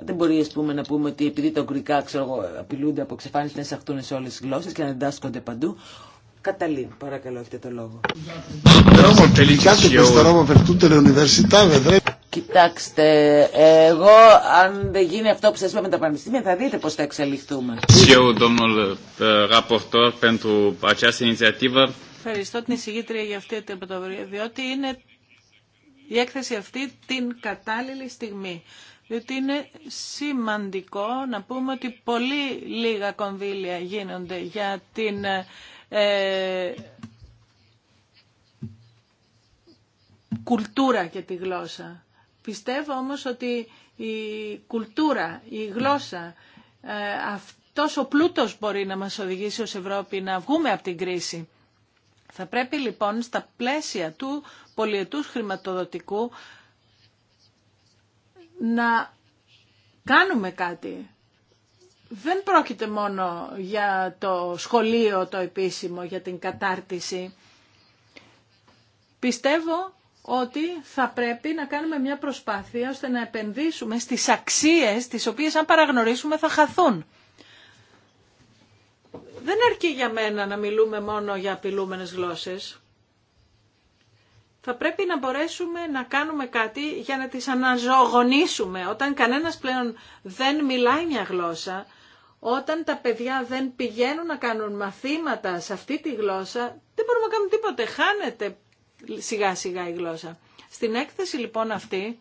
S2: Δεν μπορεί ας πούμε, να πούμε ότι επειδή τα ουγγρικά απειλούνται από εξαφάνιση να εισαχθούν σε όλες τις γλώσσες και να εντάσσονται παντού. Καταλήν, παρακαλώ, έχετε το λόγο. Κοιτάξτε, εγώ αν δεν γίνει αυτό που σας είπα με τα πανεπιστήμια θα δείτε πώς θα εξελιχθούμε. Ε, Ευχαριστώ
S3: την εισηγήτρια για αυτή την πρωτοβουλία, διότι είναι η έκθεση αυτή την κατάλληλη στιγμή. Διότι είναι σημαντικό να πούμε ότι πολύ λίγα κονδύλια γίνονται για την ε, ε κουλτούρα και τη γλώσσα. Πιστεύω όμως ότι η κουλτούρα, η γλώσσα, ε, αυτός ο πλούτος μπορεί να μας οδηγήσει ως Ευρώπη να βγούμε από την κρίση. Θα πρέπει λοιπόν στα πλαίσια του πολιετούς χρηματοδοτικού να κάνουμε κάτι. Δεν πρόκειται μόνο για το σχολείο το επίσημο, για την κατάρτιση. Πιστεύω ότι θα πρέπει να κάνουμε μια προσπάθεια ώστε να επενδύσουμε στις αξίες τις οποίες αν παραγνωρίσουμε θα χαθούν. Δεν αρκεί για μένα να μιλούμε μόνο για απειλούμενες γλώσσες. Θα πρέπει να μπορέσουμε να κάνουμε κάτι για να τις αναζωογονήσουμε. Όταν κανένας πλέον δεν μιλάει μια γλώσσα, όταν τα παιδιά δεν πηγαίνουν να κάνουν μαθήματα σε αυτή τη γλώσσα, δεν μπορούμε να κάνουμε τίποτε. Χάνεται σιγά σιγά η γλώσσα. Στην έκθεση λοιπόν αυτή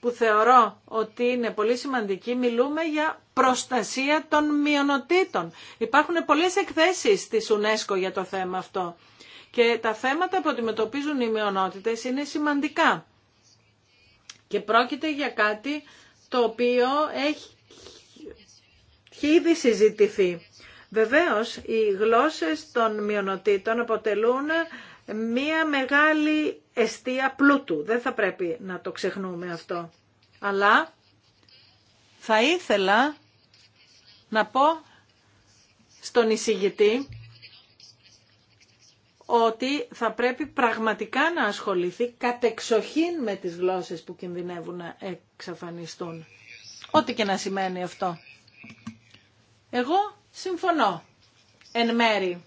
S3: που θεωρώ ότι είναι πολύ σημαντική, μιλούμε για προστασία των μειονοτήτων. Υπάρχουν πολλές εκθέσεις της UNESCO για το θέμα αυτό. Και τα θέματα που αντιμετωπίζουν οι μειονότητες είναι σημαντικά. Και πρόκειται για κάτι το οποίο έχει, έχει ήδη συζητηθεί. Βεβαίως, οι γλώσσες των μειονοτήτων αποτελούν μία μεγάλη εστία πλούτου. Δεν θα πρέπει να το ξεχνούμε αυτό. Αλλά θα ήθελα να πω στον εισηγητή ότι θα πρέπει πραγματικά να ασχοληθεί κατεξοχήν με τις γλώσσες που κινδυνεύουν να εξαφανιστούν. Ό,τι και να σημαίνει αυτό. Εγώ συμφωνώ εν μέρη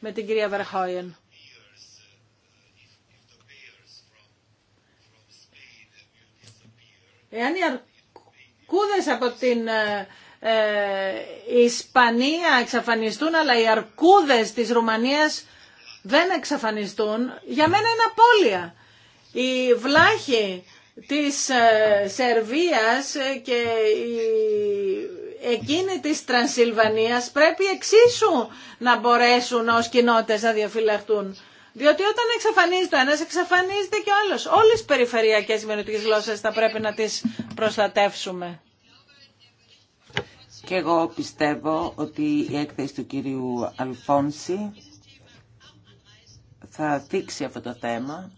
S3: με την κυρία Βερχόιεν. Εάν οι αρκούδες από την ε, ε, Ισπανία εξαφανιστούν, αλλά οι αρκούδες της Ρουμανίας δεν εξαφανιστούν, για μένα είναι απώλεια. Οι βλάχοι της ε, Σερβίας και η εκείνη της Τρανσιλβανίας πρέπει εξίσου να μπορέσουν ως κοινότητες να διαφυλαχτούν. Διότι όταν εξαφανίζεται ένα, ένας, εξαφανίζεται και ο άλλος. Όλες τι περιφερειακές μενοτικέ γλώσσες θα πρέπει να τις προστατεύσουμε.
S2: Και εγώ πιστεύω ότι η έκθεση του κυρίου Αλφόνση θα δείξει αυτό το θέμα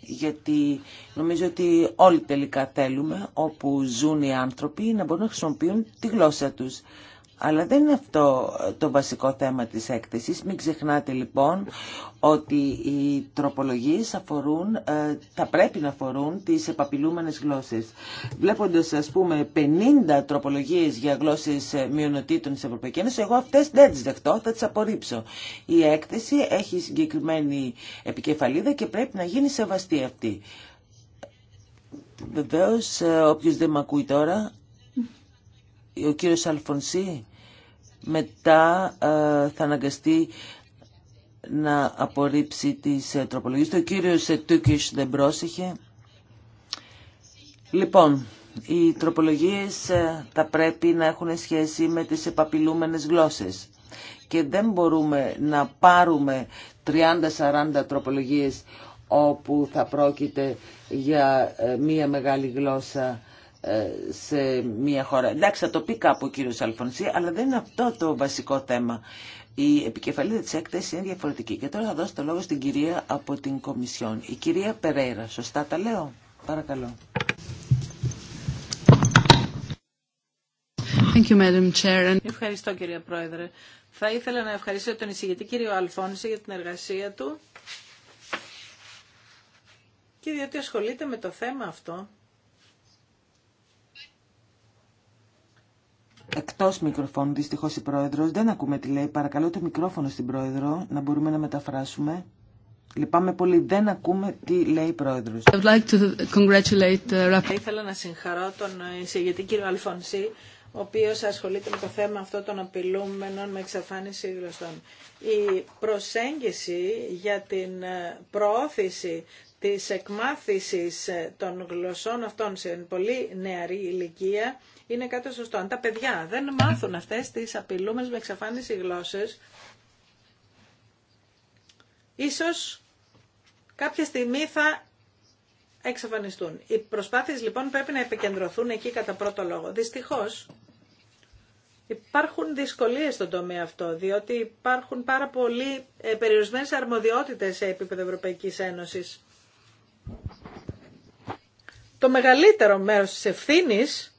S2: γιατί νομίζω ότι όλοι τελικά θέλουμε όπου ζουν οι άνθρωποι να μπορούν να χρησιμοποιούν τη γλώσσα τους. Αλλά δεν είναι αυτό το βασικό θέμα της έκθεσης. Μην ξεχνάτε λοιπόν ότι οι τροπολογίες αφορούν, ε, θα πρέπει να αφορούν τις επαπειλούμενες γλώσσες. Βλέποντας ας πούμε 50 τροπολογίες για γλώσσες ε, μειονοτήτων της Ευρωπαϊκής Ένωσης, εγώ αυτές δεν τις δεχτώ, θα τις απορρίψω. Η έκθεση έχει συγκεκριμένη επικεφαλίδα και πρέπει να γίνει σεβαστή αυτή. Βεβαίω, ε, όποιο δεν με ακούει τώρα, ο κύριος Αλφονσί μετά ε, θα αναγκαστεί να απορρίψει τις ε, τροπολογίες. Το κύριος ε, Τούκης δεν πρόσεχε. Λοιπόν, οι τροπολογίες θα πρέπει να έχουν σχέση με τις επαπειλούμενες γλώσσες και δεν μπορούμε να πάρουμε 30-40 τροπολογίες όπου θα πρόκειται για μία μεγάλη γλώσσα ε, σε μια χώρα. Εντάξει, θα το πει κάπου ο κύριος Αλφονσί, αλλά δεν είναι αυτό το βασικό θέμα. Η επικεφαλή της έκθεσης είναι διαφορετική. Και τώρα θα δώσω το λόγο στην κυρία από την Κομισιόν. Η κυρία Περέρα σωστά τα λέω. Παρακαλώ.
S1: Thank you, Madam Chair.
S3: Ευχαριστώ κυρία Πρόεδρε. Θα ήθελα να ευχαριστήσω τον εισηγητή κύριο Αλφόνση για την εργασία του και διότι ασχολείται με το θέμα αυτό
S2: Εκτός μικροφώνου, δυστυχώς η πρόεδρος. Δεν ακούμε τι λέει. Παρακαλώ το μικρόφωνο στην πρόεδρο, να μπορούμε να μεταφράσουμε. Λυπάμαι πολύ, δεν ακούμε τι λέει η πρόεδρος.
S3: Θα ήθελα να συγχαρώ τον εισηγητή κύριο Αλφονσί, ο οποίος ασχολείται με το θέμα αυτό των απειλούμενων με εξαφάνιση γλωστών. Η προσέγγιση για την ε, προώθηση της εκμάθησης ε, των γλωσσών αυτών σε πολύ νεαρή ηλικία είναι κάτι σωστό. Αν τα παιδιά δεν μάθουν αυτές τις απειλούμε με εξαφάνιση γλώσσες, ίσως κάποια στιγμή θα εξαφανιστούν. Οι προσπάθειες λοιπόν πρέπει να επικεντρωθούν εκεί κατά πρώτο λόγο. Δυστυχώς υπάρχουν δυσκολίες στον τομέα αυτό, διότι υπάρχουν πάρα πολλοί ε, περιορισμένες αρμοδιότητες σε επίπεδο Ευρωπαϊκής Ένωσης. Το μεγαλύτερο μέρος της ευθύνης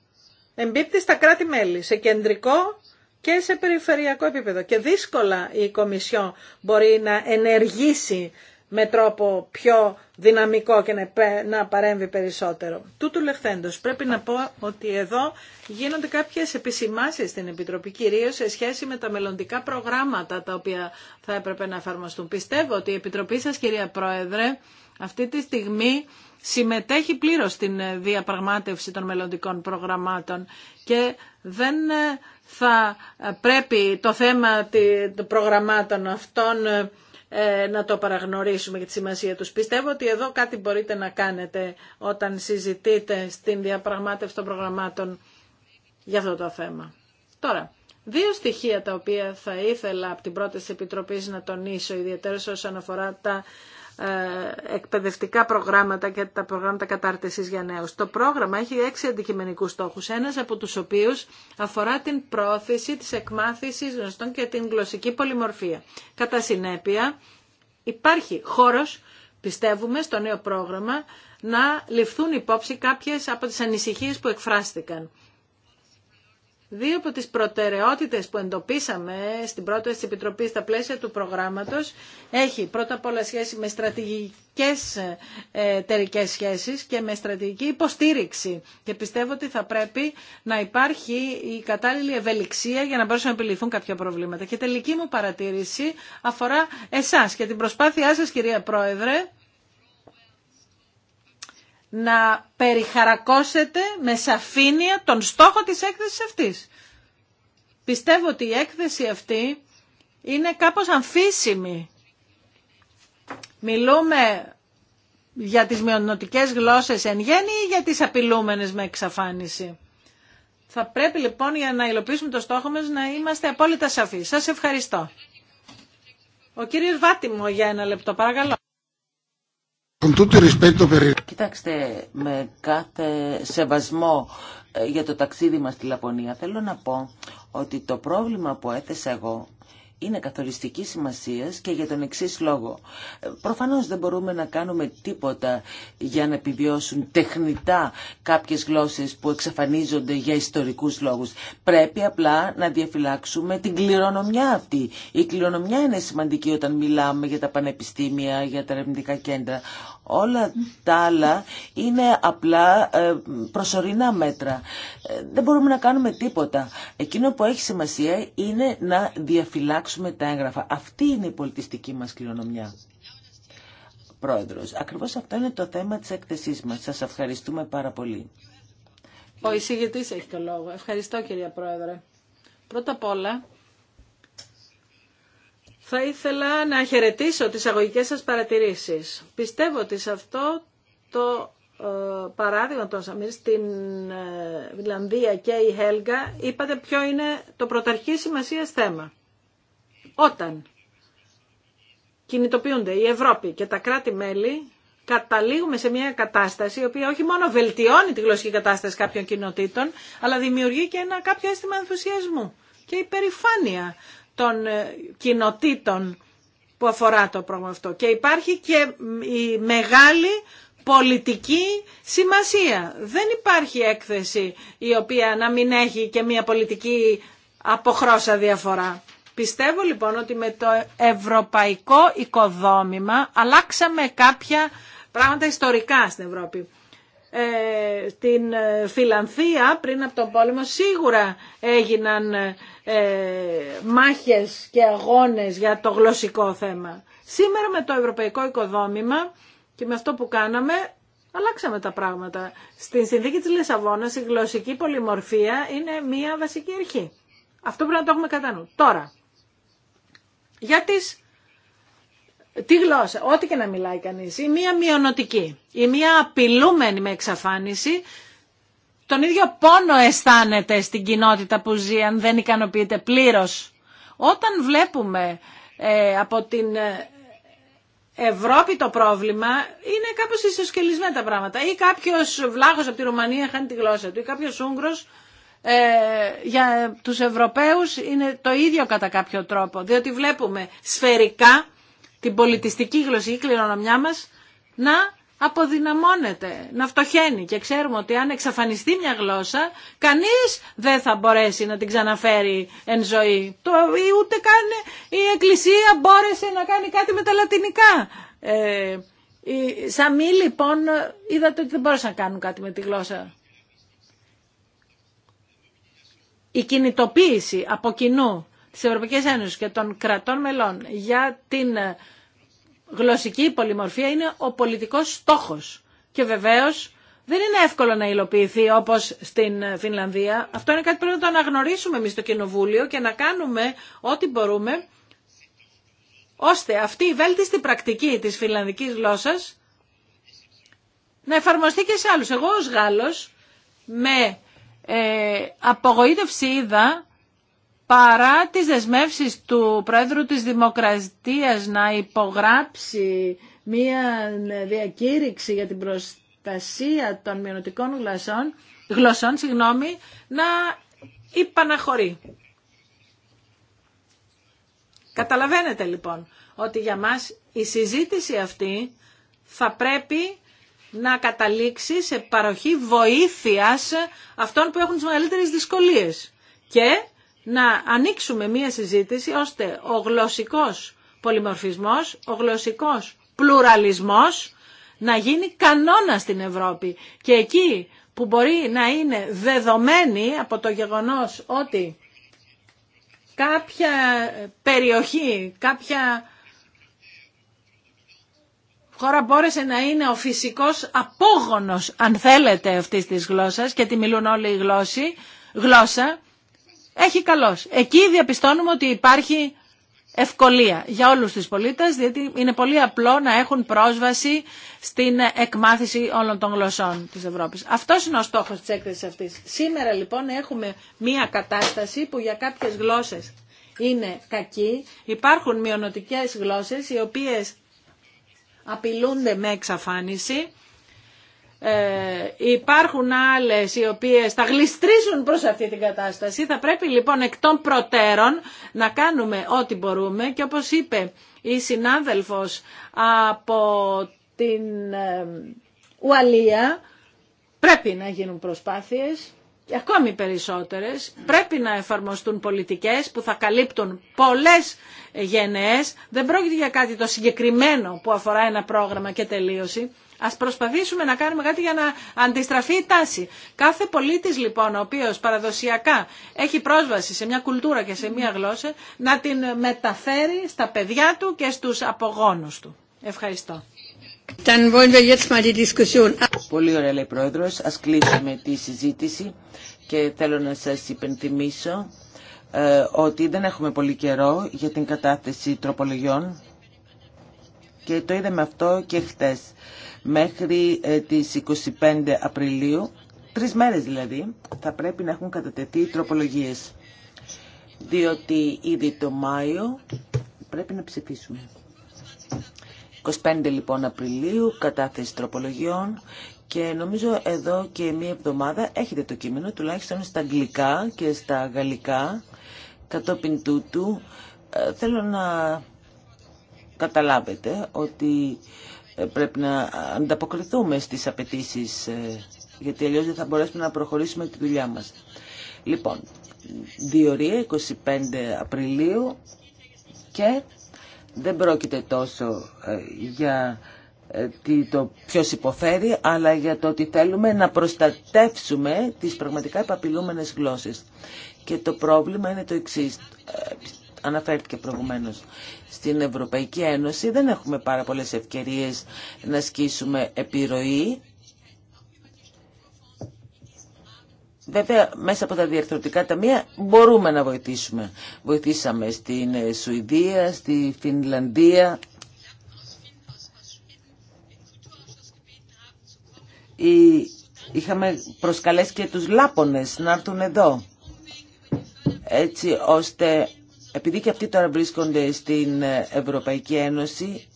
S3: εμπίπτει στα κράτη-μέλη, σε κεντρικό και σε περιφερειακό επίπεδο. Και δύσκολα η Κομισιό μπορεί να ενεργήσει με τρόπο πιο δυναμικό και να παρέμβει περισσότερο. Τούτου λεχθέντος. Πρέπει να πω ότι εδώ γίνονται κάποιες επισημάσεις στην Επιτροπή, κυρίως σε σχέση με τα μελλοντικά προγράμματα τα οποία θα έπρεπε να εφαρμοστούν. Πιστεύω ότι η Επιτροπή σας, κυρία Πρόεδρε, αυτή τη στιγμή συμμετέχει πλήρως στην ε, διαπραγμάτευση των μελλοντικών προγραμμάτων και δεν ε, θα ε, πρέπει το θέμα των προγραμμάτων αυτών να το παραγνωρίσουμε για τη σημασία τους. Πιστεύω ότι εδώ κάτι μπορείτε να κάνετε όταν συζητείτε στην διαπραγμάτευση των προγραμμάτων για αυτό το θέμα. Τώρα, δύο στοιχεία τα οποία θα ήθελα από την πρώτη Επιτροπής να τονίσω, ιδιαίτερα όσον αφορά τα ε, εκπαιδευτικά προγράμματα και τα προγράμματα κατάρτισης για νέους. Το πρόγραμμα έχει έξι αντικειμενικούς στόχους, ένας από τους οποίους αφορά την πρόθεση της εκμάθησης γνωστών και την γλωσσική πολυμορφία. Κατά συνέπεια, υπάρχει χώρος, πιστεύουμε, στο νέο πρόγραμμα να ληφθούν υπόψη κάποιες από τις ανησυχίες που εκφράστηκαν. Δύο από τις προτεραιότητες που εντοπίσαμε στην πρώτη της Επιτροπής στα πλαίσια του προγράμματος έχει πρώτα απ' όλα σχέση με στρατηγικές ε, εταιρικέ σχέσεις και με στρατηγική υποστήριξη. Και πιστεύω ότι θα πρέπει να υπάρχει η κατάλληλη ευελιξία για να μπορέσουν να επιληθούν κάποια προβλήματα. Και τελική μου παρατήρηση αφορά εσάς και την προσπάθειά σας κυρία Πρόεδρε να περιχαρακώσετε με σαφήνεια τον στόχο της έκθεσης αυτής. Πιστεύω ότι η έκθεση αυτή είναι κάπως αμφίσιμη. Μιλούμε για τις μειονοτικές γλώσσες εν γέννη ή για τις απειλούμενες με εξαφάνιση. Θα πρέπει λοιπόν για να υλοποιήσουμε το στόχο μας να είμαστε απόλυτα σαφείς. Σας ευχαριστώ. Ο κύριος Βάτιμο
S2: για ένα λεπτό παρακαλώ. Κοιτάξτε, με κάθε σεβασμό ε, για το ταξίδι μας στη Λαπωνία θέλω να πω ότι το πρόβλημα που έθεσα εγώ είναι καθοριστική σημασία και για τον εξή λόγο. Ε, προφανώς δεν μπορούμε να κάνουμε τίποτα για να επιβιώσουν τεχνητά κάποιες γλώσσες που εξαφανίζονται για ιστορικούς λόγους. Πρέπει απλά να διαφυλάξουμε την κληρονομιά αυτή. Η κληρονομιά είναι σημαντική όταν μιλάμε για τα πανεπιστήμια, για τα ερευνητικά κέντρα. Όλα τα άλλα είναι απλά ε, προσωρινά μέτρα. Ε, δεν μπορούμε να κάνουμε τίποτα. Εκείνο που έχει σημασία είναι να διαφυλάξουμε τα έγγραφα. Αυτή είναι η πολιτιστική μας κληρονομιά. Πρόεδρος, ακριβώς αυτό είναι το θέμα της έκθεσής μας. Σας ευχαριστούμε πάρα πολύ.
S3: Ο εισηγητής έχει το λόγο. Ευχαριστώ κυρία Πρόεδρε. Πρώτα απ' όλα θα ήθελα να χαιρετήσω τις αγωγικές σας παρατηρήσεις. Πιστεύω ότι σε αυτό το ε, παράδειγμα των Σαμίρ στην ε, Βιλανδία και η Χέλγα είπατε ποιο είναι το πρωταρχή σημασία θέμα. Όταν κινητοποιούνται η Ευρώπη και τα κράτη-μέλη καταλήγουμε σε μια κατάσταση η οποία όχι μόνο βελτιώνει τη γλωσσική κατάσταση κάποιων κοινοτήτων αλλά δημιουργεί και ένα κάποιο αίσθημα ενθουσιασμού και υπερηφάνεια των ε, κοινοτήτων που αφορά το πρόγραμμα αυτό. Και υπάρχει και η μεγάλη πολιτική σημασία. Δεν υπάρχει έκθεση η οποία να μην έχει και μια πολιτική αποχρώσα διαφορά. Πιστεύω λοιπόν ότι με το ευρωπαϊκό οικοδόμημα αλλάξαμε κάποια πράγματα ιστορικά στην Ευρώπη. Ε, στην ε, Φιλανθία πριν από τον πόλεμο σίγουρα έγιναν ε, μάχες και αγώνες για το γλωσσικό θέμα. Σήμερα με το ευρωπαϊκό οικοδόμημα και με αυτό που κάναμε αλλάξαμε τα πράγματα. Στην συνθήκη της Λισαβόνας η γλωσσική πολυμορφία είναι μία βασική αρχή. Αυτό πρέπει να το έχουμε κατά νου. Τώρα, για τις τι γλώσσα, ό,τι και να μιλάει κανείς, ή μία μειονοτική, ή μία απειλούμενη με εξαφάνιση, τον ίδιο πόνο αισθάνεται στην κοινότητα που ζει αν δεν ικανοποιείται πλήρως. Όταν βλέπουμε ε, από την ε, Ευρώπη το πρόβλημα, είναι κάπως ισοσκελισμένα τα πράγματα. Ή κάποιος βλάχος από τη Ρουμανία χάνει τη γλώσσα του, ή κάποιος Ούγγρος ε, για τους Ευρωπαίους είναι το ίδιο κατά κάποιο τρόπο, διότι βλέπουμε σφαιρικά την πολιτιστική γλωσσική κληρονομιά μας να αποδυναμώνεται, να φτωχαίνει και ξέρουμε ότι αν εξαφανιστεί μια γλώσσα κανείς δεν θα μπορέσει να την ξαναφέρει εν ζωή το, ή ούτε καν η εκκλησία μπόρεσε να κάνει κάτι με τα λατινικά ε, οι Σαμί λοιπόν είδατε ότι δεν μπόρεσαν να κάνουν κάτι με τη γλώσσα η κινητοποίηση από κοινού της Ευρωπαϊκής Ένωσης και των κρατών μελών για την γλωσσική πολυμορφία είναι ο πολιτικός στόχος. Και βεβαίως δεν είναι εύκολο να υλοποιηθεί όπως στην Φινλανδία. Αυτό είναι κάτι που πρέπει να το αναγνωρίσουμε εμείς στο Κοινοβούλιο και να κάνουμε ό,τι μπορούμε ώστε αυτή η βέλτιστη πρακτική της φιλανδικής γλώσσας να εφαρμοστεί και σε άλλους. Εγώ ως Γάλλος με ε, απογοήτευση είδα παρά τις δεσμεύσεις του Πρόεδρου της Δημοκρατίας να υπογράψει μία διακήρυξη για την προστασία των μειονοτικών γλωσσών, συγγνώμη, να υπαναχωρεί. Καταλαβαίνετε λοιπόν ότι για μας η συζήτηση αυτή θα πρέπει να καταλήξει σε παροχή βοήθειας αυτών που έχουν τις μεγαλύτερες δυσκολίες. Και να ανοίξουμε μία συζήτηση ώστε ο γλωσσικός πολυμορφισμός, ο γλωσσικός πλουραλισμός να γίνει κανόνα στην Ευρώπη. Και εκεί που μπορεί να είναι δεδομένη από το γεγονός ότι κάποια περιοχή, κάποια χώρα μπόρεσε να είναι ο φυσικός απόγονος, αν θέλετε, αυτής της γλώσσας και τη μιλούν όλοι οι γλώσσοι, γλώσσα, έχει καλώς. Εκεί διαπιστώνουμε ότι υπάρχει ευκολία για όλους τους πολίτες, διότι είναι πολύ απλό να έχουν πρόσβαση στην εκμάθηση όλων των γλωσσών της Ευρώπης. Αυτό είναι ο στόχος της έκθεσης αυτής. Σήμερα λοιπόν έχουμε μία κατάσταση που για κάποιες γλώσσες είναι κακή. Υπάρχουν μειονοτικές γλώσσες οι οποίες απειλούνται με εξαφάνιση ε, υπάρχουν άλλες οι οποίες θα γλιστρήσουν προς αυτή την κατάσταση. Θα πρέπει λοιπόν εκ των προτέρων να κάνουμε ό,τι μπορούμε και όπως είπε η συνάδελφος από την ε, Ουαλία πρέπει να γίνουν προσπάθειες και ακόμη περισσότερες. Πρέπει να εφαρμοστούν πολιτικές που θα καλύπτουν πολλές γενναίες. Δεν πρόκειται για κάτι το συγκεκριμένο που αφορά ένα πρόγραμμα και τελείωση. Ας προσπαθήσουμε να κάνουμε κάτι για να αντιστραφεί η τάση. Κάθε πολίτης λοιπόν ο οποίος παραδοσιακά έχει πρόσβαση σε μια κουλτούρα και σε μια γλώσσα να την μεταφέρει στα παιδιά του και στους απογόνους του. Ευχαριστώ.
S2: Dann wollen wir jetzt mal die Diskussion... Πολύ ωραία λέει Πρόεδρο. Ας κλείσουμε τη συζήτηση και θέλω να σα υπενθυμίσω ε, ότι δεν έχουμε πολύ καιρό για την κατάθεση τροπολογιών και το είδαμε αυτό και χτες. Μέχρι ε, τις 25 Απριλίου, τρεις μέρες δηλαδή, θα πρέπει να έχουν κατατεθεί οι τροπολογίες. Διότι ήδη το Μάιο πρέπει να ψηφίσουμε. 25 λοιπόν Απριλίου, κατάθεση τροπολογιών και νομίζω εδώ και μία εβδομάδα έχετε το κείμενο, τουλάχιστον στα αγγλικά και στα γαλλικά. Κατόπιν τούτου ε, θέλω να καταλάβετε ότι ε, πρέπει να ανταποκριθούμε στις απαιτήσει ε, γιατί αλλιώς δεν θα μπορέσουμε να προχωρήσουμε τη δουλειά μας. Λοιπόν, διορία 25 Απριλίου και δεν πρόκειται τόσο ε, για το ποιο υποφέρει, αλλά για το ότι θέλουμε να προστατεύσουμε τις πραγματικά επαπειλούμενες γλώσσες. Και το πρόβλημα είναι το εξής αναφέρθηκε προηγουμένως. Στην Ευρωπαϊκή Ένωση δεν έχουμε πάρα πολλές ευκαιρίες να ασκήσουμε επιρροή. Βέβαια, μέσα από τα διαρθρωτικά ταμεία μπορούμε να βοηθήσουμε. Βοηθήσαμε στην Σουηδία, στη Φινλανδία. Είχαμε προσκαλέσει και τους Λάπονες να έρθουν εδώ έτσι ώστε επειδή και αυτοί τώρα βρίσκονται στην Ευρωπαϊκή Ένωση,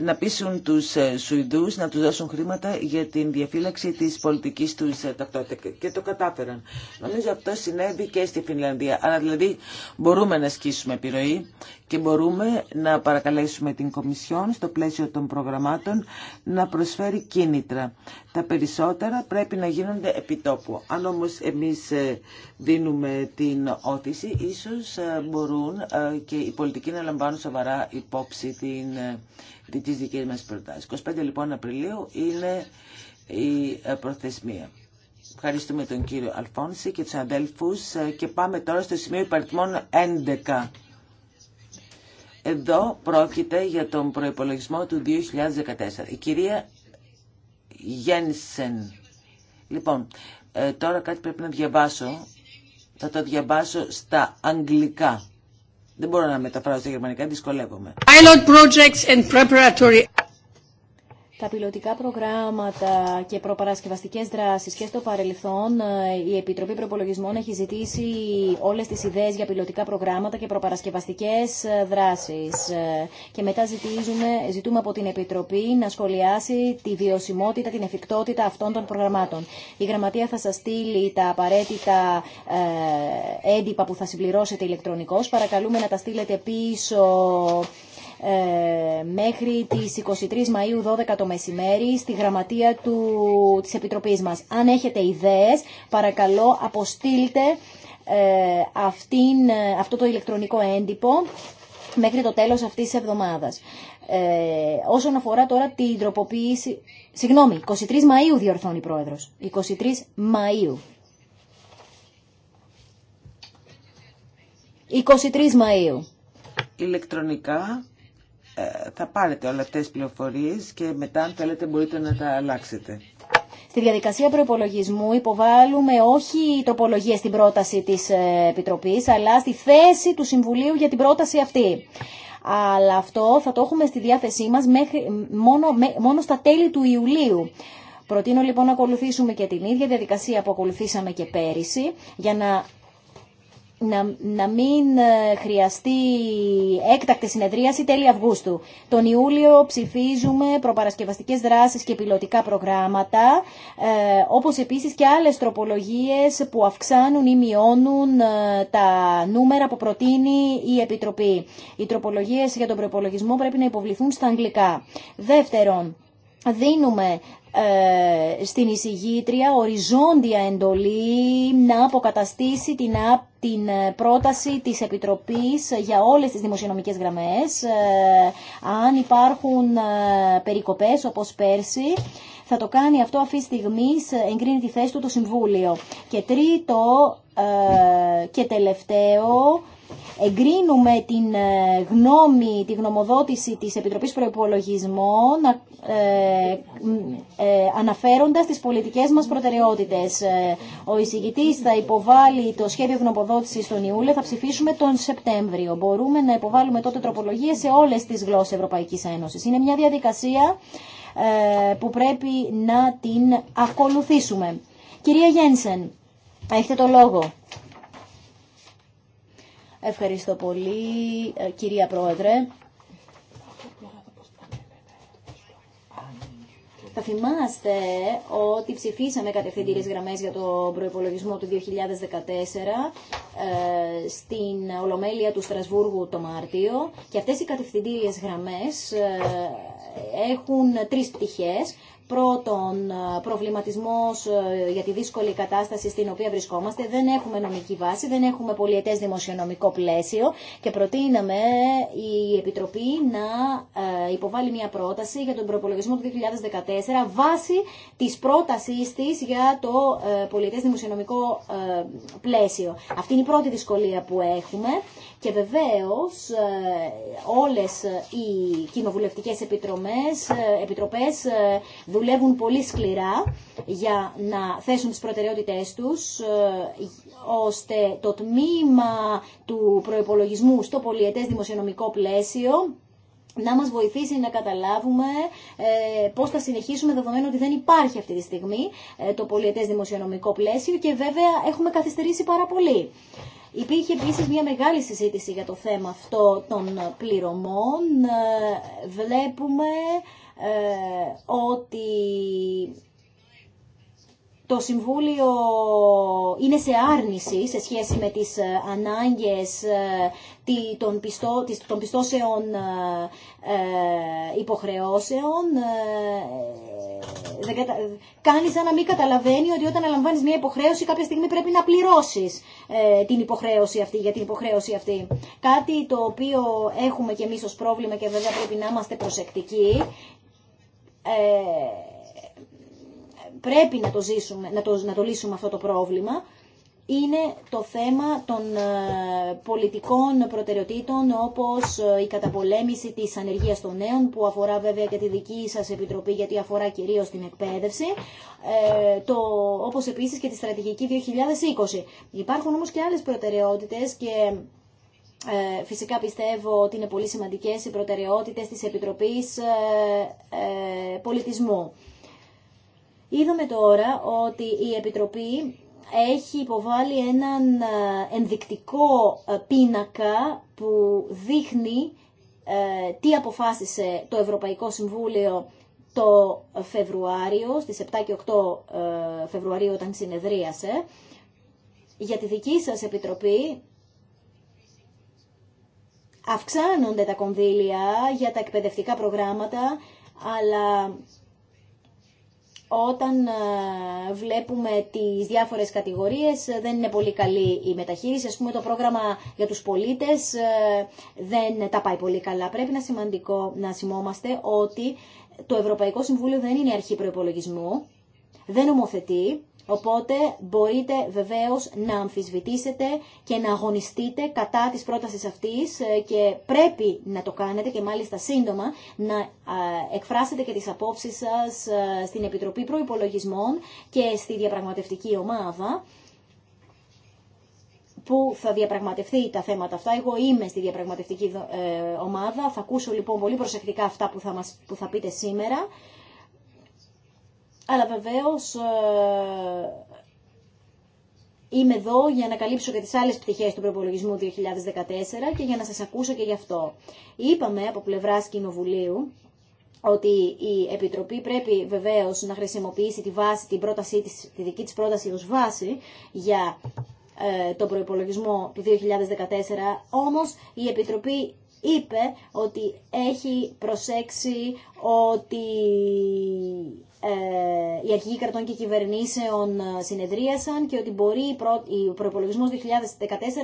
S2: να πείσουν τους ε, Σουηδούς να τους δώσουν χρήματα για την διαφύλαξη της πολιτικής τους ε, ταυτότητα. Και το κατάφεραν. Νομίζω αυτό συνέβη και στη Φινλανδία. Άρα δηλαδή μπορούμε να ασκήσουμε επιρροή και μπορούμε να παρακαλέσουμε την Κομισιόν στο πλαίσιο των προγραμμάτων να προσφέρει κίνητρα. Τα περισσότερα πρέπει να γίνονται επιτόπου. Αν όμως εμείς ε, δίνουμε την όθηση, ίσως ε, μπορούν ε, και οι πολιτικοί να λαμβάνουν σοβαρά υπόψη την, τις δικές μας προτάσεις. 25 λοιπόν Απριλίου είναι η προθεσμία. Ευχαριστούμε τον κύριο Αλφόνση και τους αδέλφους και πάμε τώρα στο σημείο υπαριθμών 11. Εδώ πρόκειται για τον προϋπολογισμό του 2014. Η κυρία Γένσεν. Λοιπόν, ε, τώρα κάτι πρέπει να διαβάσω. Θα το διαβάσω στα αγγλικά. Δεν μπορώ να μεταφράσω στα γερμανικά, δυσκολεύομαι. Pilot projects and preparatory
S4: τα πιλωτικά προγράμματα και προπαρασκευαστικές δράσεις και στο παρελθόν ε, η Επιτροπή Προπολογισμών έχει ζητήσει όλες τις ιδέες για πιλωτικά προγράμματα και προπαρασκευαστικές ε, δράσεις ε, και μετά ζητούμε από την Επιτροπή να σχολιάσει τη βιωσιμότητα, την εφικτότητα αυτών των προγραμμάτων. Η Γραμματεία θα σας στείλει τα απαραίτητα έντυπα που θα συμπληρώσετε ηλεκτρονικώς. Παρακαλούμε να τα στείλετε πίσω ε, μέχρι τις 23 Μαΐου 12 το μεσημέρι στη γραμματεία του, της Επιτροπής μας. Αν έχετε ιδέες, παρακαλώ αποστείλτε ε, αυτήν, ε, αυτό το ηλεκτρονικό έντυπο μέχρι το τέλος αυτής της εβδομάδας. Ε, όσον αφορά τώρα την τροποποίηση... Συγγνώμη, 23 Μαΐου διορθώνει η Πρόεδρος. 23 Μαΐου. 23 Μαΐου.
S2: Ηλεκτρονικά ε, θα πάρετε όλα αυτές τις πληροφορίες και μετά αν θέλετε μπορείτε να τα αλλάξετε.
S4: Στη διαδικασία προπολογισμού υποβάλλουμε όχι τροπολογίε στην πρόταση της ε, Επιτροπής, αλλά στη θέση του Συμβουλίου για την πρόταση αυτή. Αλλά αυτό θα το έχουμε στη διάθεσή μας μόνο, μόνο στα τέλη του Ιουλίου. Προτείνω λοιπόν να ακολουθήσουμε και την ίδια διαδικασία που ακολουθήσαμε και πέρυσι για να να, μην ε, χρειαστεί έκτακτη συνεδρίαση τέλη Αυγούστου. Τον Ιούλιο ψηφίζουμε προπαρασκευαστικές δράσεις και πιλωτικά προγράμματα, ε, όπως επίσης και άλλες τροπολογίες που αυξάνουν ή μειώνουν ε, τα νούμερα που προτείνει η Επιτροπή. Οι τροπολογίες για τον προπολογισμό πρέπει να υποβληθούν στα αγγλικά. Δεύτερον, δίνουμε ε, στην εισηγήτρια οριζόντια εντολή να αποκαταστήσει την, την ε, πρόταση της Επιτροπής για όλες τις δημοσιονομικές γραμμές. Ε, αν υπάρχουν περικοπές όπως πέρσι, θα το κάνει αυτό αυτή τη στιγμή, εγκρίνει τη θέση του το Συμβούλιο. Και τρίτο και τελευταίο, εγκρίνουμε την ε, γνώμη, τη γνωμοδότηση της Επιτροπής Προϋπολογισμών ε, ε, αναφέροντας τις πολιτικές μας προτεραιότητες. Ε, ο εισηγητής θα υποβάλει το σχέδιο γνωμοδότησης τον Ιούλιο, θα ψηφίσουμε τον Σεπτέμβριο. Μπορούμε να υποβάλουμε τότε τροπολογίες σε όλες τις γλώσσες Ευρωπαϊκής Ένωσης. Είναι μια διαδικασία ε, που πρέπει να την ακολουθήσουμε. Κυρία Γένσεν, έχετε το λόγο. Ευχαριστώ πολύ, ε, κυρία Πρόεδρε. Θα θυμάστε ότι ψηφίσαμε κατευθυντήριες γραμμές για το προϋπολογισμό του 2014 ε, στην Ολομέλεια του Στρασβούργου το Μάρτιο και αυτές οι κατευθυντήριες γραμμές ε, έχουν τρεις πτυχές. Πρώτον, ε, προβληματισμός ε, για τη δύσκολη κατάσταση στην οποία βρισκόμαστε. Δεν έχουμε νομική βάση, δεν έχουμε πολιετές δημοσιονομικό πλαίσιο και προτείναμε η Επιτροπή να ε, υποβάλει μια πρόταση για τον προπολογισμό του 2014 βάσει της πρότασής της για το πολιετές δημοσιονομικό πλαίσιο. Αυτή είναι η πρώτη δυσκολία που έχουμε. Και βεβαίως ε, όλες οι κοινοβουλευτικές επιτρομές, ε, επιτροπές ε, δουλεύουν πολύ σκληρά για να θέσουν τις προτεραιότητές τους ώστε το τμήμα του προϋπολογισμού στο πολιετές δημοσιονομικό πλαίσιο να μας βοηθήσει να καταλάβουμε ε, πώς θα συνεχίσουμε δεδομένου ότι δεν υπάρχει αυτή τη στιγμή το πολιετές δημοσιονομικό πλαίσιο και βέβαια έχουμε καθυστερήσει πάρα πολύ. Υπήρχε επίσης μια μεγάλη συζήτηση για το θέμα αυτό των πληρωμών. Ε, βλέπουμε ε, ότι το Συμβούλιο είναι σε άρνηση σε σχέση με τις ε, ανάγκες ε, των, πιστώσεων ε, υποχρεώσεων. Κάνει σαν να μην καταλαβαίνει ότι όταν λαμβάνεις μια υποχρέωση κάποια στιγμή πρέπει να πληρώσεις την υποχρέωση αυτή, για την υποχρέωση αυτή. Κάτι το οποίο έχουμε και εμείς ως πρόβλημα και βέβαια πρέπει να είμαστε προσεκτικοί πρέπει να το, ζήσουμε, να, το, λύσουμε αυτό το πρόβλημα είναι το θέμα των ε, πολιτικών προτεραιοτήτων όπως ε, η καταπολέμηση της ανεργίας των νέων που αφορά βέβαια και τη δική σας επιτροπή γιατί αφορά κυρίως την εκπαίδευση ε, το, όπως επίσης και τη στρατηγική 2020. Υπάρχουν όμως και άλλες προτεραιότητες και φυσικά πιστεύω ότι είναι πολύ σημαντικές οι προτεραιότητες της Επιτροπής Πολιτισμού. Είδαμε τώρα ότι η Επιτροπή έχει υποβάλει έναν ε, ενδεικτικό ε, πίνακα που δείχνει ε, τι αποφάσισε το Ευρωπαϊκό Συμβούλιο το Φεβρουάριο, στις 7 και 8 Φεβρουαρίου όταν συνεδρίασε. Για τη δική σας Επιτροπή αυξάνονται τα κονδύλια για τα εκπαιδευτικά προγράμματα, αλλά όταν ε, βλέπουμε τις διάφορες κατηγορίες ε, δεν είναι πολύ καλή η μεταχείριση. Ας πούμε το πρόγραμμα για τους πολίτες ε, δεν τα πάει πολύ καλά. Πρέπει να, σημαντικό, να σημόμαστε ότι το Ευρωπαϊκό Συμβούλιο δεν είναι αρχή προϋπολογισμού, δεν ομοθετεί Οπότε μπορείτε βεβαίως να αμφισβητήσετε και να αγωνιστείτε κατά της πρότασης αυτής ε, και πρέπει να το κάνετε και μάλιστα σύντομα να εκφράσετε και τις απόψεις σας ε, στην Επιτροπή Προϋπολογισμών και στη διαπραγματευτική ομάδα που θα διαπραγματευτεί τα θέματα αυτά. Εγώ είμαι στη διαπραγματευτική ε, ομάδα, θα ακούσω λοιπόν πολύ προσεκτικά αυτά που θα, που θα πείτε σήμερα αλλά βεβαίως ε, είμαι εδώ για να καλύψω και τις άλλες πτυχές του προπολογισμού 2014 και για να σας ακούσω και γι' αυτό. Είπαμε από πλευράς Κοινοβουλίου ότι η Επιτροπή πρέπει βεβαίως να χρησιμοποιήσει τη, βάση, την πρότασή τη δική της πρόταση ως βάση για ε, τον προϋπολογισμό του 2014, όμως η Επιτροπή είπε ότι έχει προσέξει ότι ε, οι αρχηγοί κρατών και κυβερνήσεων ε, συνεδρίασαν και ότι μπορεί ο προπολογισμό 2014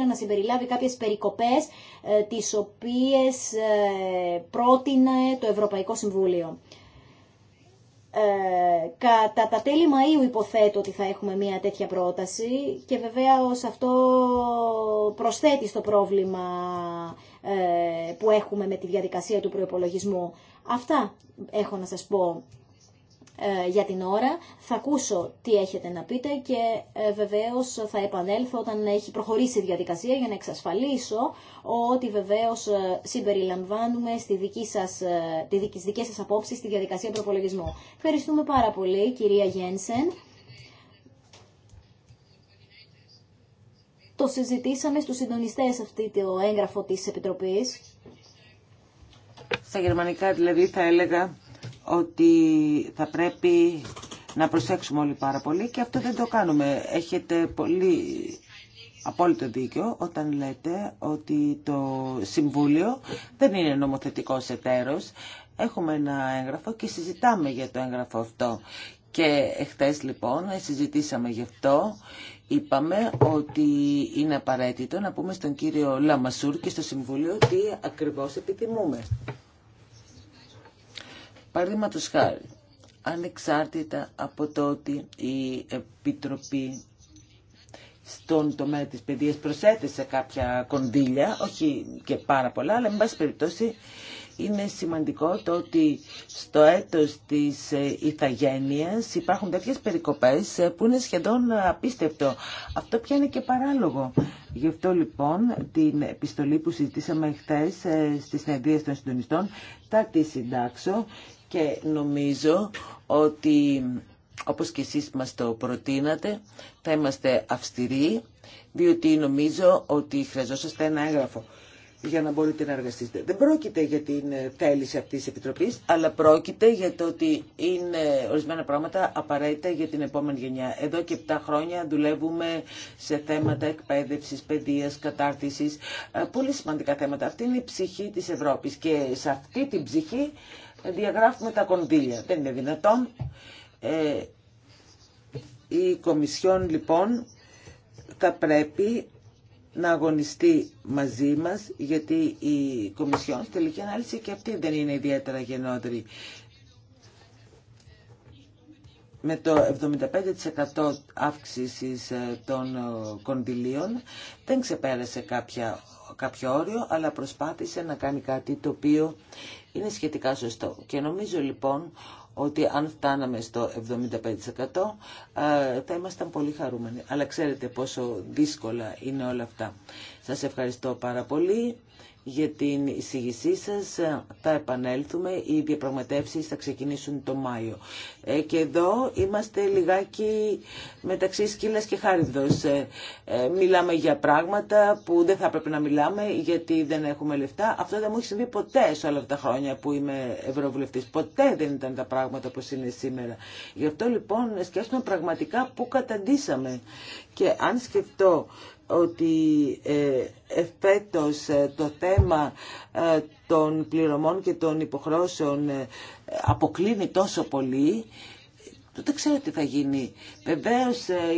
S4: να συμπεριλάβει κάποιες περικοπές ε, τις οποίες πρότεινε το Ευρωπαϊκό Συμβούλιο. Ε, κατά τα τέλη Μαΐου υποθέτω ότι θα έχουμε μια τέτοια πρόταση και βέβαια ως αυτό προσθέτει στο πρόβλημα που έχουμε με τη διαδικασία του προϋπολογισμού. Αυτά έχω να σας πω ε, για την ώρα. Θα ακούσω τι έχετε να πείτε και ε, βεβαίως θα επανέλθω όταν έχει προχωρήσει η διαδικασία για να εξασφαλίσω ότι βεβαίως ε, συμπεριλαμβάνουμε στη δική σας, τη δική, δικές σας απόψεις στη διαδικασία προπολογισμού. Ευχαριστούμε πάρα πολύ κυρία Γένσεν. Το συζητήσαμε στους συντονιστές αυτή το έγγραφο της Επιτροπής.
S2: Στα γερμανικά δηλαδή θα έλεγα ότι θα πρέπει να προσέξουμε όλοι πάρα πολύ και αυτό δεν το κάνουμε. Έχετε πολύ απόλυτο δίκιο όταν λέτε ότι το Συμβούλιο δεν είναι νομοθετικός εταίρος. Έχουμε ένα έγγραφο και συζητάμε για το έγγραφο αυτό. Και εχθές λοιπόν συζητήσαμε γι' αυτό είπαμε ότι είναι απαραίτητο να πούμε στον κύριο Λαμασούρ και στο Συμβούλιο τι ακριβώς επιθυμούμε. Παραδείγματο χάρη, ανεξάρτητα από το ότι η Επιτροπή στον τομέα της παιδείας προσέθεσε κάποια κονδύλια, όχι και πάρα πολλά, αλλά με πάση περιπτώσει είναι σημαντικό το ότι στο έτος της Ιθαγένειας ε, υπάρχουν τέτοιες περικοπές ε, που είναι σχεδόν απίστευτο. Αυτό πια είναι και παράλογο. Γι' αυτό λοιπόν την επιστολή που συζητήσαμε χθε ε, στις συνεδρίες των συντονιστών θα τη συντάξω και νομίζω ότι όπως και εσείς μας το προτείνατε θα είμαστε αυστηροί διότι νομίζω ότι χρειαζόσαστε ένα έγγραφο για να μπορείτε να εργαστείτε. Δεν πρόκειται για την θέληση αυτής της Επιτροπής, αλλά πρόκειται για το ότι είναι ορισμένα πράγματα απαραίτητα για την επόμενη γενιά. Εδώ και 7 χρόνια δουλεύουμε σε θέματα εκπαίδευσης, παιδείας, κατάρτισης, ε, πολύ σημαντικά θέματα. Αυτή είναι η ψυχή της Ευρώπης και σε αυτή την ψυχή διαγράφουμε τα κονδύλια. Δεν είναι δυνατόν. Ε, η Κομισιόν λοιπόν θα πρέπει να αγωνιστεί μαζί μας γιατί η Κομισιόν στη τελική ανάλυση και αυτή δεν είναι ιδιαίτερα γενναιόδρη. Με το 75% αύξηση ε, των ε, κονδυλίων δεν ξεπέρασε κάποια, κάποιο όριο αλλά προσπάθησε να κάνει κάτι το οποίο είναι σχετικά σωστό. Και νομίζω λοιπόν ότι αν φτάναμε στο 75% θα ήμασταν πολύ χαρούμενοι. Αλλά ξέρετε πόσο δύσκολα είναι όλα αυτά. Σας ευχαριστώ πάρα πολύ για την εισηγησή σας. Ε, θα επανέλθουμε. Οι διαπραγματεύσει θα ξεκινήσουν το Μάιο. Ε, και εδώ είμαστε λιγάκι μεταξύ σκύλας και χάριδος. Ε, ε, μιλάμε για πράγματα που δεν θα πρέπει να μιλάμε γιατί δεν έχουμε λεφτά. Αυτό δεν μου έχει συμβεί ποτέ σε όλα αυτά τα χρόνια που είμαι ευρωβουλευτής. Ποτέ δεν ήταν τα πράγματα όπως είναι σήμερα. Γι' αυτό λοιπόν σκέφτομαι πραγματικά πού καταντήσαμε. Και αν σκεφτώ ότι ε, εφέτος ε, το θέμα ε, των πληρωμών και των υποχρώσεων αποκλίνει τόσο πολύ, τότε ξέρω τι θα γίνει. Βεβαίω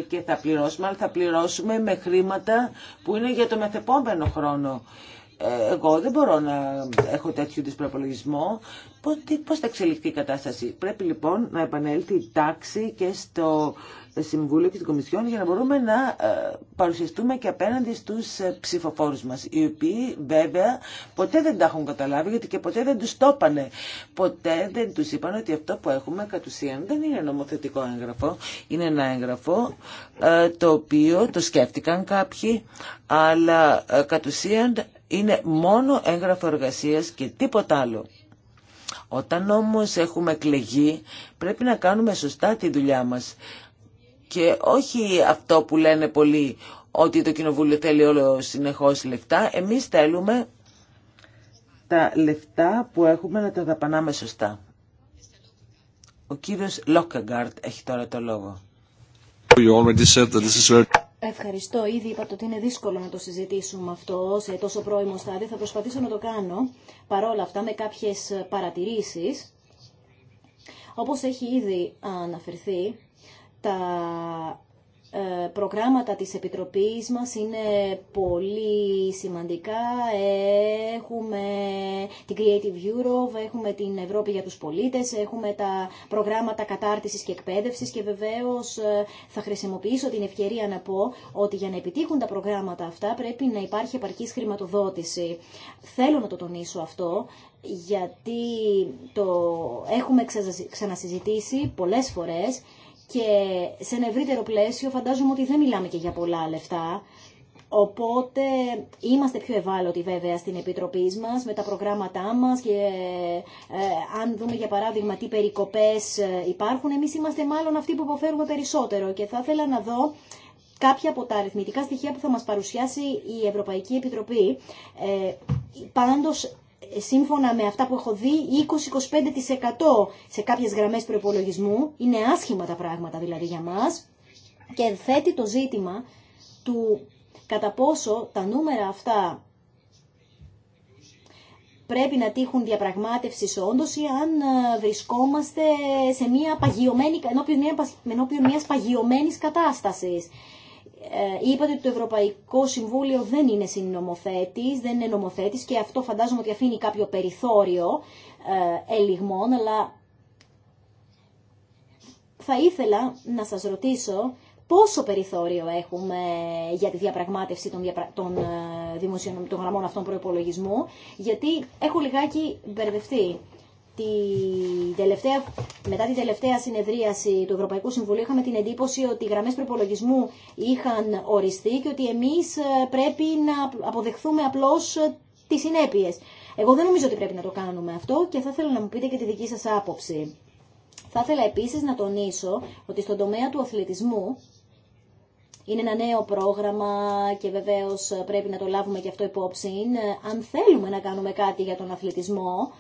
S2: και θα πληρώσουμε, αλλά θα πληρώσουμε με χρήματα που είναι για το μεθεπόμενο χρόνο εγώ δεν μπορώ να έχω τέτοιο δυσπροπολογισμό προπολογισμό. Πώς, θα εξελιχθεί η κατάσταση. Πρέπει λοιπόν να επανέλθει η τάξη και στο Συμβούλιο και στην Κομισιόν για να μπορούμε να ε, παρουσιαστούμε και απέναντι στους ε, ψηφοφόρους μας, οι οποίοι βέβαια ποτέ δεν τα έχουν καταλάβει γιατί και ποτέ δεν τους το είπανε. Ποτέ δεν τους είπαν ότι αυτό που έχουμε κατ' ουσίαν δεν είναι νομοθετικό έγγραφο. Είναι ένα έγγραφο ε, το οποίο το σκέφτηκαν κάποιοι, αλλά κατ' ουσίαν είναι μόνο έγγραφο εργασίας και τίποτα άλλο. Όταν όμως έχουμε εκλεγεί πρέπει να κάνουμε σωστά τη δουλειά μας και όχι αυτό που λένε πολλοί ότι το κοινοβούλιο θέλει όλο συνεχώς λεφτά. Εμείς θέλουμε τα λεφτά που έχουμε να τα δαπανάμε σωστά. Ο κύριος Λόκαγκάρτ έχει τώρα το λόγο.
S4: Ευχαριστώ. Ήδη είπατε ότι είναι δύσκολο να το συζητήσουμε αυτό σε τόσο πρώιμο στάδιο. Θα προσπαθήσω να το κάνω παρόλα αυτά με κάποιες παρατηρήσεις. Όπως έχει ήδη αναφερθεί, τα ε, προγράμματα της Επιτροπής μας είναι πολύ σημαντικά. Έχουμε την Creative Europe, έχουμε την Ευρώπη για τους πολίτες, έχουμε τα προγράμματα κατάρτισης και εκπαίδευσης και βεβαίως ε, θα χρησιμοποιήσω την ευκαιρία να πω ότι για να επιτύχουν τα προγράμματα αυτά πρέπει να υπάρχει επαρκής χρηματοδότηση. Θέλω να το τονίσω αυτό γιατί το έχουμε ξανασυζητήσει πολλές φορές και σε ένα ευρύτερο πλαίσιο φαντάζομαι ότι δεν μιλάμε και για πολλά λεφτά. Οπότε είμαστε πιο ευάλωτοι βέβαια στην Επιτροπή μας με τα προγράμματά μας και ε, αν δούμε για παράδειγμα τι περικοπές ε, υπάρχουν, εμείς είμαστε μάλλον αυτοί που υποφέρουμε περισσότερο και θα ήθελα να δω κάποια από τα αριθμητικά στοιχεία που θα μας παρουσιάσει η Ευρωπαϊκή Επιτροπή. Ε, πάντως σύμφωνα με αυτά που έχω δει 20-25% σε κάποιες γραμμές προπολογισμού. Είναι άσχημα τα πράγματα δηλαδή για μας και θέτει το ζήτημα του κατά πόσο τα νούμερα αυτά πρέπει να τύχουν διαπραγμάτευση όντω ή αν ε, βρισκόμαστε σε μια παγιωμένη, ενώπιον μιας παγιωμένης κατάστασης. Ε, είπατε ότι το Ευρωπαϊκό Συμβούλιο δεν είναι συνομοθέτης, δεν είναι νομοθέτης και αυτό φαντάζομαι ότι αφήνει κάποιο περιθώριο ε, ελιγμών, αλλά θα ήθελα να σας ρωτήσω πόσο περιθώριο έχουμε για τη διαπραγμάτευση των, διαπρα... των, ε, των γραμμών αυτών προϋπολογισμού, γιατί έχω λιγάκι μπερδευτεί την τελευταία, μετά την τελευταία συνεδρίαση του Ευρωπαϊκού Συμβουλίου είχαμε την εντύπωση ότι οι γραμμές προπολογισμού είχαν οριστεί και ότι εμείς ε, πρέπει να αποδεχθούμε απλώς ε, τις συνέπειες. Εγώ δεν νομίζω ότι πρέπει να το κάνουμε αυτό και θα ήθελα να μου πείτε και τη δική σας άποψη. Θα ήθελα επίσης να τονίσω ότι στον τομέα του αθλητισμού είναι ένα νέο πρόγραμμα και βεβαίως πρέπει να το λάβουμε και αυτό υπόψη. Αν θέλουμε να κάνουμε κάτι για τον αθλητισμό,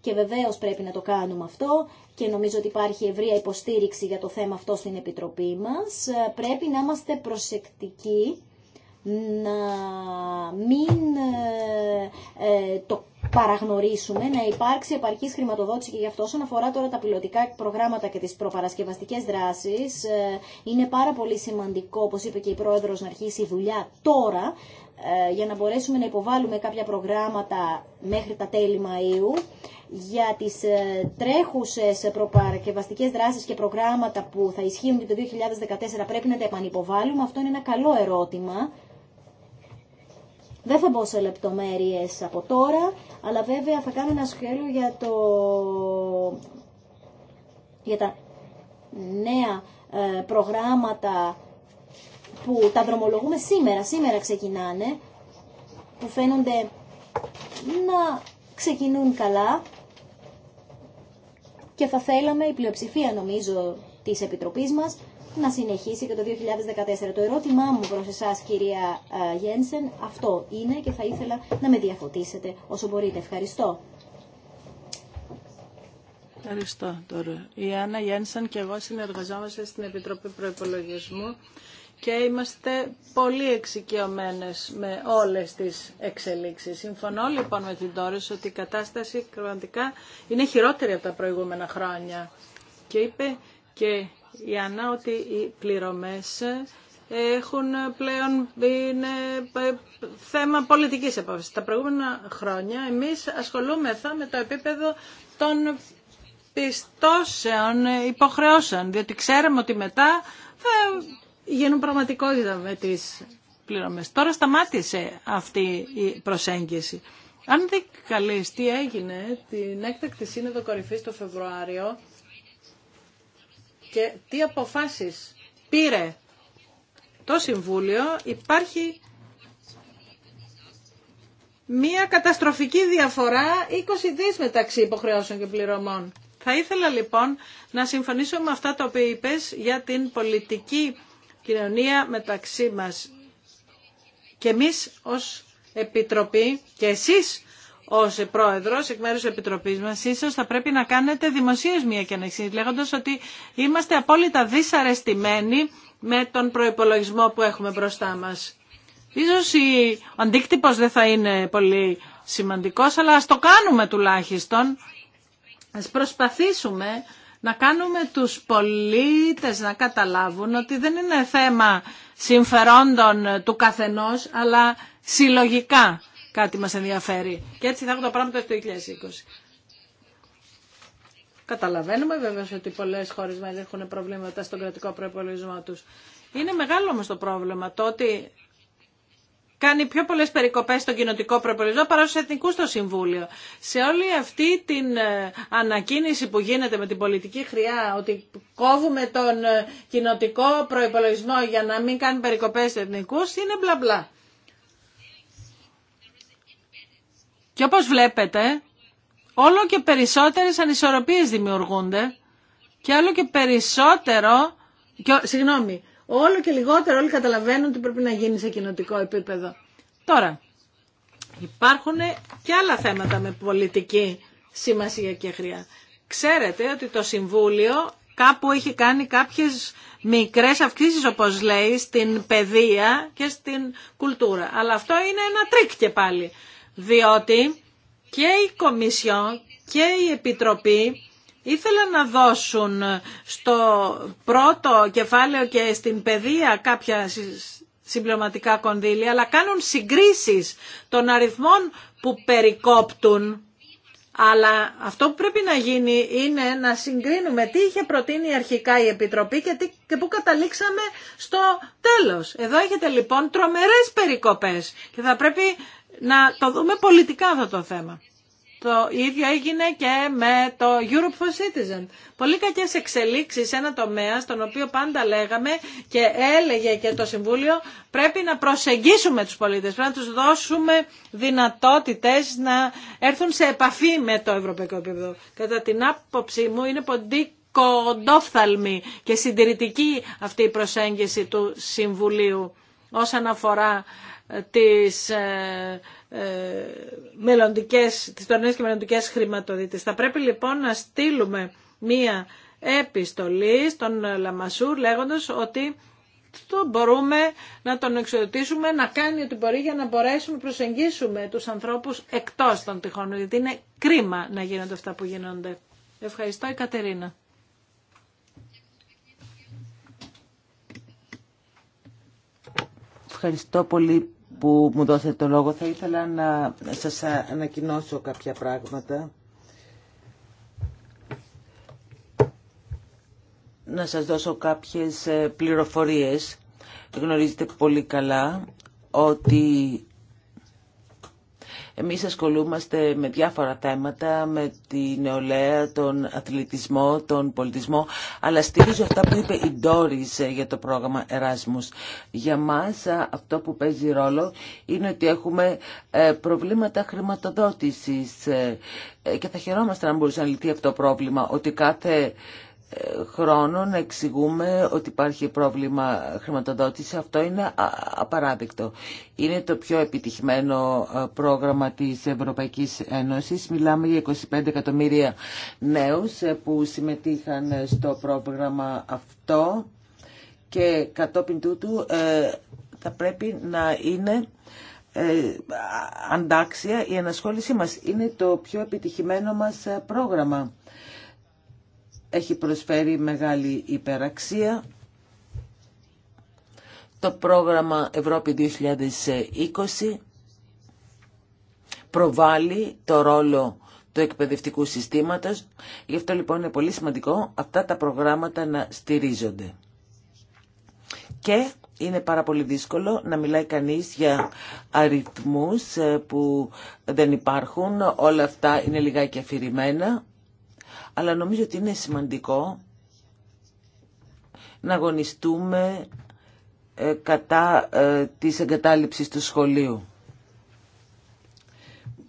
S4: και βεβαίως πρέπει να το κάνουμε αυτό και νομίζω ότι υπάρχει ευρεία υποστήριξη για το θέμα αυτό στην Επιτροπή μας. Πρέπει να είμαστε προσεκτικοί να μην ε, ε, το παραγνωρίσουμε, να υπάρξει επαρκή χρηματοδότηση και γι' αυτό όσον αφορά τώρα τα πιλωτικά προγράμματα και τις προπαρασκευαστικές δράσεις ε, είναι πάρα πολύ σημαντικό, όπως είπε και η Πρόεδρος, να αρχίσει η δουλειά τώρα για να μπορέσουμε να υποβάλουμε κάποια προγράμματα μέχρι τα τέλη Μαΐου για τις ε, τρέχουσες προπαρακευαστικές δράσεις και προγράμματα που θα ισχύουν και το 2014 πρέπει να τα επανυποβάλουμε. Αυτό είναι ένα καλό ερώτημα. Δεν θα μπω σε λεπτομέρειες από τώρα, αλλά βέβαια θα κάνω ένα σχέδιο για, το... για τα νέα ε, προγράμματα που τα δρομολογούμε σήμερα, σήμερα ξεκινάνε, που φαίνονται να ξεκινούν καλά και θα θέλαμε η πλειοψηφία νομίζω της Επιτροπής μας να συνεχίσει και το 2014. Το ερώτημά μου προς εσάς κυρία ε, Γένσεν αυτό είναι και θα ήθελα να με διαφωτίσετε όσο μπορείτε. Ευχαριστώ.
S3: Ευχαριστώ τώρα. Η Άννα Γένσεν και εγώ συνεργαζόμαστε στην Επιτροπή προπολογισμού και είμαστε πολύ εξοικειωμένε με όλες τις εξελίξεις. Συμφωνώ λοιπόν με την Τόρες ότι η κατάσταση πραγματικά είναι χειρότερη από τα προηγούμενα χρόνια. Και είπε και η Άννα ότι οι πληρωμές ε, έχουν πλέον είναι ε, θέμα πολιτικής επαφής. Τα προηγούμενα χρόνια εμείς ασχολούμεθα με το επίπεδο των πιστώσεων, υποχρεώσεων, διότι ξέραμε ότι μετά θα γίνουν πραγματικότητα με τις πληρωμές. Τώρα σταμάτησε αυτή η προσέγγιση. Αν δεν καλείς τι έγινε την έκτακτη σύνοδο κορυφής το Φεβρουάριο και τι αποφάσεις πήρε το Συμβούλιο, υπάρχει μία καταστροφική διαφορά 20 δις μεταξύ υποχρεώσεων και πληρωμών. Θα ήθελα λοιπόν να συμφωνήσω με αυτά τα οποία είπες για την πολιτική κοινωνία μεταξύ μας. Και εμείς ως Επιτροπή και εσείς ως πρόεδρος εκ μέρους της Επιτροπής μας ίσως θα πρέπει να κάνετε δημοσίως μια ανεξή λέγοντας ότι είμαστε απόλυτα δυσαρεστημένοι με τον προϋπολογισμό που έχουμε μπροστά μας. Ίσως ο αντίκτυπος δεν θα είναι πολύ σημαντικός αλλά ας το κάνουμε τουλάχιστον. Ας προσπαθήσουμε να κάνουμε τους πολίτες να καταλάβουν ότι δεν είναι θέμα συμφερόντων του καθενός, αλλά συλλογικά κάτι μας ενδιαφέρει. Και έτσι θα έχουμε το πράγμα το 2020. Καταλαβαίνουμε βέβαια ότι πολλές χώρες μας έχουν προβλήματα στον κρατικό προϋπολογισμό τους. Είναι μεγάλο όμως το πρόβλημα το ότι κάνει πιο πολλές περικοπές στον κοινοτικό προπολογισμό παρά στου εθνικού στο Συμβούλιο. Σε όλη αυτή την ε, ανακίνηση που γίνεται με την πολιτική χρειά ότι κόβουμε τον ε, κοινοτικό προπολογισμό για να μην κάνει περικοπές στου εθνικού, είναι μπλα μπλα. Και όπως βλέπετε, όλο και περισσότερες ανισορροπίες δημιουργούνται και όλο και περισσότερο, συγγνώμη, όλο και λιγότερο όλοι καταλαβαίνουν ότι πρέπει να γίνει σε κοινοτικό επίπεδο. Τώρα, υπάρχουν και άλλα θέματα με πολιτική σημασία και χρειά. Ξέρετε ότι το Συμβούλιο κάπου έχει κάνει κάποιες μικρές αυξήσεις, όπως λέει, στην παιδεία και στην κουλτούρα. Αλλά αυτό είναι ένα τρίκ και πάλι, διότι και η Κομισιόν και η Επιτροπή ήθελαν να δώσουν στο πρώτο κεφάλαιο και στην παιδεία κάποια συμπληρωματικά κονδύλια, αλλά κάνουν συγκρίσεις των αριθμών που περικόπτουν. Αλλά αυτό που πρέπει να γίνει είναι να συγκρίνουμε τι είχε προτείνει αρχικά η Επιτροπή και, και πού καταλήξαμε στο τέλος. Εδώ έχετε λοιπόν τρομερές περικοπές και θα πρέπει να το δούμε πολιτικά αυτό το θέμα. Το ίδιο έγινε και με το Europe for Citizen. Πολύ κακέ εξελίξει σε ένα τομέα στον οποίο πάντα λέγαμε και έλεγε και το Συμβούλιο πρέπει να προσεγγίσουμε τους πολίτες, πρέπει να τους δώσουμε δυνατότητες να έρθουν σε επαφή με το ευρωπαϊκό επίπεδο. Κατά την άποψή μου είναι ποντί κοντόφθαλμη και συντηρητική αυτή η προσέγγιση του Συμβουλίου όσον αφορά ε, τις ε, ε, μελλοντικές, τις τωρινές και μελλοντικές χρηματοδίτες. Θα πρέπει λοιπόν να στείλουμε μία επιστολή στον Λαμασούρ λέγοντας ότι το μπορούμε να τον εξοδοτήσουμε, να κάνει ό,τι μπορεί για να μπορέσουμε να προσεγγίσουμε τους ανθρώπους εκτός των τυχών, γιατί είναι κρίμα να γίνονται αυτά που γίνονται. Ευχαριστώ η Κατερίνα.
S2: Ευχαριστώ πολύ που μου δώσετε το λόγο. Θα ήθελα να σας ανακοινώσω κάποια πράγματα. Να σας δώσω κάποιες ε, πληροφορίες. Γνωρίζετε πολύ καλά ότι εμείς ασχολούμαστε με διάφορα θέματα, με τη νεολαία, τον αθλητισμό, τον πολιτισμό, αλλά στηρίζω αυτά που είπε η Ντόρις ε, για το πρόγραμμα Εράσμους. Για μας ε, αυτό που παίζει ρόλο είναι ότι έχουμε ε, προβλήματα χρηματοδότησης και θα χαιρόμαστε να μπορούσε να λυθεί αυτό το πρόβλημα, ότι κάθε χρόνο να εξηγούμε ότι υπάρχει πρόβλημα χρηματοδότηση. Αυτό είναι απαράδεκτο. Είναι το πιο επιτυχημένο ε, πρόγραμμα της Ευρωπαϊκής Ένωσης. Μιλάμε για 25 εκατομμύρια νέους ε, που συμμετείχαν στο πρόγραμμα αυτό και κατόπιν τούτου ε, θα πρέπει να είναι αντάξια η ενασχόλησή μας. Είναι το πιο επιτυχημένο μας πρόγραμμα έχει προσφέρει μεγάλη υπεραξία. Το πρόγραμμα Ευρώπη 2020 προβάλλει το ρόλο του εκπαιδευτικού συστήματος. Γι' αυτό λοιπόν είναι πολύ σημαντικό αυτά τα προγράμματα να στηρίζονται. Και είναι πάρα πολύ δύσκολο να μιλάει κανείς για αριθμούς ε, που δεν υπάρχουν. Όλα αυτά είναι λιγάκι αφηρημένα αλλά νομίζω ότι είναι σημαντικό να αγωνιστούμε ε, κατά ε, της εγκατάλειψης του σχολείου.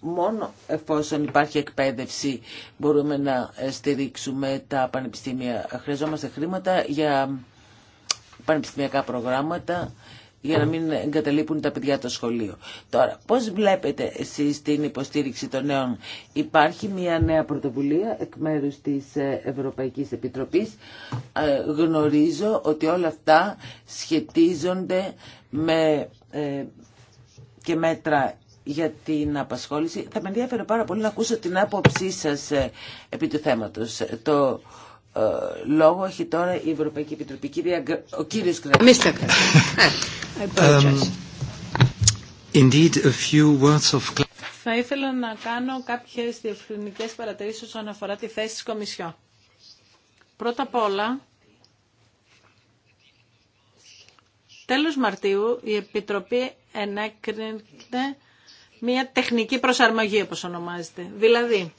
S2: Μόνο εφόσον υπάρχει εκπαίδευση μπορούμε να ε, στηρίξουμε τα πανεπιστήμια. Χρειαζόμαστε χρήματα για πανεπιστημιακά προγράμματα για να μην εγκαταλείπουν τα παιδιά το σχολείο. Τώρα, πώς βλέπετε εσείς την υποστήριξη των νέων. Υπάρχει μια νέα πρωτοβουλία εκ μέρους της ε, Ευρωπαϊκής Επιτροπής. Ε, γνωρίζω ότι όλα αυτά σχετίζονται με ε, και μέτρα για την απασχόληση. Θα με ενδιαφέρει πάρα πολύ να ακούσω την άποψή σας επί του θέματος. Το λόγο έχει τώρα η Ευρωπαϊκή Επιτροπή. Ο κύριος Um,
S3: Θα ήθελα να κάνω κάποιες διευθυντικές παρατηρήσεις όσον αφορά τη θέση της Κομισιό. Πρώτα απ' όλα, τέλος Μαρτίου η Επιτροπή ενέκρινε μια τεχνική προσαρμογή, όπως ονομάζεται. Δηλαδή,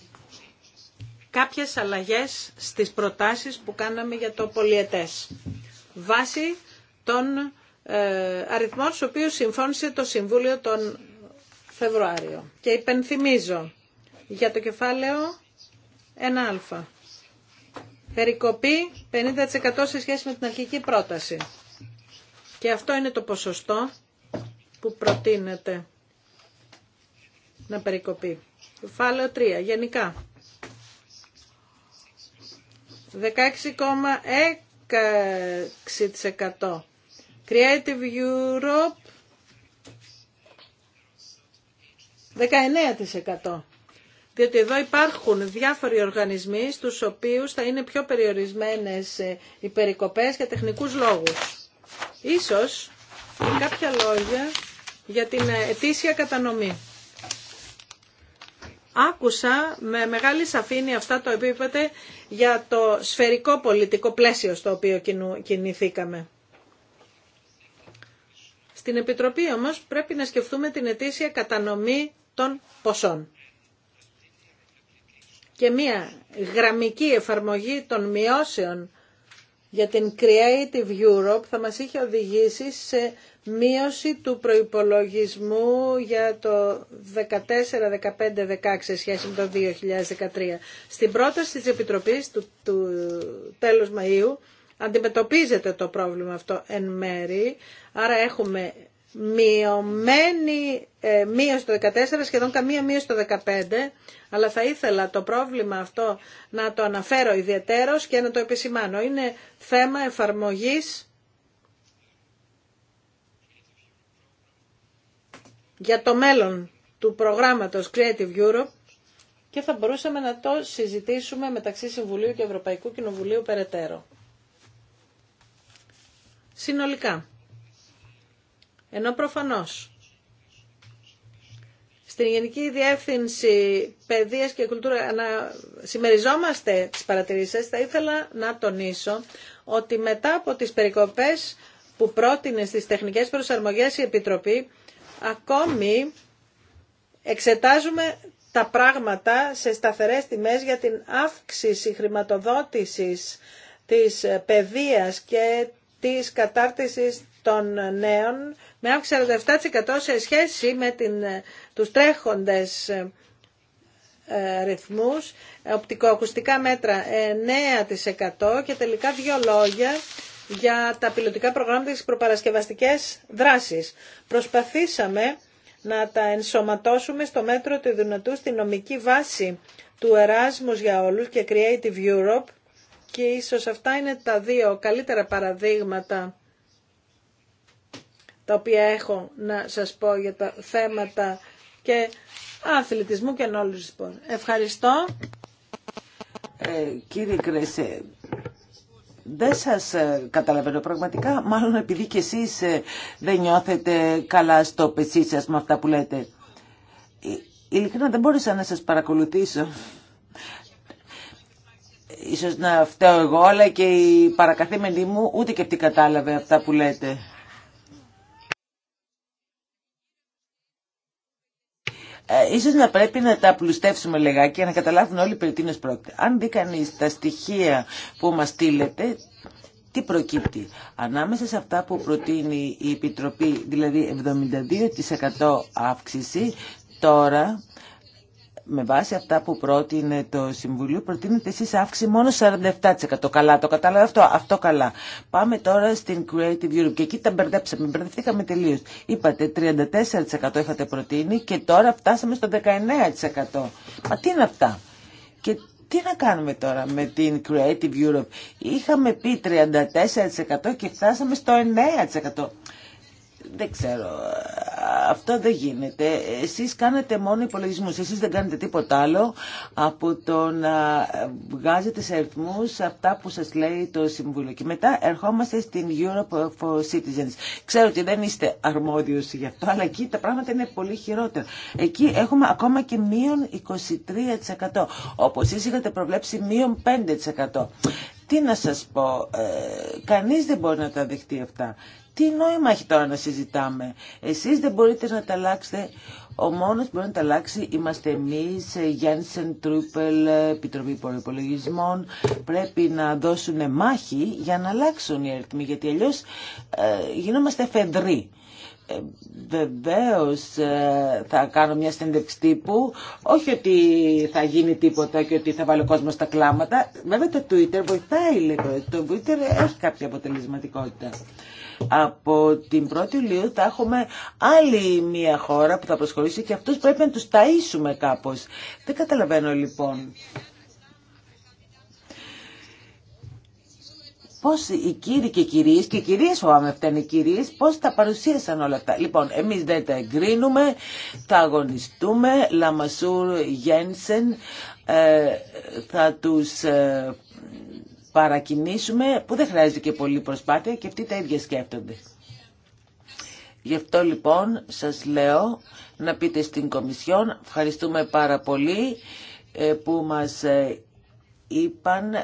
S3: κάποιες αλλαγές στις προτάσεις που κάναμε για το πολιετές, βάσει των ε, αριθμό ο οποίος συμφώνησε το Συμβούλιο τον Φεβρουάριο. Και υπενθυμίζω για το κεφάλαιο 1α. Περικοπή 50% σε σχέση με την αρχική πρόταση. Και αυτό είναι το ποσοστό που προτείνεται να περικοπεί. Κεφάλαιο 3. Γενικά. 16,6% Creative Europe 19%. Διότι εδώ υπάρχουν διάφοροι οργανισμοί στους οποίους θα είναι πιο περιορισμένες ε, οι περικοπές για τεχνικούς λόγους. Ίσως κάποια λόγια για την ε, ετήσια κατανομή. Άκουσα με μεγάλη σαφήνεια αυτά το επίπεδο για το σφαιρικό πολιτικό πλαίσιο στο οποίο κινηθήκαμε. Στην Επιτροπή όμως πρέπει να σκεφτούμε την ετήσια κατανομή των ποσών. Και μία γραμμική εφαρμογή των μειώσεων για την Creative Europe θα μας είχε οδηγήσει σε μείωση του προϋπολογισμού για το 14-15-16 σχέση με το 2013. Στην πρόταση της Επιτροπής του, του Μαΐου αντιμετωπίζεται το πρόβλημα αυτό εν μέρη, άρα έχουμε μειωμένη ε, μείωση το 14, σχεδόν καμία μείωση το 15, αλλά θα ήθελα το πρόβλημα αυτό να το αναφέρω ιδιαίτερος και να το επισημάνω. Είναι θέμα εφαρμογής για το μέλλον του προγράμματος Creative Europe και θα μπορούσαμε να το συζητήσουμε μεταξύ Συμβουλίου και Ευρωπαϊκού Κοινοβουλίου περαιτέρω συνολικά. Ενώ προφανώς στην Γενική Διεύθυνση Παιδείας και Κουλτούρα να συμμεριζόμαστε τις παρατηρήσεις θα ήθελα να τονίσω ότι μετά από τις περικοπές που πρότεινε στις τεχνικές προσαρμογές η Επιτροπή, ακόμη εξετάζουμε τα πράγματα σε σταθερές τιμές για την αύξηση χρηματοδότησης της παιδείας και της κατάρτισης των νέων με αύξηση 47% σε σχέση με την, τους τρέχοντες ε, ρυθμούς, οπτικοακουστικά μέτρα 9% και τελικά δύο λόγια για τα πιλωτικά προγράμματα και τις προπαρασκευαστικές δράσεις. Προσπαθήσαμε να τα ενσωματώσουμε στο μέτρο του δυνατού στη νομική βάση του Εράσμους για όλους και Creative Europe και ίσως αυτά είναι τα δύο καλύτερα παραδείγματα τα οποία έχω να σας πω για τα θέματα και αθλητισμού και όλους λοιπόν. Ευχαριστώ.
S2: Ε, κύριε Κρέσε, δεν σας ε, καταλαβαίνω πραγματικά, μάλλον επειδή και εσείς ε, δεν νιώθετε καλά στο πεσί σας με αυτά που λέτε. Ε, ειλικρινά δεν μπόρεσα να σας παρακολουθήσω. Ίσως να φταίω εγώ, αλλά και η παρακαθήμενη μου ούτε και τι κατάλαβε αυτά που λέτε. Ε, ίσως να πρέπει να τα πλουστεύσουμε λιγάκι για να καταλάβουν όλοι περί τίνος πρόκειται. Αν δει κανείς τα στοιχεία που μας στείλετε, τι προκύπτει. Ανάμεσα σε αυτά που προτείνει η Επιτροπή, δηλαδή 72% αύξηση, τώρα με βάση αυτά που πρότεινε το Συμβουλίο, προτείνετε εσεί αύξηση μόνο 47%. Καλά, το κατάλαβα αυτό. Αυτό καλά. Πάμε τώρα στην Creative Europe. Και εκεί τα μπερδέψαμε. Μπερδευτήκαμε τελείω. Είπατε 34% είχατε προτείνει και τώρα φτάσαμε στο 19%. Μα τι είναι αυτά. Και τι να κάνουμε τώρα με την Creative Europe. Είχαμε πει 34% και φτάσαμε στο 9% δεν ξέρω, αυτό δεν γίνεται. Εσείς κάνετε μόνο υπολογισμούς, εσείς δεν κάνετε τίποτα άλλο από το να βγάζετε σε αριθμούς αυτά που σας λέει το Συμβούλιο. Και μετά ερχόμαστε στην Europe for Citizens. Ξέρω ότι δεν είστε αρμόδιος για αυτό, αλλά εκεί τα πράγματα είναι πολύ χειρότερα. Εκεί έχουμε ακόμα και μείον 23%, όπως εσείς είχατε προβλέψει μείον 5%. Τι να σας πω, ε, κανείς δεν μπορεί να τα δεχτεί αυτά τι νόημα έχει τώρα να συζητάμε. Εσείς δεν μπορείτε να τα αλλάξετε. Ο μόνος που μπορεί να τα αλλάξει είμαστε εμείς, Γιάννησεν Τρούπελ, Επιτροπή Προπολογισμών. Πρέπει να δώσουν μάχη για να αλλάξουν οι αριθμοί, γιατί αλλιώς ε, γινόμαστε φεδροί. Ε, Βεβαίω ε, θα κάνω μια συνέντευξη τύπου, όχι ότι θα γίνει τίποτα και ότι θα βάλω κόσμο στα κλάματα. Βέβαια το Twitter βοηθάει λίγο, το Twitter έχει κάποια αποτελεσματικότητα. Από την 1η Ιουλίου θα έχουμε άλλη μια χώρα που θα προσχωρήσει και αυτούς πρέπει να τους ταΐσουμε κάπως. Δεν καταλαβαίνω λοιπόν. Πώς οι κύριοι και οι κυρίες, και οι κυρίες φοβάμαι αυτά είναι οι κυρίες, πώς τα παρουσίασαν όλα αυτά. Λοιπόν, εμείς δεν τα εγκρίνουμε, θα αγωνιστούμε, Λαμασούρ Γένσεν, ε, θα τους ε, παρακινήσουμε που δεν χρειάζεται και πολύ προσπάθεια και αυτοί τα ίδια σκέφτονται. Γι' αυτό λοιπόν σας λέω να πείτε στην Κομισιόν ευχαριστούμε πάρα πολύ ε, που μας ε, είπαν ε,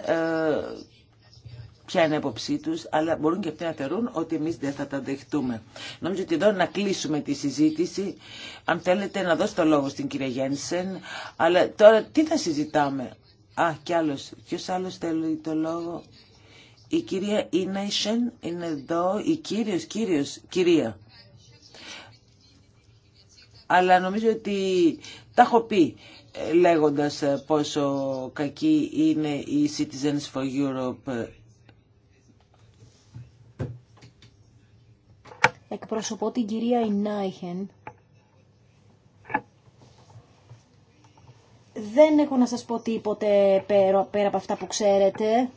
S2: ποια είναι η άποψή του, αλλά μπορούν και αυτοί να θεωρούν ότι εμείς δεν θα τα δεχτούμε. Νομίζω ότι εδώ να κλείσουμε τη συζήτηση. Αν θέλετε να δώσω το λόγο στην κυρία Γένσεν, αλλά τώρα τι θα συζητάμε. Α, κι άλλος. Ποιος άλλος θέλει το λόγο. Η κυρία Ίναϊσεν είναι εδώ. Η κύριος, κύριος, κυρία. Αλλά νομίζω ότι τα έχω πει ε, λέγοντας ε, πόσο κακή είναι η Citizens for Europe.
S4: Εκπροσωπώ την κυρία Ινάιχεν, Δεν έχω να σας πω τίποτε πέρα, πέρα από αυτά που ξέρετε.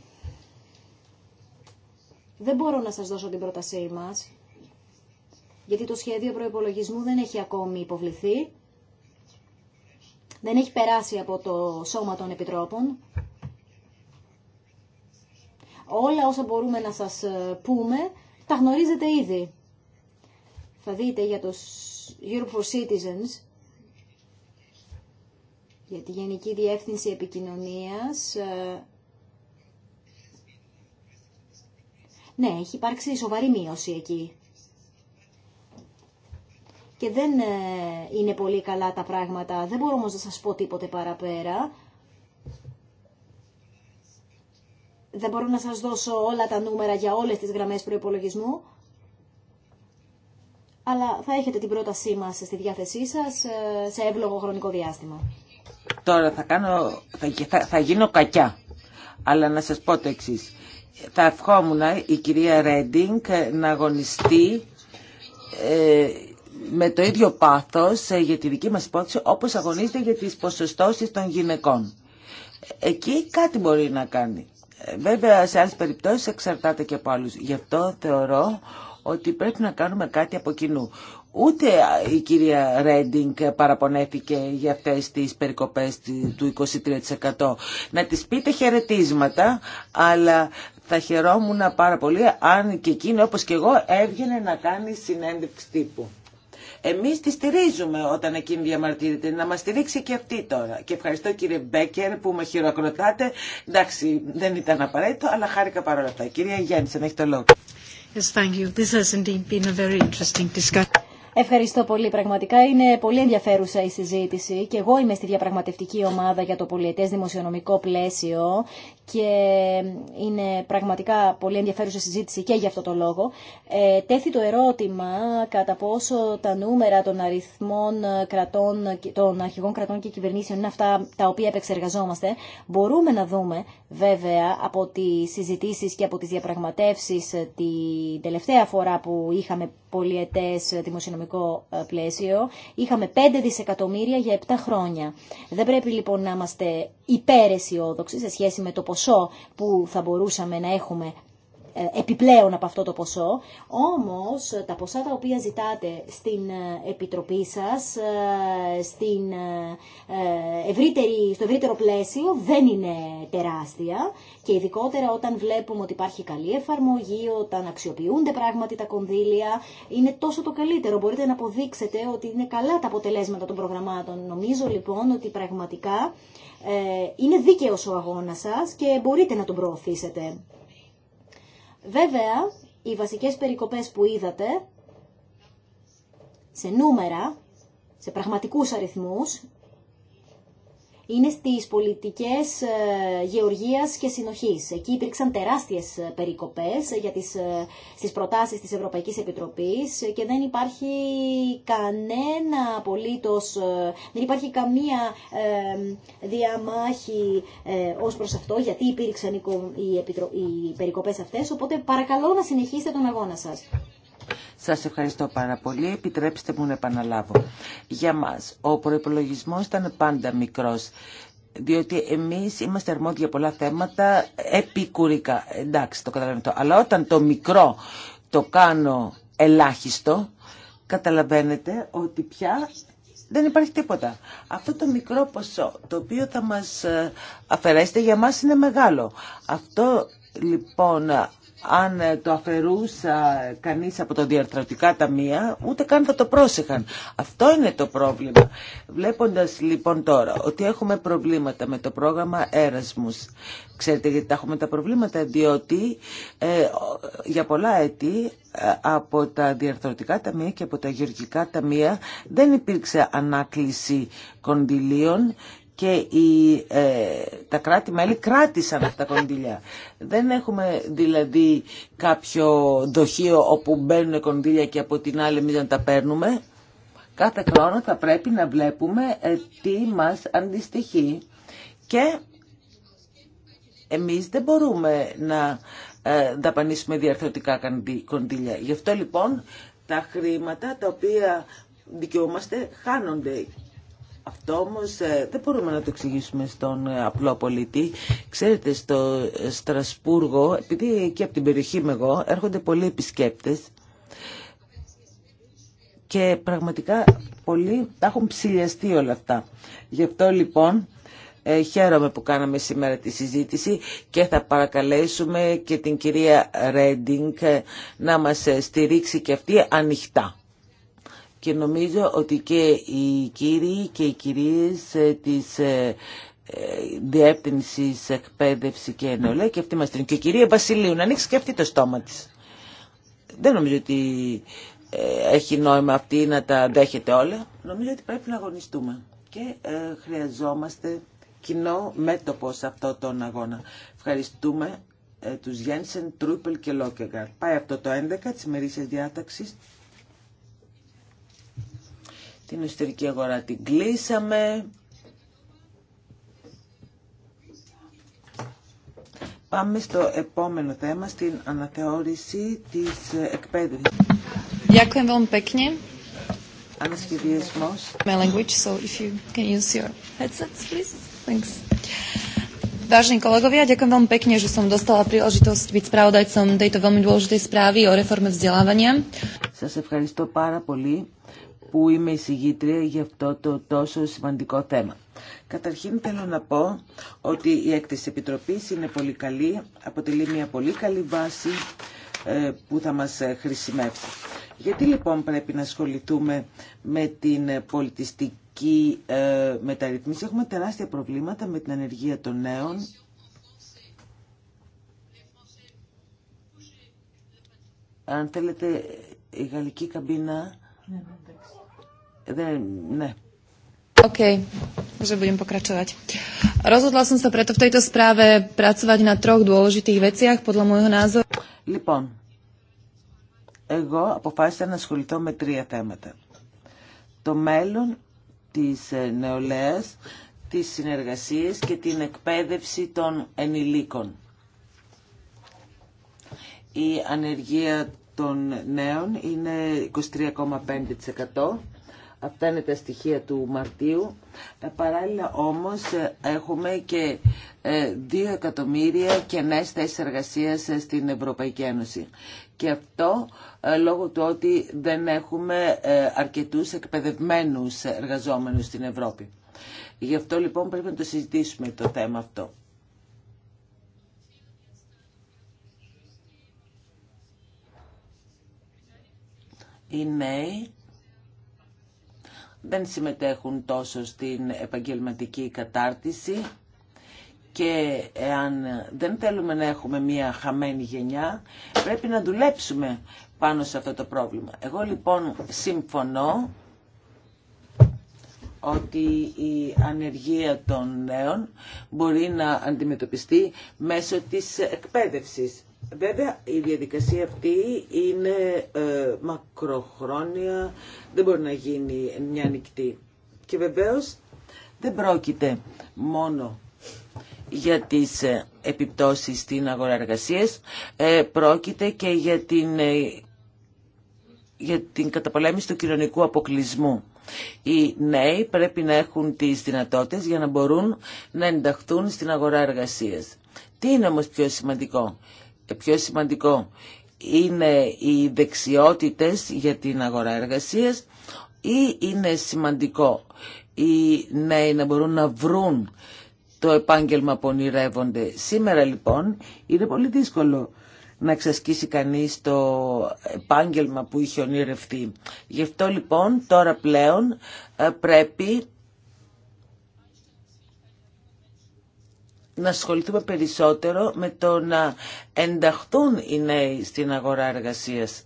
S4: Δεν μπορώ να σας δώσω την πρότασή μας, γιατί το σχέδιο προϋπολογισμού δεν έχει ακόμη υποβληθεί. Δεν έχει περάσει από το Σώμα των Επιτρόπων. Όλα όσα μπορούμε να σας ε, πούμε, τα γνωρίζετε ήδη. Θα δείτε για τους Europe for Citizens, για τη Γενική Διεύθυνση Επικοινωνίας. Ε, ναι, έχει υπάρξει σοβαρή μείωση εκεί. Και δεν ε, είναι πολύ καλά τα πράγματα. Δεν μπορώ όμως να σας πω τίποτε παραπέρα. Δεν μπορώ να σας δώσω όλα τα νούμερα για όλες τις γραμμές προϋπολογισμού. Αλλά θα έχετε την πρότασή μας στη διάθεσή σας ε, σε εύλογο χρονικό διάστημα.
S2: Τώρα θα, κάνω, θα, γίνω κακιά, αλλά να σας πω το εξή. Θα ευχόμουν η κυρία Ρέντινγκ να αγωνιστεί ε, με το ίδιο πάθος ε, για τη δική μας υπόθεση όπως αγωνίζεται για τις ποσοστώσεις των γυναικών. Εκεί κάτι μπορεί να κάνει. Ε, βέβαια σε άλλες περιπτώσεις εξαρτάται και από άλλους. Γι' αυτό θεωρώ ότι πρέπει να κάνουμε κάτι από κοινού. Ούτε η κυρία Ρέντινγκ παραπονέθηκε για αυτές τις περικοπές του 23%. Να της πείτε χαιρετίσματα, αλλά θα χαιρόμουν πάρα πολύ αν και εκείνη όπως και εγώ έβγαινε να κάνει συνέντευξη τύπου. Εμείς τη στηρίζουμε όταν εκείνη διαμαρτύρεται. Να μας στηρίξει και αυτή τώρα. Και ευχαριστώ κύριε Μπέκερ που με χειροκροτάτε. Εντάξει, δεν ήταν απαραίτητο, αλλά χάρηκα παρόλα αυτά. Κυρία Γιάννη, έχει το λόγο. Yes, thank
S4: Ευχαριστώ πολύ. Πραγματικά είναι πολύ ενδιαφέρουσα η συζήτηση και εγώ είμαι στη διαπραγματευτική ομάδα για το πολιετές δημοσιονομικό πλαίσιο και είναι πραγματικά πολύ ενδιαφέρουσα συζήτηση και για αυτό το λόγο. Ε, τέθη το ερώτημα κατά πόσο τα νούμερα των αριθμών κρατών, των αρχηγών κρατών και κυβερνήσεων είναι αυτά τα οποία επεξεργαζόμαστε. Μπορούμε να δούμε βέβαια από τις συζητήσεις και από τις διαπραγματεύσεις ε, την τελευταία φορά που είχαμε πολιετές ε, δημοσιονομικό ε, πλαίσιο, είχαμε 5 δισεκατομμύρια για 7 χρόνια. Δεν πρέπει λοιπόν να είμαστε υπεραισιόδοξοι σε σχέση με το πόσο ποσό που θα μπορούσαμε να έχουμε ε, επιπλέον από αυτό το ποσό, όμως τα ποσά τα οποία ζητάτε στην ε, Επιτροπή σας, ε, στην ευρύτερη, στο ευρύτερο πλαίσιο δεν είναι τεράστια και ειδικότερα όταν βλέπουμε ότι υπάρχει καλή εφαρμογή, όταν αξιοποιούνται πράγματι τα κονδύλια, είναι τόσο το καλύτερο. Μπορείτε να αποδείξετε ότι είναι καλά τα αποτελέσματα των προγραμμάτων. Νομίζω λοιπόν ότι πραγματικά είναι δίκαιος ο αγώνας σας και μπορείτε να τον προωθήσετε. Βέβαια, οι βασικές περικοπές που είδατε σε νούμερα, σε πραγματικούς αριθμούς, είναι στις πολιτικές ε, γεωργίας και συνοχής. Εκεί υπήρξαν τεράστιες ε, περικοπές για τις, ε, στις προτάσεις της Ευρωπαϊκής Επιτροπής και δεν υπάρχει κανένα απολύτως, δεν υπάρχει καμία διαμάχη ως προς αυτό γιατί υπήρξαν οι, οι περικοπές αυτές, οπότε παρακαλώ να συνεχίσετε τον αγώνα σας.
S2: Σας ευχαριστώ πάρα πολύ. Επιτρέψτε μου να επαναλάβω. Για μας ο προϋπολογισμός ήταν πάντα μικρός διότι εμείς είμαστε αρμόδιοι για πολλά θέματα επικουρικά. Εντάξει, το καταλαβαίνω. Αλλά όταν το μικρό το κάνω ελάχιστο, καταλαβαίνετε ότι πια δεν υπάρχει τίποτα. Αυτό το μικρό ποσό, το οποίο θα μας ε, αφαιρέσετε, για μας είναι μεγάλο. Αυτό λοιπόν αν ε, το αφαιρούσα κανείς από τα διαρθρωτικά ταμεία, ούτε καν θα το πρόσεχαν. Αυτό είναι το πρόβλημα. Βλέποντας λοιπόν τώρα ότι έχουμε προβλήματα με το πρόγραμμα Erasmus, ξέρετε γιατί τα έχουμε τα προβλήματα, διότι ε, για πολλά έτη ε, από τα διαρθρωτικά ταμεία και από τα γεωργικά ταμεία δεν υπήρξε ανάκληση κονδυλίων και οι, ε, τα κράτη-μέλη κράτησαν αυτά τα κονδύλια. Δεν έχουμε δηλαδή κάποιο δοχείο όπου μπαίνουν κονδύλια και από την άλλη να τα παίρνουμε. Κάθε χρόνο θα πρέπει να βλέπουμε ε, τι μας αντιστοιχεί και εμείς δεν μπορούμε να ε, δαπανίσουμε διαρθρωτικά κονδύλια. Γι' αυτό λοιπόν τα χρήματα τα οποία δικαιούμαστε χάνονται αυτό όμως ε, δεν μπορούμε να το εξηγήσουμε στον ε, απλό πολίτη. Ξέρετε, στο ε, Στρασπούργο, επειδή εκεί από την περιοχή είμαι εγώ, έρχονται πολλοί επισκέπτες και πραγματικά πολλοί τα έχουν ψηλιαστεί όλα αυτά. Γι' αυτό λοιπόν χαίρομαι που κάναμε σήμερα τη συζήτηση και θα παρακαλέσουμε και την κυρία Ρέντινγκ να μας στηρίξει και αυτή ανοιχτά. Και νομίζω ότι και οι κύριοι και οι κυρίες ε, της ε, ε, διεύθυνση εκπαίδευση και ενόλα και αυτή μας την και η κυρία Βασιλείου να ανοίξει και αυτή το στόμα της δεν νομίζω ότι έχει νόημα αυτή να τα δέχεται όλα νομίζω ότι πρέπει να αγωνιστούμε και χρειαζόμαστε κοινό μέτωπο σε αυτό τον αγώνα ευχαριστούμε τους Γένσεν, Τρούπελ και Λόκεγκαρ πάει αυτό το 11 της μερίσιας διάταξης την εσωτερική αγορά την κλείσαμε. Πάμε στο επόμενο θέμα, στην αναθεώρηση της εκπαίδευσης.
S5: Ευχαριστώ πολύ.
S2: Ανασχεδιασμός.
S5: My language, so if you can use your headsets, please. Thanks. Vážení kolegovia, ďakujem veľmi pekne, že som dostala príležitosť byť spravodajcom tejto veľmi dôležitej správy o reforme vzdelávania.
S2: Sa ευχαριστώ pára poli, που είμαι εισηγήτρια για αυτό το τόσο σημαντικό θέμα. Καταρχήν θέλω να πω ότι η έκθεση Επιτροπή είναι πολύ καλή, αποτελεί μια πολύ καλή βάση ε, που θα μας ε, χρησιμεύσει. Γιατί λοιπόν πρέπει να ασχοληθούμε με την πολιτιστική ε, μεταρρυθμίση. Έχουμε τεράστια προβλήματα με την ανεργία των νέων. Αν θέλετε η γαλλική καμπίνα... Ναι, Λοιπόν, εγώ αποφάσισα να ασχοληθώ με τρία θέματα. Το μέλλον της ε, νεολαίας, τις συνεργασίες και την εκπαίδευση των ενηλίκων. Η ανεργία των νέων είναι 23,5%. Αυτά είναι τα στοιχεία του Μαρτίου. Ε, παράλληλα όμως ε, έχουμε και 2 ε, εκατομμύρια κενές θέσεις εργασίας στην Ευρωπαϊκή Ένωση. Και αυτό λόγω του ότι δεν έχουμε αρκετούς εκπαιδευμένους εργαζόμενους στην Ευρώπη. Γι' αυτό λοιπόν πρέπει να το συζητήσουμε το θέμα αυτό. Οι δεν συμμετέχουν τόσο στην επαγγελματική κατάρτιση και εάν δεν θέλουμε να έχουμε μία χαμένη γενιά, πρέπει να δουλέψουμε πάνω σε αυτό το πρόβλημα. Εγώ λοιπόν συμφωνώ ότι η ανεργία των νέων μπορεί να αντιμετωπιστεί μέσω της εκπαίδευσης. Βέβαια η διαδικασία αυτή είναι ε, μακροχρόνια, δεν μπορεί να γίνει μια νυχτή. Και βεβαίως δεν πρόκειται μόνο για τις ε, επιπτώσεις στην αγορά εργασίας, ε, πρόκειται και για την, για την καταπολέμηση του κοινωνικού αποκλεισμού. Οι νέοι πρέπει να έχουν τις δυνατότητες για να μπορούν να ενταχθούν στην αγορά εργασίας. Τι είναι όμως πιο σημαντικό πιο σημαντικό είναι οι δεξιότητες για την αγορά εργασίας ή είναι σημαντικό οι νέοι να μπορούν να βρουν το επάγγελμα που ονειρεύονται. Σήμερα λοιπόν είναι πολύ δύσκολο να εξασκήσει κανείς το επάγγελμα που είχε ονειρευτεί. Γι' αυτό λοιπόν τώρα πλέον ε, πρέπει να ασχοληθούμε περισσότερο με το να ενταχθούν οι νέοι στην αγορά εργασίας.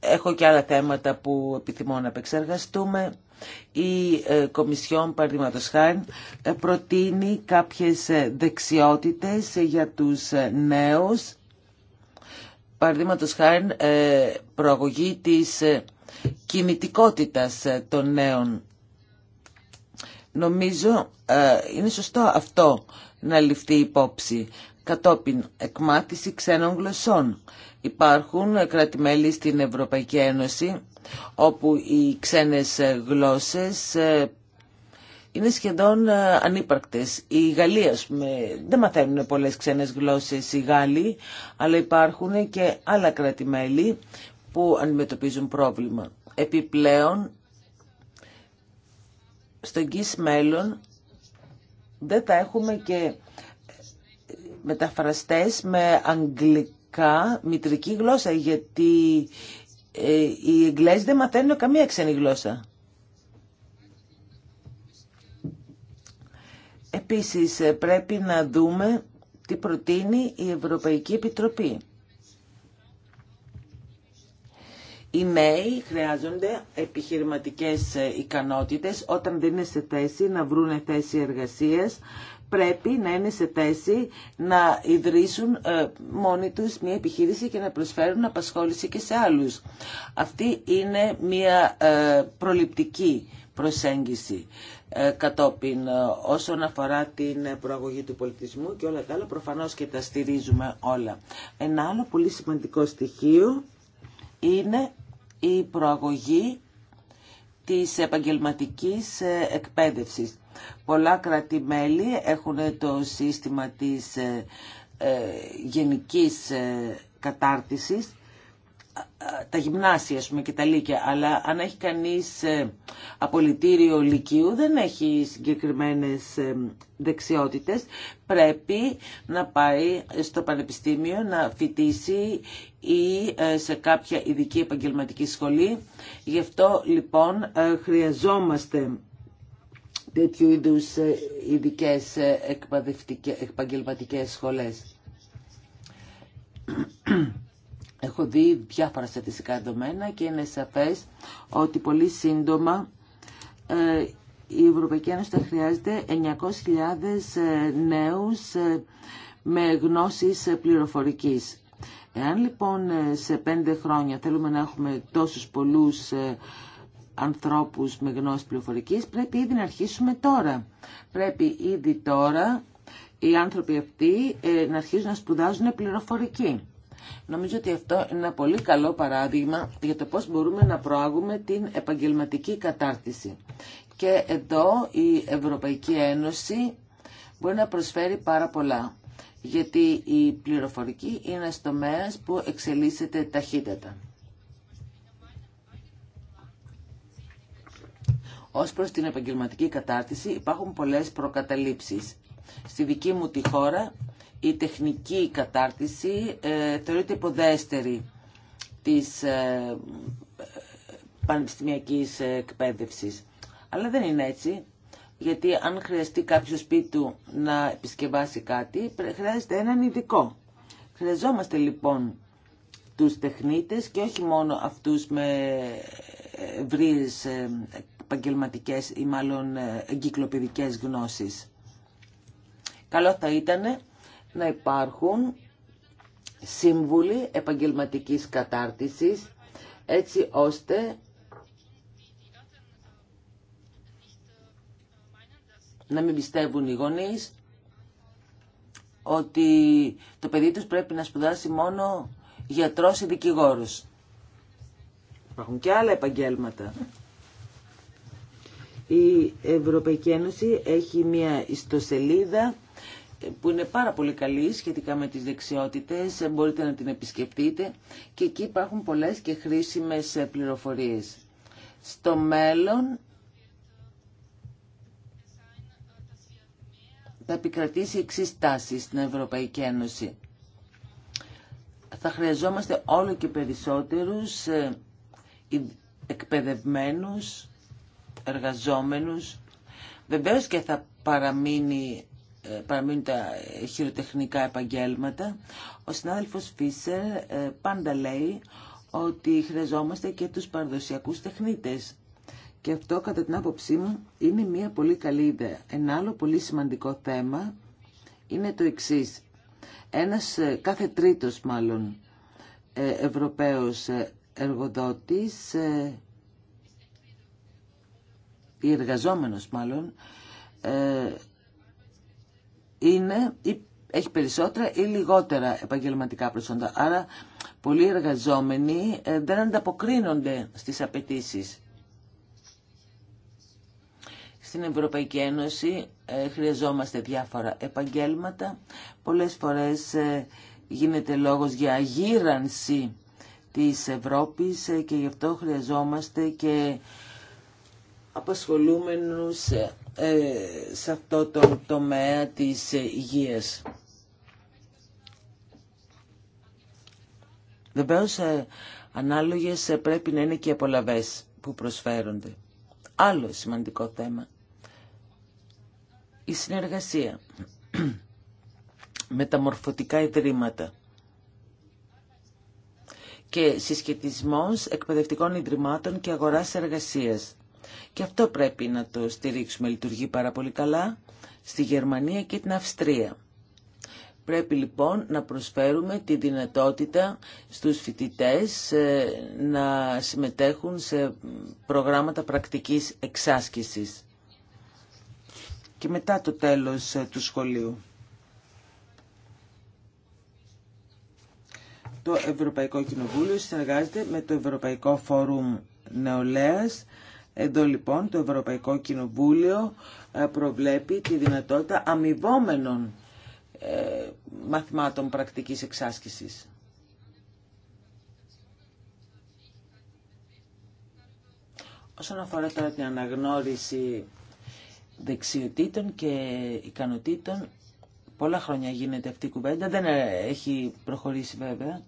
S2: Έχω και άλλα θέματα που επιθυμώ να επεξεργαστούμε. Η ε, Κομισιόν, παραδείγματος χάρη, ε, προτείνει κάποιες ε, δεξιότητες για τους νέους. Παραδείγματος χάρη, προαγωγή της κινητικότητας των νέων. Νομίζω ε, είναι σωστό αυτό να ληφθεί υπόψη κατόπιν εκμάθηση ξένων γλωσσών. Υπάρχουν κράτη-μέλη στην Ευρωπαϊκή Ένωση όπου οι ξένες γλώσσες ε, είναι σχεδόν ε, ανύπαρκτες. Οι Γαλλία, ας πούμε, δεν μαθαίνουν πολλές ξένες γλώσσες οι Γάλλοι, αλλά υπάρχουν και άλλα κράτη-μέλη που αντιμετωπίζουν πρόβλημα. Επιπλέον, στο εγγύς μέλλον δεν θα έχουμε και μεταφραστές με αγγλικά μητρική γλώσσα, γιατί ε, οι Εγγλέζοι δεν μαθαίνουν καμία ξένη γλώσσα. Επίσης ε, πρέπει να δούμε τι προτείνει η Ευρωπαϊκή Επιτροπή. Οι νέοι χρειάζονται επιχειρηματικές ε, ικανότητες όταν δεν είναι σε θέση να βρουν θέση εργασίας πρέπει να είναι σε θέση να ιδρύσουν ε, μόνοι τους μια επιχείρηση και να προσφέρουν απασχόληση και σε άλλους. Αυτή είναι μια ε, προληπτική προσέγγιση κατόπιν όσον αφορά την προαγωγή του πολιτισμού και όλα τα άλλα προφανώς και τα στηρίζουμε όλα. Ένα άλλο πολύ σημαντικό στοιχείο είναι η προαγωγή της επαγγελματικής ε, εκπαίδευσης. κρατημέλη έχουν το σύστημα της ε, ε, γενικής κατάρτισης τα γυμνάσια, πούμε, και τα λύκεια, αλλά αν έχει κανείς ε, απολυτήριο λυκείου, δεν έχει συγκεκριμένες ε, δεξιότητες, πρέπει να πάει στο πανεπιστήμιο να φοιτήσει ή ε, σε κάποια ειδική επαγγελματική σχολή. Γι' αυτό, λοιπόν, χρειαζόμαστε τέτοιου είδους ειδικέ επαγγελματικές σχολές. Έχω δει διάφορα στατιστικά δεδομένα και είναι σαφές ότι πολύ σύντομα ε, η Ευρωπαϊκή Ένωση θα χρειάζεται 900.000 ε, νέους ε, με γνώσεις πληροφορικής. Εάν λοιπόν σε πέντε χρόνια θέλουμε να έχουμε τόσους πολλούς ανθρώπους με γνώση πληροφορικής, πρέπει ήδη να αρχίσουμε τώρα. Πρέπει ήδη τώρα οι άνθρωποι αυτοί να αρχίσουν να σπουδάζουν πληροφορική. Νομίζω ότι αυτό είναι ένα πολύ καλό παράδειγμα για το πώς μπορούμε να προάγουμε την επαγγελματική κατάρτιση. Και εδώ η Ευρωπαϊκή Ένωση μπορεί να προσφέρει πάρα πολλά, γιατί η πληροφορική είναι ένα τομέα που εξελίσσεται ταχύτατα. Ως προς την επαγγελματική κατάρτιση υπάρχουν πολλές προκαταλήψεις. Στη δική μου τη χώρα η τεχνική κατάρτιση ε, θεωρείται υποδέστερη της ε, πανεπιστημιακής εκπαίδευσης. Αλλά δεν είναι έτσι, γιατί αν χρειαστεί κάποιο σπίτι του να επισκευάσει κάτι, χρειάζεται έναν ειδικό. Χρειαζόμαστε λοιπόν τους τεχνίτες και όχι μόνο αυτούς με ευρύες επαγγελματικέ ή μάλλον ε, εγκυκλοπαιδικές γνώσεις. Καλό θα ήτανε να υπάρχουν σύμβουλοι επαγγελματικής κατάρτισης έτσι ώστε να μην πιστεύουν οι γονείς ότι το παιδί τους πρέπει να σπουδάσει μόνο γιατρός ή δικηγόρος. Υπάρχουν και άλλα επαγγέλματα. Η Ευρωπαϊκή Ένωση έχει μια ιστοσελίδα που είναι πάρα πολύ καλή σχετικά με τις δεξιότητες, μπορείτε να την επισκεφτείτε και εκεί υπάρχουν πολλές και χρήσιμες πληροφορίες. Στο μέλλον θα επικρατήσει εξή τάση στην Ευρωπαϊκή Ένωση. Θα χρειαζόμαστε όλο και περισσότερους ε, εκπαιδευμένους, εργαζόμενους. Βεβαίως και θα παραμείνει ε, παραμείνουν τα χειροτεχνικά επαγγέλματα. Ο συνάδελφος Φίσερ ε, πάντα λέει ότι χρειαζόμαστε και τους παραδοσιακούς τεχνίτες. Και αυτό κατά την άποψή μου είναι μια πολύ καλή ιδέα. Ένα άλλο πολύ σημαντικό θέμα είναι το εξής. Ένας ε, κάθε τρίτος μάλλον Ευρωπαίος εργοδότης ή εργαζόμενος μάλλον είναι ή έχει περισσότερα ή λιγότερα επαγγελματικά προσόντα. Άρα πολλοί εργαζόμενοι ε, δεν ανταποκρίνονται στις απαιτήσει. Στην Ευρωπαϊκή Ένωση ε, χρειαζόμαστε διάφορα επαγγέλματα. Πολλές φορές ε, γίνεται λόγος για αγύρανση της Ευρώπης και γι' αυτό χρειαζόμαστε και απασχολούμενους ε, ε, σε αυτό το τομέα της ε, υγείας. Βεβαίω ανάλογες πρέπει να είναι και οι απολαβές που προσφέρονται. Άλλο σημαντικό θέμα. Η συνεργασία με τα μορφωτικά ιδρύματα και συσχετισμός εκπαιδευτικών ιδρυμάτων και αγοράς εργασίας. Και αυτό πρέπει να το στηρίξουμε. Λειτουργεί πάρα πολύ καλά στη Γερμανία και την Αυστρία. Πρέπει λοιπόν να προσφέρουμε τη δυνατότητα στους φοιτητές ε, να συμμετέχουν σε προγράμματα πρακτικής εξάσκησης και μετά το τέλος ε, του σχολείου. Το Ευρωπαϊκό Κοινοβούλιο συνεργάζεται με το Ευρωπαϊκό Φόρουμ Νεολαίας εδώ λοιπόν το Ευρωπαϊκό Κοινοβούλιο ε, προβλέπει τη δυνατότητα αμοιβόμενων ε, μαθημάτων πρακτικής εξάσκησης. Όσον αφορά τώρα την αναγνώριση δεξιοτήτων και ικανοτήτων, πολλά χρόνια γίνεται αυτή η κουβέντα, δεν ε, έχει προχωρήσει βέβαια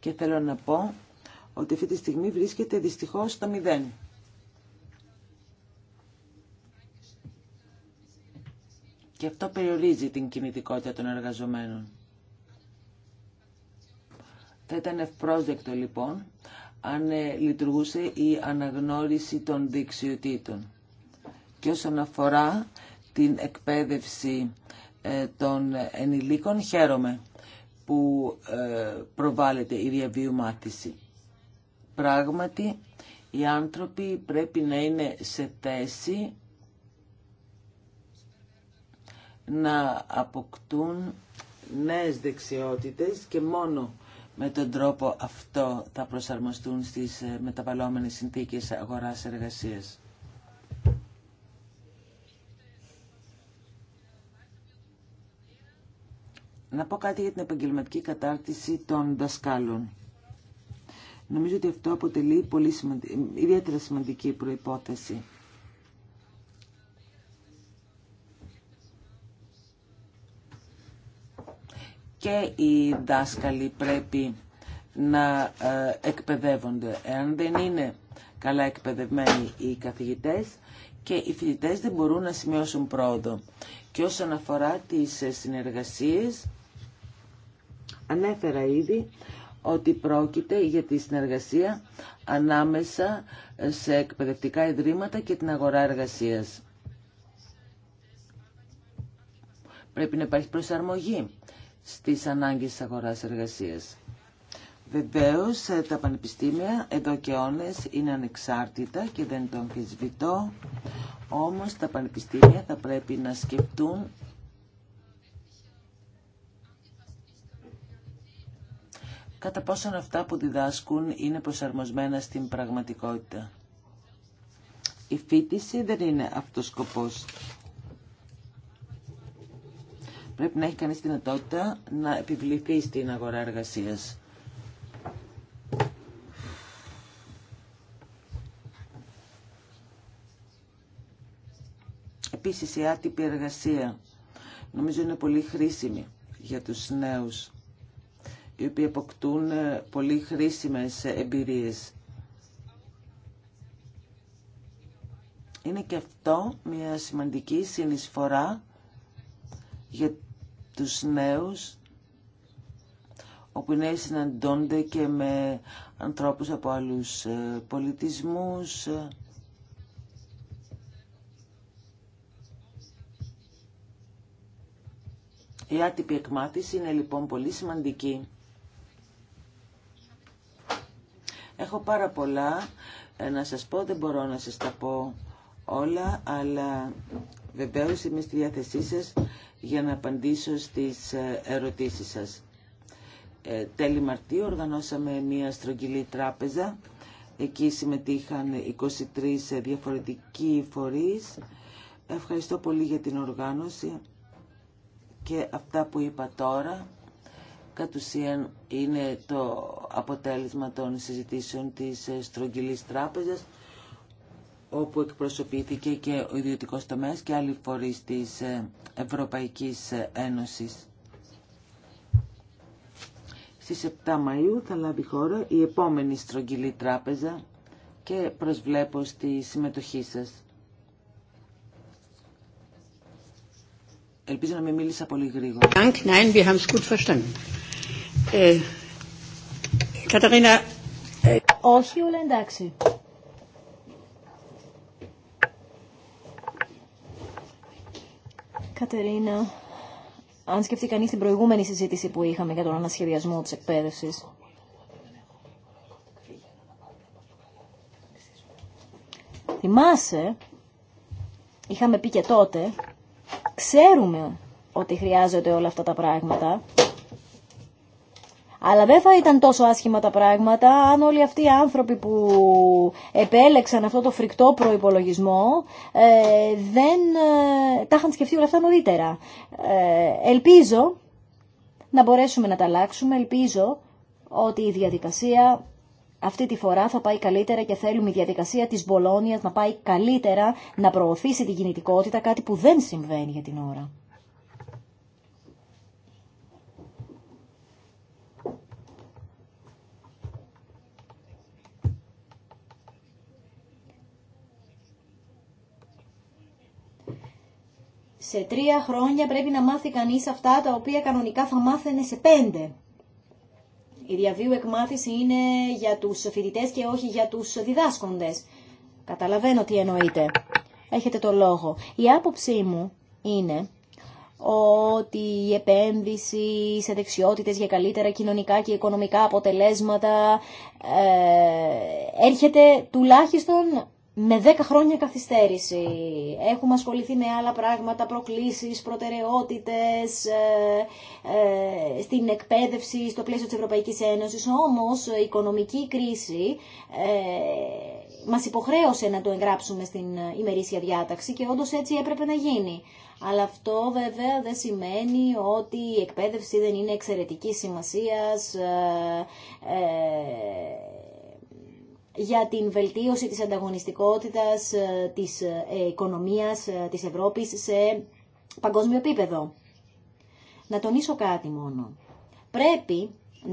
S2: και θέλω να πω ότι αυτή τη στιγμή βρίσκεται δυστυχώς στο μηδέν. Και αυτό περιορίζει την κινητικότητα των εργαζομένων. Θα ήταν ευπρόσδεκτο λοιπόν αν ε, λειτουργούσε η αναγνώριση των δεξιοτήτων. Και όσον αφορά την εκπαίδευση ε, των ενηλίκων, χαίρομαι που ε, προβάλλεται η διαβίου Πράγματι, οι άνθρωποι πρέπει να είναι σε θέση να αποκτούν νέες δεξιότητες και μόνο με τον τρόπο αυτό θα προσαρμοστούν στις ε, μεταβαλλόμενες συνθήκες αγοράς-εργασίας. Να πω κάτι για την επαγγελματική κατάρτιση των δασκάλων. Νομίζω ότι αυτό αποτελεί πολύ σημαντική, ιδιαίτερα σημαντική προϋπόθεση. και οι δάσκαλοι πρέπει να ε, εκπαιδεύονται. Εάν δεν είναι καλά εκπαιδευμένοι οι καθηγητές και οι φοιτητές δεν μπορούν να σημειώσουν πρόοδο. Και όσον αφορά τις ε, συνεργασίες, ανέφερα ήδη ότι πρόκειται για τη συνεργασία ανάμεσα ε, σε εκπαιδευτικά ιδρύματα και την αγορά εργασίας. Πρέπει να υπάρχει προσαρμογή στις ανάγκες της αγοράς εργασίας. Βεβαίως ε, τα πανεπιστήμια εδώ και αιώνες είναι ανεξάρτητα και δεν το αμφισβητώ, όμως τα πανεπιστήμια θα πρέπει να σκεφτούν κατά πόσον αυτά που διδάσκουν είναι προσαρμοσμένα στην πραγματικότητα. Η φίτηση δεν είναι αυτός σκοπός πρέπει να έχει κανείς δυνατότητα να επιβληθεί στην αγορά εργασίας. Επίσης η άτυπη εργασία νομίζω είναι πολύ χρήσιμη για τους νέους οι οποίοι αποκτούν ε, πολύ χρήσιμες εμπειρίες. Είναι και αυτό μια σημαντική συνεισφορά για τους νέους όπου οι νέοι συναντώνται και με ανθρώπους από άλλους ε, πολιτισμούς. Ε. Η άτυπη εκμάθηση είναι λοιπόν πολύ σημαντική. Έχω πάρα πολλά ε, να σας πω, δεν μπορώ να σας τα πω όλα, αλλά Βεβαίως είμαι στη διάθεσή σας για να απαντήσω στις ε, ερωτήσεις σας. Ε, τέλη Μαρτίου οργανώσαμε μια στρογγυλή τράπεζα. Εκεί συμμετείχαν 23 διαφορετικοί φορείς. Ευχαριστώ πολύ για την οργάνωση και αυτά που είπα τώρα κατ' ουσίαν είναι το αποτέλεσμα των συζητήσεων της ε, στρογγυλής τράπεζας όπου εκπροσωπήθηκε και ο ιδιωτικός τομέας και άλλοι φορείς της ε, Ευρωπαϊκής Ένωσης. Στις 7 Μαΐου θα λάβει χώρα η επόμενη στρογγυλή τράπεζα και προσβλέπω στη συμμετοχή σας. Ελπίζω να μην μίλησα πολύ γρήγορα.
S1: Nein, wir haben es gut äh, äh,
S4: Όχι, όλα εντάξει. Κατερίνα, αν σκεφτεί κανείς την προηγούμενη συζήτηση που είχαμε για τον ανασχεδιασμό της εκπαίδευσης, θυμάσαι, είχαμε πει και τότε, ξέρουμε ότι χρειάζονται όλα αυτά τα πράγματα αλλά δεν θα ήταν τόσο άσχημα τα πράγματα αν όλοι αυτοί οι άνθρωποι που επέλεξαν αυτό το φρικτό προϋπολογισμό ε, δεν ε, τα είχαν σκεφτεί όλα αυτά νωρίτερα. Ε, ελπίζω να μπορέσουμε να τα αλλάξουμε. Ελπίζω ότι η διαδικασία αυτή τη φορά θα πάει καλύτερα και θέλουμε η διαδικασία της Μπολόνιας να πάει καλύτερα, να προωθήσει την κινητικότητα, κάτι που δεν συμβαίνει για την ώρα. Σε τρία χρόνια πρέπει να μάθει κανείς αυτά τα οποία κανονικά θα μάθαινε σε πέντε. Η διαβίου εκμάθηση είναι για τους φοιτητές και όχι για τους διδάσκοντες. Καταλαβαίνω τι εννοείτε. Έχετε το λόγο. Η άποψή μου είναι ότι η επένδυση σε δεξιότητες για καλύτερα κοινωνικά και οικονομικά αποτελέσματα ε, έρχεται τουλάχιστον με 10 χρόνια καθυστέρηση. Έχουμε ασχοληθεί με άλλα πράγματα, προκλήσεις, προτεραιότητες, ε, ε, στην εκπαίδευση, στο πλαίσιο της Ευρωπαϊκής Ένωσης. Όμως η οικονομική κρίση ε, μας υποχρέωσε να το εγγράψουμε στην ημερήσια διάταξη και όντως έτσι έπρεπε να γίνει. Αλλά αυτό βέβαια δεν σημαίνει ότι η εκπαίδευση δεν είναι εξαιρετική σημασίας, ε, ε, για την βελτίωση της ανταγωνιστικότητας ε, της ε, οικονομίας ε, της Ευρώπης σε παγκόσμιο επίπεδο. Να τονίσω κάτι μόνο. Πρέπει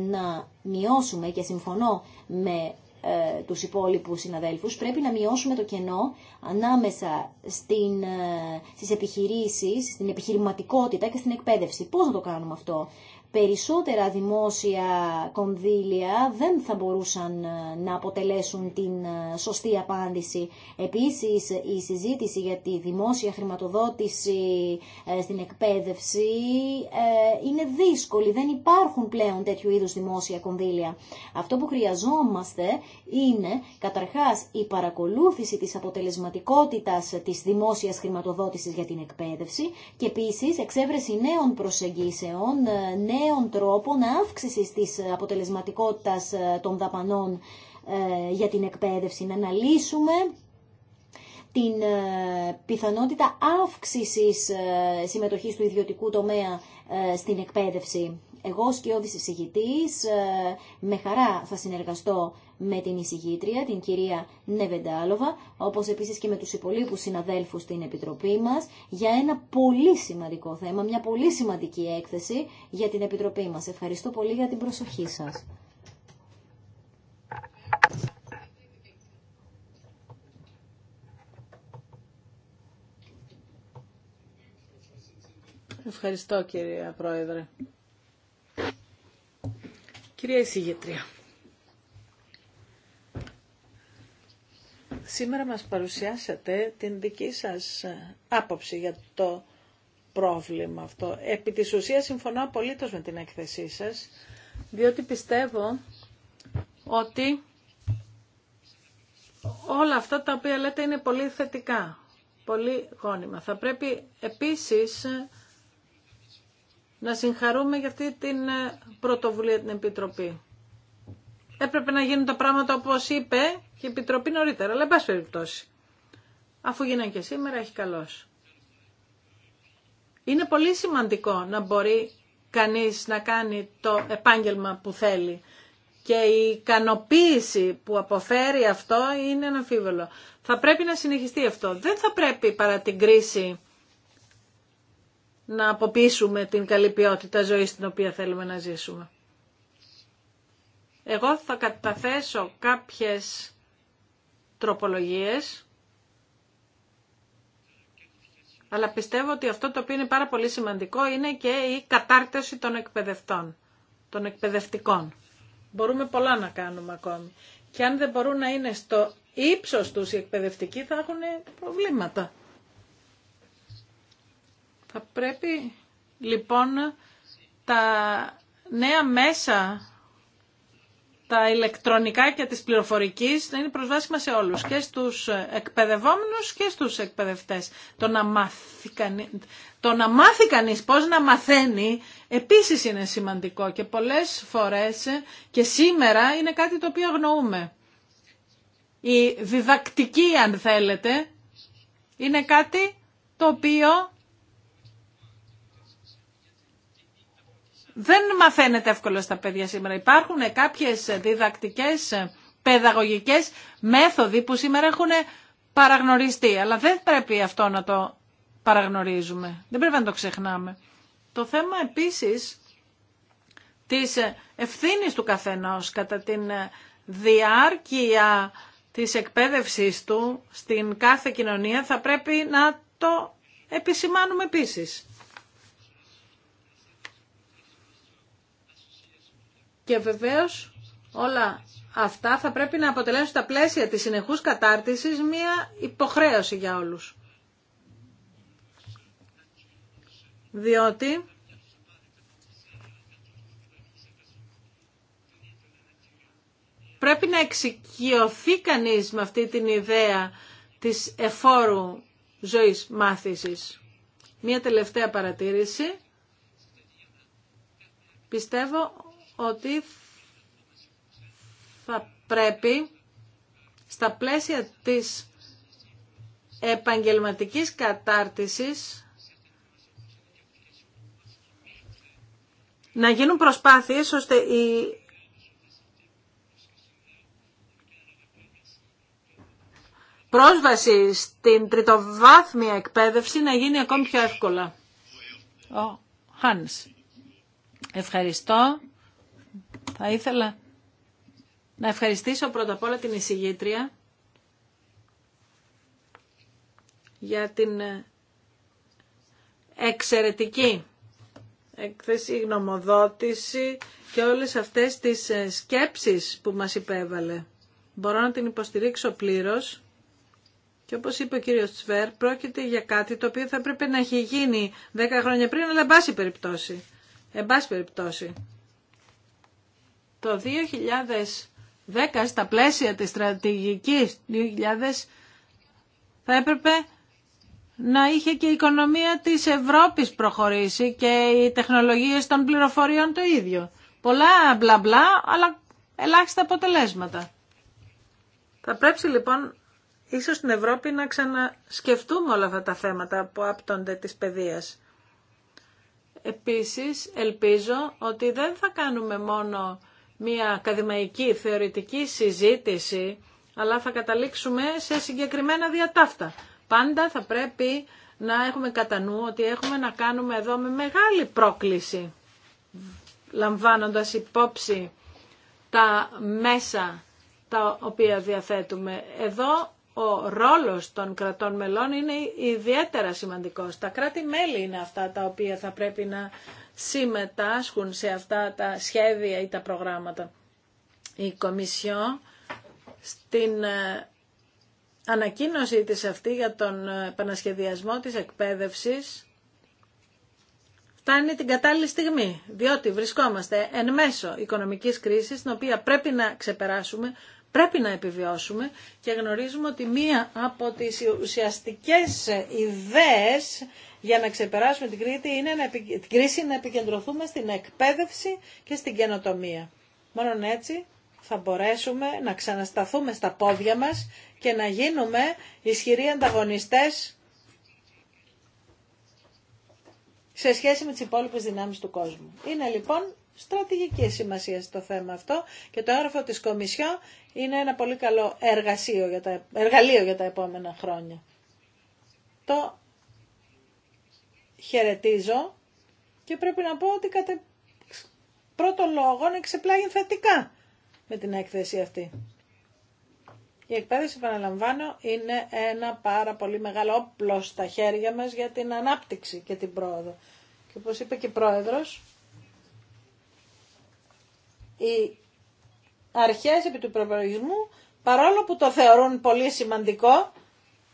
S4: να μειώσουμε, και συμφωνώ με ε, τους υπόλοιπους συναδέλφους, πρέπει να μειώσουμε το κενό ανάμεσα στην, ε, στις επιχειρήσεις, στην επιχειρηματικότητα και στην εκπαίδευση. Πώς να το κάνουμε αυτό περισσότερα δημόσια κονδύλια δεν θα μπορούσαν ε, να αποτελέσουν την ε, σωστή απάντηση. Επίσης, η συζήτηση για τη δημόσια χρηματοδότηση ε, στην εκπαίδευση είναι δύσκολη. Δεν υπάρχουν πλέον τέτοιου είδους δημόσια κονδύλια. Αυτό που χρειαζόμαστε είναι, καταρχάς, η παρακολούθηση της αποτελεσματικότητας της δημόσιας χρηματοδότησης για την εκπαίδευση και επίσης εξέβρεση νέων προσεγγίσεων, νέων νέων τρόπων αύξησης της αποτελεσματικότητας ε, των δαπανών ε, για την εκπαίδευση. Να αναλύσουμε την ε, πιθανότητα αύξησης συμμετοχής του ιδιωτικού τομέα στην εκπαίδευση εγώ ως όδης εισηγητής ε, με χαρά θα συνεργαστώ με την εισηγήτρια, την κυρία Νεβεντάλοβα, όπως επίσης και με τους υπολείπους συναδέλφους στην Επιτροπή μας, για ένα πολύ σημαντικό θέμα, μια πολύ σημαντική έκθεση για την Επιτροπή μας. Ευχαριστώ πολύ για την προσοχή σας.
S3: Ευχαριστώ κυρία Πρόεδρε. Κυρία Εισηγητρία, σήμερα μας παρουσιάσατε την δική σας ε, άποψη για το πρόβλημα αυτό. Επί της ουσίας συμφωνώ απολύτως με την έκθεσή σας, διότι πιστεύω ότι όλα αυτά τα οποία λέτε είναι πολύ θετικά, πολύ γόνιμα. Θα πρέπει επίσης να συγχαρούμε για αυτή την ε, πρωτοβουλία την Επιτροπή. Έπρεπε να γίνουν τα πράγματα όπως είπε και η Επιτροπή νωρίτερα, αλλά εν περιπτώσει. Αφού γίνανε και σήμερα, έχει καλώς. Είναι πολύ σημαντικό να μπορεί κανείς να κάνει το επάγγελμα που θέλει. Και η ικανοποίηση που αποφέρει αυτό είναι αναμφίβολο. Θα πρέπει να συνεχιστεί αυτό. Δεν θα πρέπει παρά την κρίση να αποποιήσουμε την καλή ποιότητα ζωής την οποία θέλουμε να ζήσουμε. Εγώ θα καταθέσω κάποιες τροπολογίες, αλλά πιστεύω ότι αυτό το οποίο είναι πάρα πολύ σημαντικό είναι και η κατάρτιση των εκπαιδευτών, των εκπαιδευτικών. Μπορούμε πολλά να κάνουμε ακόμη. Και αν δεν μπορούν να είναι στο ύψος τους οι εκπαιδευτικοί θα έχουν προβλήματα. Θα πρέπει λοιπόν τα νέα μέσα, τα ηλεκτρονικά και της πληροφορικής να είναι προσβάσιμα σε όλους, και στους εκπαιδευόμενους και στους εκπαιδευτές. Το να μάθει, κανεί, το να μάθει κανείς πώς να μαθαίνει επίσης είναι σημαντικό και πολλές φορές και σήμερα είναι κάτι το οποίο αγνοούμε. Η διδακτική αν θέλετε είναι κάτι το οποίο δεν μαθαίνεται εύκολα στα παιδιά σήμερα. Υπάρχουν κάποιες διδακτικές, παιδαγωγικές μέθοδοι που σήμερα έχουν παραγνωριστεί. Αλλά δεν πρέπει αυτό να το παραγνωρίζουμε. Δεν πρέπει να το ξεχνάμε. Το θέμα επίσης της ευθύνης του καθενός κατά την διάρκεια της εκπαίδευσής του στην κάθε κοινωνία θα πρέπει να το επισημάνουμε επίσης. Και βεβαίως όλα αυτά θα πρέπει να αποτελέσουν στα πλαίσια της συνεχούς κατάρτισης μία υποχρέωση για όλους. Διότι πρέπει να εξοικειωθεί κανείς με αυτή την ιδέα της εφόρου ζωής μάθησης. Μία τελευταία παρατήρηση. Πιστεύω ότι θα πρέπει στα πλαίσια της επαγγελματικής κατάρτισης να γίνουν προσπάθειες ώστε η πρόσβαση στην τριτοβάθμια εκπαίδευση να γίνει ακόμη πιο εύκολα. Ο Χάνς. Ευχαριστώ. Θα ήθελα να ευχαριστήσω πρώτα απ' όλα την εισηγήτρια για την εξαιρετική εκθέση γνωμοδότηση και όλες αυτές τις ε, σκέψεις που μας υπέβαλε. Μπορώ να την υποστηρίξω πλήρως και όπως είπε ο κύριος Τσβέρ πρόκειται για κάτι το οποίο θα πρέπει να έχει γίνει 10 χρόνια πριν αλλά εν πάση περιπτώσει. Εν πάση περιπτώσει. Το 2010 στα πλαίσια της στρατηγικής 2000 θα έπρεπε να είχε και η οικονομία της Ευρώπης προχωρήσει και οι τεχνολογίες των πληροφοριών το ίδιο. Πολλά μπλα μπλα, αλλά ελάχιστα αποτελέσματα. Θα πρέπει λοιπόν ίσως στην Ευρώπη να ξανασκεφτούμε όλα αυτά τα θέματα που άπτονται της παιδείας. Επίσης, ελπίζω ότι δεν θα κάνουμε μόνο μια ακαδημαϊκή θεωρητική συζήτηση, αλλά θα καταλήξουμε σε συγκεκριμένα διατάφτα. Πάντα θα πρέπει να έχουμε κατά νου ότι έχουμε να κάνουμε εδώ με μεγάλη πρόκληση, λαμβάνοντας υπόψη τα μέσα τα οποία διαθέτουμε. Εδώ ο ρόλος των κρατών μελών είναι ιδιαίτερα σημαντικός. Τα κράτη-μέλη είναι αυτά τα οποία θα πρέπει να συμμετάσχουν σε αυτά τα σχέδια ή τα προγράμματα. Η Κομισιό στην ε, ανακοίνωσή της αυτή για τον ε, επανασχεδιασμό της εκπαίδευσης φτάνει την κατάλληλη στιγμή, διότι βρισκόμαστε εν μέσω οικονομικής κρίσης, την οποία πρέπει να ξεπεράσουμε, πρέπει να επιβιώσουμε και γνωρίζουμε ότι μία από τις ουσιαστικές ιδέες για να ξεπεράσουμε την, κρίση είναι την κρίση να επικεντρωθούμε στην εκπαίδευση και στην καινοτομία. Μόνον έτσι θα μπορέσουμε να ξανασταθούμε στα πόδια μας και να γίνουμε ισχυροί ανταγωνιστές σε σχέση με τις υπόλοιπες δυνάμεις του κόσμου. Είναι λοιπόν στρατηγική σημασία στο θέμα αυτό και το έγραφο της Κομισιό είναι ένα πολύ καλό για εργαλείο για τα επόμενα χρόνια. Το χαιρετίζω και πρέπει να πω ότι κατά πρώτο λόγο να εξεπλάγει θετικά με την έκθεση αυτή. Η εκπαίδευση, επαναλαμβάνω, είναι ένα πάρα πολύ μεγάλο όπλο στα χέρια μας για την ανάπτυξη και την πρόοδο. Και όπως είπε και η Πρόεδρος, οι αρχές επί του προπολογισμού, παρόλο που το θεωρούν πολύ σημαντικό,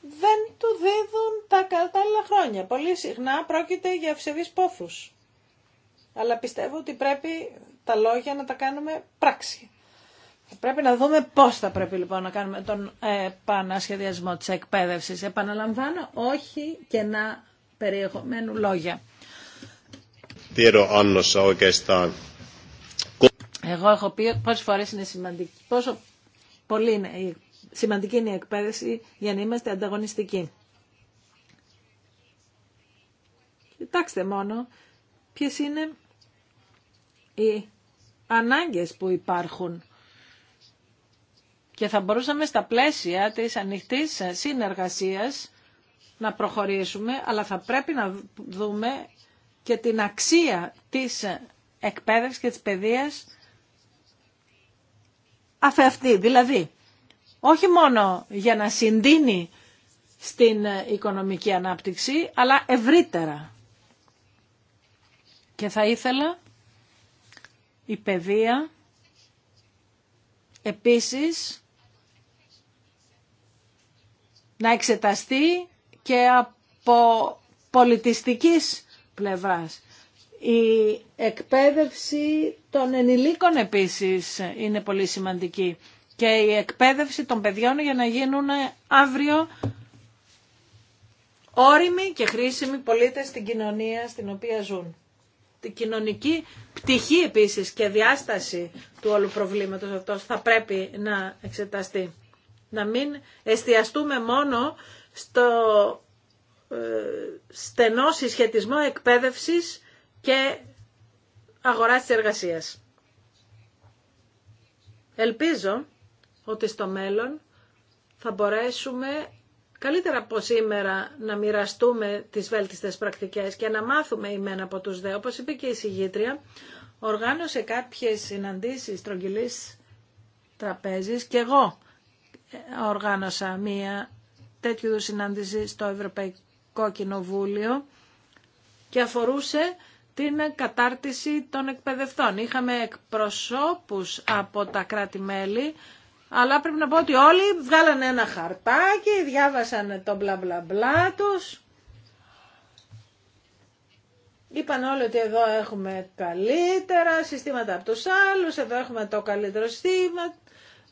S3: δεν του δίδουν τα κατάλληλα χρόνια. Πολύ συχνά πρόκειται για ευσεβείς πόθους. Αλλά πιστεύω ότι πρέπει τα λόγια να τα κάνουμε πράξη. Πρέπει να δούμε πώς θα πρέπει λοιπόν να κάνουμε τον επανασχεδιασμό της εκπαίδευσης. Επαναλαμβάνω, όχι κενά περιεχομένου λόγια. Εγώ έχω πει πόσες φορές είναι σημαντική, πόσο πολύ είναι η σημαντική είναι η εκπαίδευση για να είμαστε ανταγωνιστικοί. Κοιτάξτε μόνο ποιες είναι οι ανάγκες που υπάρχουν και θα μπορούσαμε στα πλαίσια της ανοιχτής συνεργασίας να προχωρήσουμε, αλλά θα πρέπει να δούμε και την αξία της εκπαίδευσης και της παιδείας αφευτεί, Δηλαδή, όχι μόνο για να συντείνει στην οικονομική ανάπτυξη, αλλά ευρύτερα. Και θα ήθελα η παιδεία επίσης να εξεταστεί και από πολιτιστικής πλευράς. Η εκπαίδευση των ενηλίκων επίσης είναι πολύ σημαντική και η εκπαίδευση των παιδιών για να γίνουν αύριο όριμοι και χρήσιμοι πολίτες στην κοινωνία στην οποία ζουν. Την κοινωνική πτυχή επίσης και διάσταση του όλου προβλήματος αυτός θα πρέπει να εξεταστεί. Να μην εστιαστούμε μόνο στο ε, στενό συσχετισμό εκπαίδευσης και αγοράς της εργασίας. Ελπίζω ότι στο μέλλον θα μπορέσουμε καλύτερα από σήμερα να μοιραστούμε τις βέλτιστες πρακτικές και να μάθουμε ημένα από τους δε. Όπως είπε και η συγγήτρια, οργάνωσε κάποιες συναντήσεις τρογγυλής τραπέζης και εγώ οργάνωσα μία τέτοιου είδους συνάντηση στο Ευρωπαϊκό Κοινοβούλιο και αφορούσε την κατάρτιση των εκπαιδευτών. Είχαμε εκπροσώπους από τα κράτη-μέλη αλλά πρέπει να πω ότι όλοι βγάλανε ένα χαρτάκι, διάβασαν το μπλα μπλα μπλα τους. Είπαν όλοι ότι εδώ έχουμε καλύτερα συστήματα από τους άλλους, εδώ έχουμε το καλύτερο σύστημα.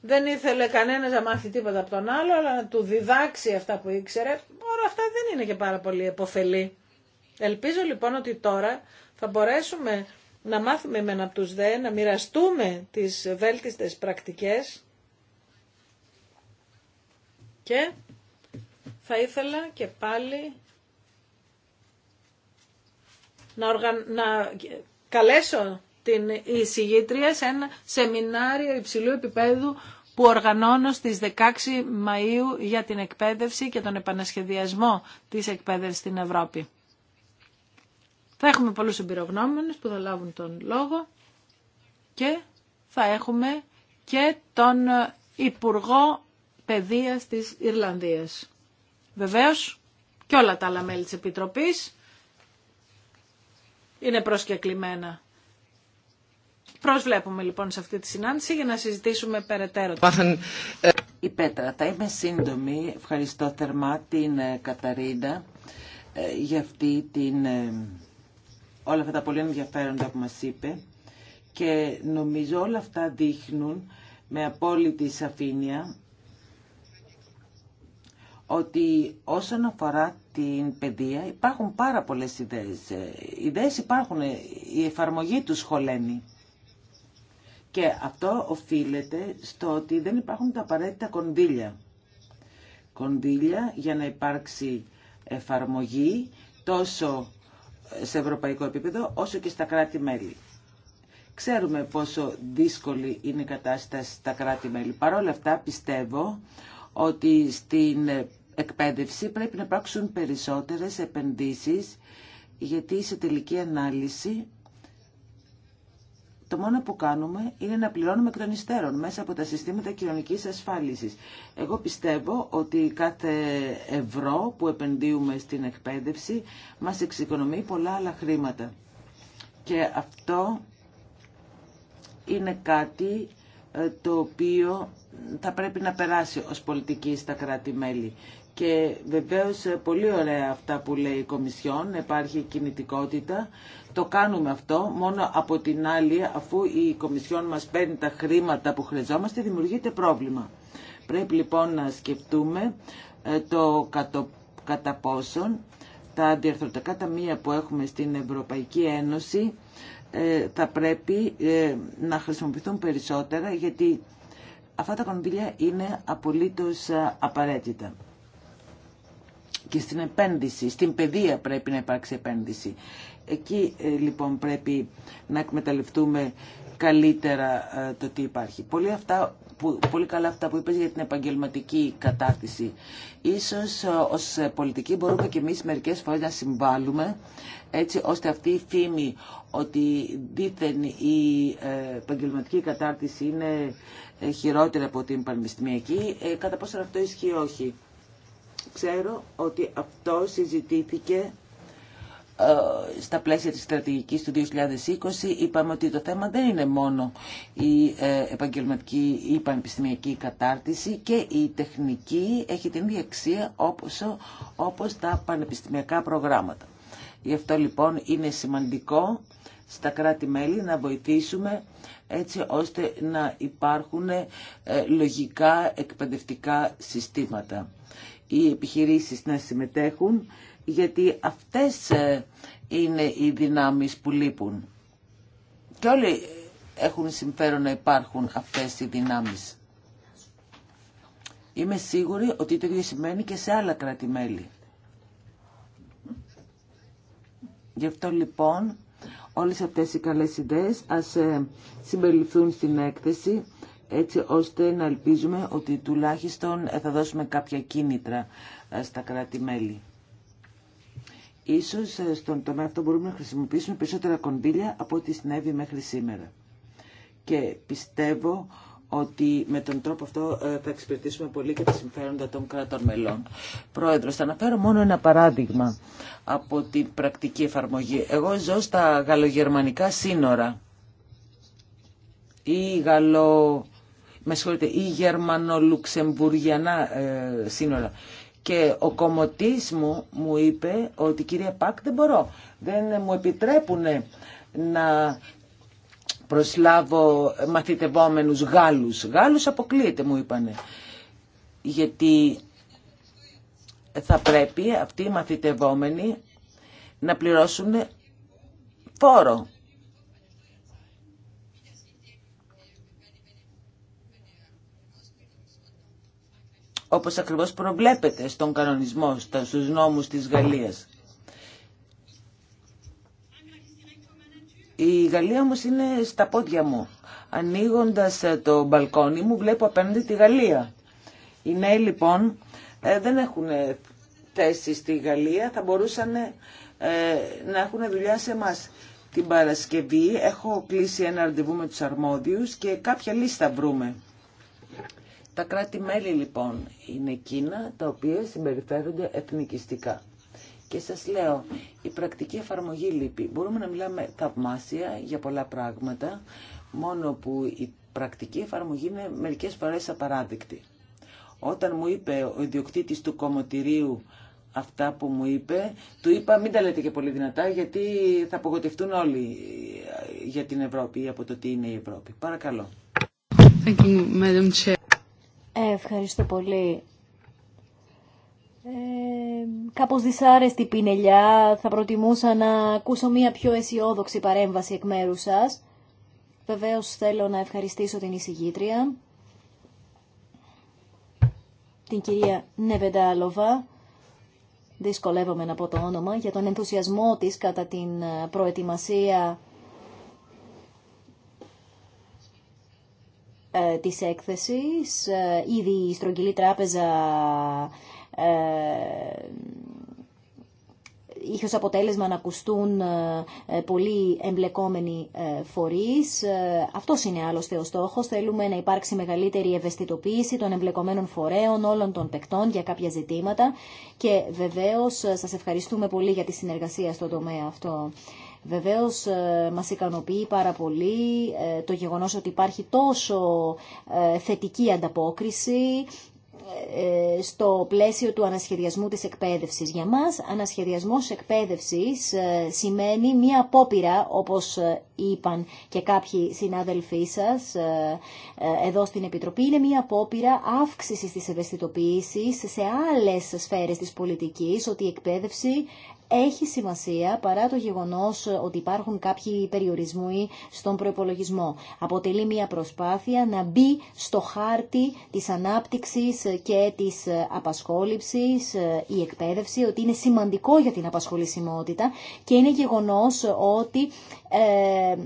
S3: Δεν ήθελε κανένας να μάθει τίποτα από τον άλλο, αλλά να του διδάξει αυτά που ήξερε. Όλα αυτά δεν είναι και πάρα πολύ εποφελή. Ελπίζω λοιπόν ότι τώρα θα μπορέσουμε να μάθουμε ένα από τους δε, να μοιραστούμε τις βέλτιστες πρακτικές και θα ήθελα και πάλι να, να καλέσω την εισηγήτρια σε ένα σεμινάριο υψηλού επίπεδου που οργανώνω στις 16 Μαΐου για την εκπαίδευση και τον επανασχεδιασμό της εκπαίδευσης στην Ευρώπη. Θα έχουμε πολλούς εμπειρογνώμενους που θα λάβουν τον λόγο και θα έχουμε και τον Υπουργό παιδείας της Ιρλανδίας. Βεβαίως και όλα τα άλλα μέλη της Επιτροπής είναι προσκεκλημένα. Προσβλέπουμε λοιπόν σε αυτή τη συνάντηση για να συζητήσουμε
S2: περαιτέρω. Ε, Η Πέτρα, θα είμαι σύντομη. Ευχαριστώ θερμά την ε, Καταρίνα ε, για αυτή την, όλα αυτά τα πολύ ενδιαφέροντα που μας είπε και νομίζω όλα αυτά δείχνουν με απόλυτη σαφήνεια ότι όσον αφορά την παιδεία υπάρχουν πάρα πολλές ιδέες. Οι ε, ιδέες υπάρχουν, ε, η εφαρμογή τους χωλαίνει. Και αυτό οφείλεται στο ότι δεν υπάρχουν τα απαραίτητα κονδύλια. Κονδύλια για να υπάρξει εφαρμογή τόσο σε ευρωπαϊκό επίπεδο όσο και στα κράτη-μέλη. Ξέρουμε πόσο δύσκολη είναι η κατάσταση στα κράτη-μέλη. Παρ' αυτά πιστεύω ότι στην εκπαίδευση πρέπει να υπάρξουν περισσότερες επενδύσεις γιατί σε τελική ανάλυση το μόνο που κάνουμε είναι να πληρώνουμε εκ των υστέρων μέσα από τα συστήματα κοινωνική ασφάλισης. Εγώ πιστεύω ότι κάθε ευρώ που επενδύουμε στην εκπαίδευση μας εξοικονομεί πολλά άλλα χρήματα. Και αυτό είναι κάτι ε, το οποίο θα πρέπει να περάσει ως πολιτική στα κράτη-μέλη. Και βεβαίως ε, πολύ ωραία αυτά που λέει η Κομισιόν, υπάρχει κινητικότητα. Το κάνουμε αυτό, μόνο από την άλλη αφού η Κομισιόν μας παίρνει τα χρήματα που χρειαζόμαστε δημιουργείται πρόβλημα. Πρέπει λοιπόν να σκεφτούμε ε, το κατά πόσον τα διαρθρωτικά ταμεία που έχουμε στην Ευρωπαϊκή Ένωση ε, θα πρέπει να χρησιμοποιηθούν περισσότερα γιατί αυτά τα κονδύλια είναι απολύτως απαραίτητα και στην επένδυση, στην παιδεία πρέπει να υπάρξει επένδυση. Εκεί ε, λοιπόν πρέπει να εκμεταλλευτούμε καλύτερα ε, το τι υπάρχει. Πολύ, αυτά, πολύ καλά αυτά που είπες για την επαγγελματική κατάρτιση. Ίσως ε, ως πολιτικοί μπορούμε και εμείς μερικές φορές να συμβάλλουμε έτσι ώστε αυτή η φήμη ότι δήθεν η επαγγελματική κατάρτιση είναι χειρότερη από την πανεπιστημιακή, κατά πόσο αυτό ισχύει όχι. Ξέρω ότι αυτό συζητήθηκε ε, στα πλαίσια της στρατηγικής του 2020 είπαμε ότι το θέμα δεν είναι μόνο η ε, επαγγελματική ή πανεπιστημιακή κατάρτιση και η τεχνική έχει την ίδια αξία όπως, όπως τα πανεπιστημιακά προγράμματα. Γι' αυτό λοιπόν είναι σημαντικό στα κράτη-μέλη να βοηθήσουμε έτσι ώστε να υπάρχουν ε, λογικά εκπαιδευτικά συστήματα οι επιχειρήσεις να συμμετέχουν, γιατί αυτές ε, είναι οι δυνάμεις που λείπουν. Και όλοι έχουν συμφέρον να υπάρχουν αυτές οι δυνάμεις. Είμαι σίγουρη ότι το ίδιο σημαίνει και σε άλλα κράτη-μέλη. Γι' αυτό λοιπόν όλες αυτές οι καλές ιδέες ας ε, συμπεριληφθούν στην έκθεση έτσι ώστε να ελπίζουμε ότι τουλάχιστον ε, θα δώσουμε κάποια κίνητρα ε, στα κράτη-μέλη. Ίσως ε, στον τομέα αυτό μπορούμε να χρησιμοποιήσουμε περισσότερα κονδύλια από ό,τι συνέβη μέχρι σήμερα. Και πιστεύω ότι με τον τρόπο αυτό θα εξυπηρετήσουμε πολύ και τα συμφέροντα των κρατών μελών. Προέδρο, θα αναφέρω μόνο ένα παράδειγμα από την πρακτική εφαρμογή. Εγώ ζω στα γαλλογερμανικά σύνορα ή γαλλο με συγχωρείτε, ή λουξεμβουργιανα ε, σύνορα. Και ο κομωτής μου μου είπε ότι κυρία Πακ δεν μπορώ, δεν μου επιτρέπουν να προσλάβω μαθητευόμενους Γάλλους. Γάλλους αποκλείεται μου είπανε. Γιατί θα πρέπει αυτοί οι μαθητευόμενοι να πληρώσουν φόρο όπως ακριβώς προβλέπεται στον κανονισμό, στους νόμους της Γαλλίας. Η Γαλλία όμως είναι στα πόδια μου. Ανοίγοντας ε, το μπαλκόνι μου βλέπω απέναντι τη Γαλλία. Οι νέοι λοιπόν ε, δεν έχουν ε, θέση στη Γαλλία, θα μπορούσαν να έχουν δουλειά σε εμά. Την Παρασκευή έχω κλείσει ένα ραντεβού με τους αρμόδιους και κάποια λίστα βρούμε. Τα κράτη-μέλη λοιπόν είναι εκείνα τα οποία συμπεριφέρονται εθνικιστικά. Και σας λέω, η πρακτική εφαρμογή λείπει. Μπορούμε να μιλάμε θαυμάσια για πολλά πράγματα, μόνο που η πρακτική εφαρμογή είναι μερικές φορές απαράδεκτη. Όταν μου είπε ο ιδιοκτήτης του κομμωτηρίου αυτά που μου είπε, του είπα μην τα λέτε και πολύ δυνατά γιατί θα απογοτευτούν όλοι για την Ευρώπη ή από το τι είναι η Ευρώπη. Παρακαλώ.
S4: Thank you, Ευχαριστώ
S2: πολύ. Ε,
S4: κάπως δυσάρεστη πινελιά, θα προτιμούσα να ακούσω μία πιο αισιόδοξη παρέμβαση εκ μέρους σας. Βεβαίως θέλω να ευχαριστήσω την εισηγήτρια, την κυρία Νεβεντάλοβα, δυσκολεύομαι να πω το όνομα, για τον ενθουσιασμό της κατά την προετοιμασία Ε, της έκθεσης. Ε, ήδη η Στρογγυλή Τράπεζα ε, είχε ως αποτέλεσμα να ακουστούν πολύ εμπλεκόμενοι φορείς. Αυτό είναι άλλωστε ο στόχος. Θέλουμε να υπάρξει μεγαλύτερη ευαισθητοποίηση των εμπλεκομένων φορέων, όλων των παικτών για κάποια ζητήματα και βεβαίως σας ευχαριστούμε πολύ για τη συνεργασία στον τομέα αυτό. Βεβαίως ε, μας ικανοποιεί πάρα πολύ ε, το γεγονός ότι υπάρχει τόσο ε, θετική ανταπόκριση στο πλαίσιο του ανασχεδιασμού της εκπαίδευσης. Για μας, ανασχεδιασμός εκπαίδευσης σημαίνει μία απόπειρα, όπως είπαν και κάποιοι συνάδελφοί σας εδώ στην Επιτροπή, είναι μία απόπειρα αύξησης της ευαισθητοποίησης σε άλλες σφαίρες της πολιτικής, ότι η εκπαίδευση έχει σημασία παρά το γεγονός ότι υπάρχουν κάποιοι περιορισμοί στον προπολογισμό. Αποτελεί μια προσπάθεια να μπει στο χάρτη της ανάπτυξης και της απασχόλησης η εκπαίδευση, ότι είναι σημαντικό για την απασχολησιμότητα και είναι γεγονός ότι... Ε,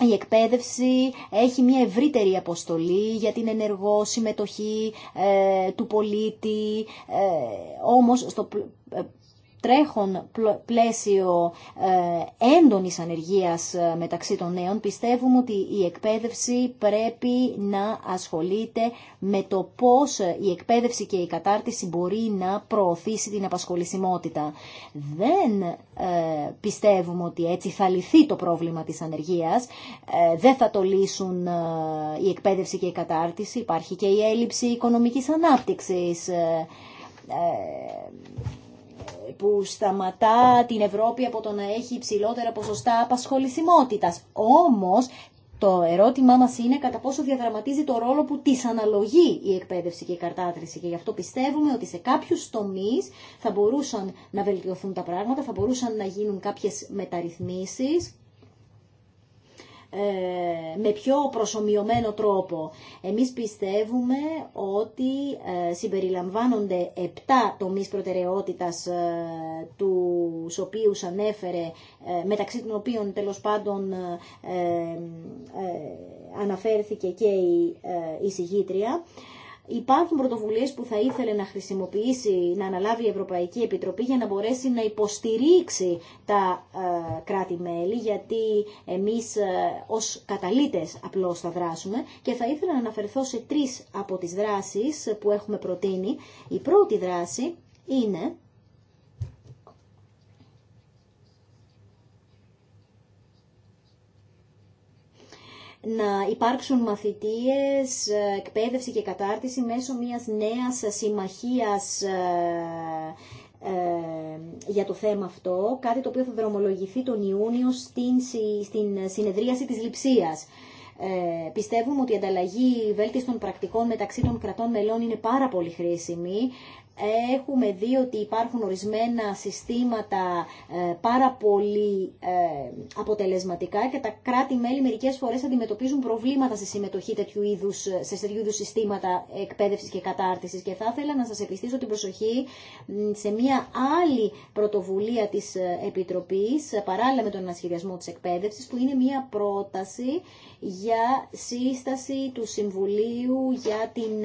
S4: η εκπαίδευση έχει μια ευρύτερη αποστολή για την ενεργό συμμετοχή ε, του πολίτη, ε, όμως στο τρέχον πλαίσιο ε, έντονης ανεργίας ε, μεταξύ των νέων, πιστεύουμε ότι η εκπαίδευση πρέπει να ασχολείται με το πώς η εκπαίδευση και η κατάρτιση μπορεί να προωθήσει την απασχολησιμότητα. Δεν ε, πιστεύουμε ότι έτσι θα λυθεί το πρόβλημα της ανεργίας, δεν θα το λύσουν η εκπαίδευση και η κατάρτιση, υπάρχει και η έλλειψη οικονομικής ανάπτυξης που σταματά την Ευρώπη από το να έχει υψηλότερα ποσοστά απασχολησιμότητας. Όμως το ερώτημά μας είναι κατά πόσο διαδραματίζει το ρόλο που της αναλογεί η εκπαίδευση και η καρτάτρηση και γι' αυτό πιστεύουμε ότι σε κάποιους τομείς θα μπορούσαν να βελτιωθούν τα πράγματα, θα μπορούσαν να γίνουν κάποιες μεταρρυθμίσεις ε, με πιο προσωμιωμένο τρόπο. Εμείς πιστεύουμε ότι ε, συμπεριλαμβάνονται 7 τομείς προτεραιότητας ε, του οποίους ανέφερε, μεταξύ των οποίων τέλος πάντων αναφέρθηκε και η εισηγήτρια Υπάρχουν πρωτοβουλίες που θα ήθελε να χρησιμοποιήσει, να αναλάβει η Ευρωπαϊκή Επιτροπή για να μπορέσει να υποστηρίξει τα ε, κράτη-μέλη, γιατί εμείς ε, ως καταλήτες απλώς θα δράσουμε και θα ήθελα να αναφερθώ σε τρεις από τις δράσεις που έχουμε προτείνει. Η πρώτη δράση είναι να υπάρξουν μαθητείες, ε, εκπαίδευση και κατάρτιση μέσω μιας νέας συμμαχίας ε, ε, για το θέμα αυτό, κάτι το οποίο θα δρομολογηθεί τον Ιούνιο στην, στην συνεδρίαση της Λιψίας. πιστεύουμε ότι η ανταλλαγή βέλτιστων πρακτικών μεταξύ των κρατών μελών είναι πάρα πολύ χρήσιμη. Έχουμε δει ότι υπάρχουν ορισμένα συστήματα ε, πάρα πολύ ε, αποτελεσματικά και τα κράτη-μέλη μερικές φορές αντιμετωπίζουν προβλήματα στη συμμετοχή τέτοιου είδους, ε, σε τέτοιου είδους συστήματα εκπαίδευσης και κατάρτισης. Και θα ήθελα να σας επιστήσω την προσοχή σε μια άλλη πρωτοβουλία της Επιτροπής, παράλληλα με τον ανασχεδιασμό της εκπαίδευσης, που είναι μια πρόταση για σύσταση του Συμβουλίου για την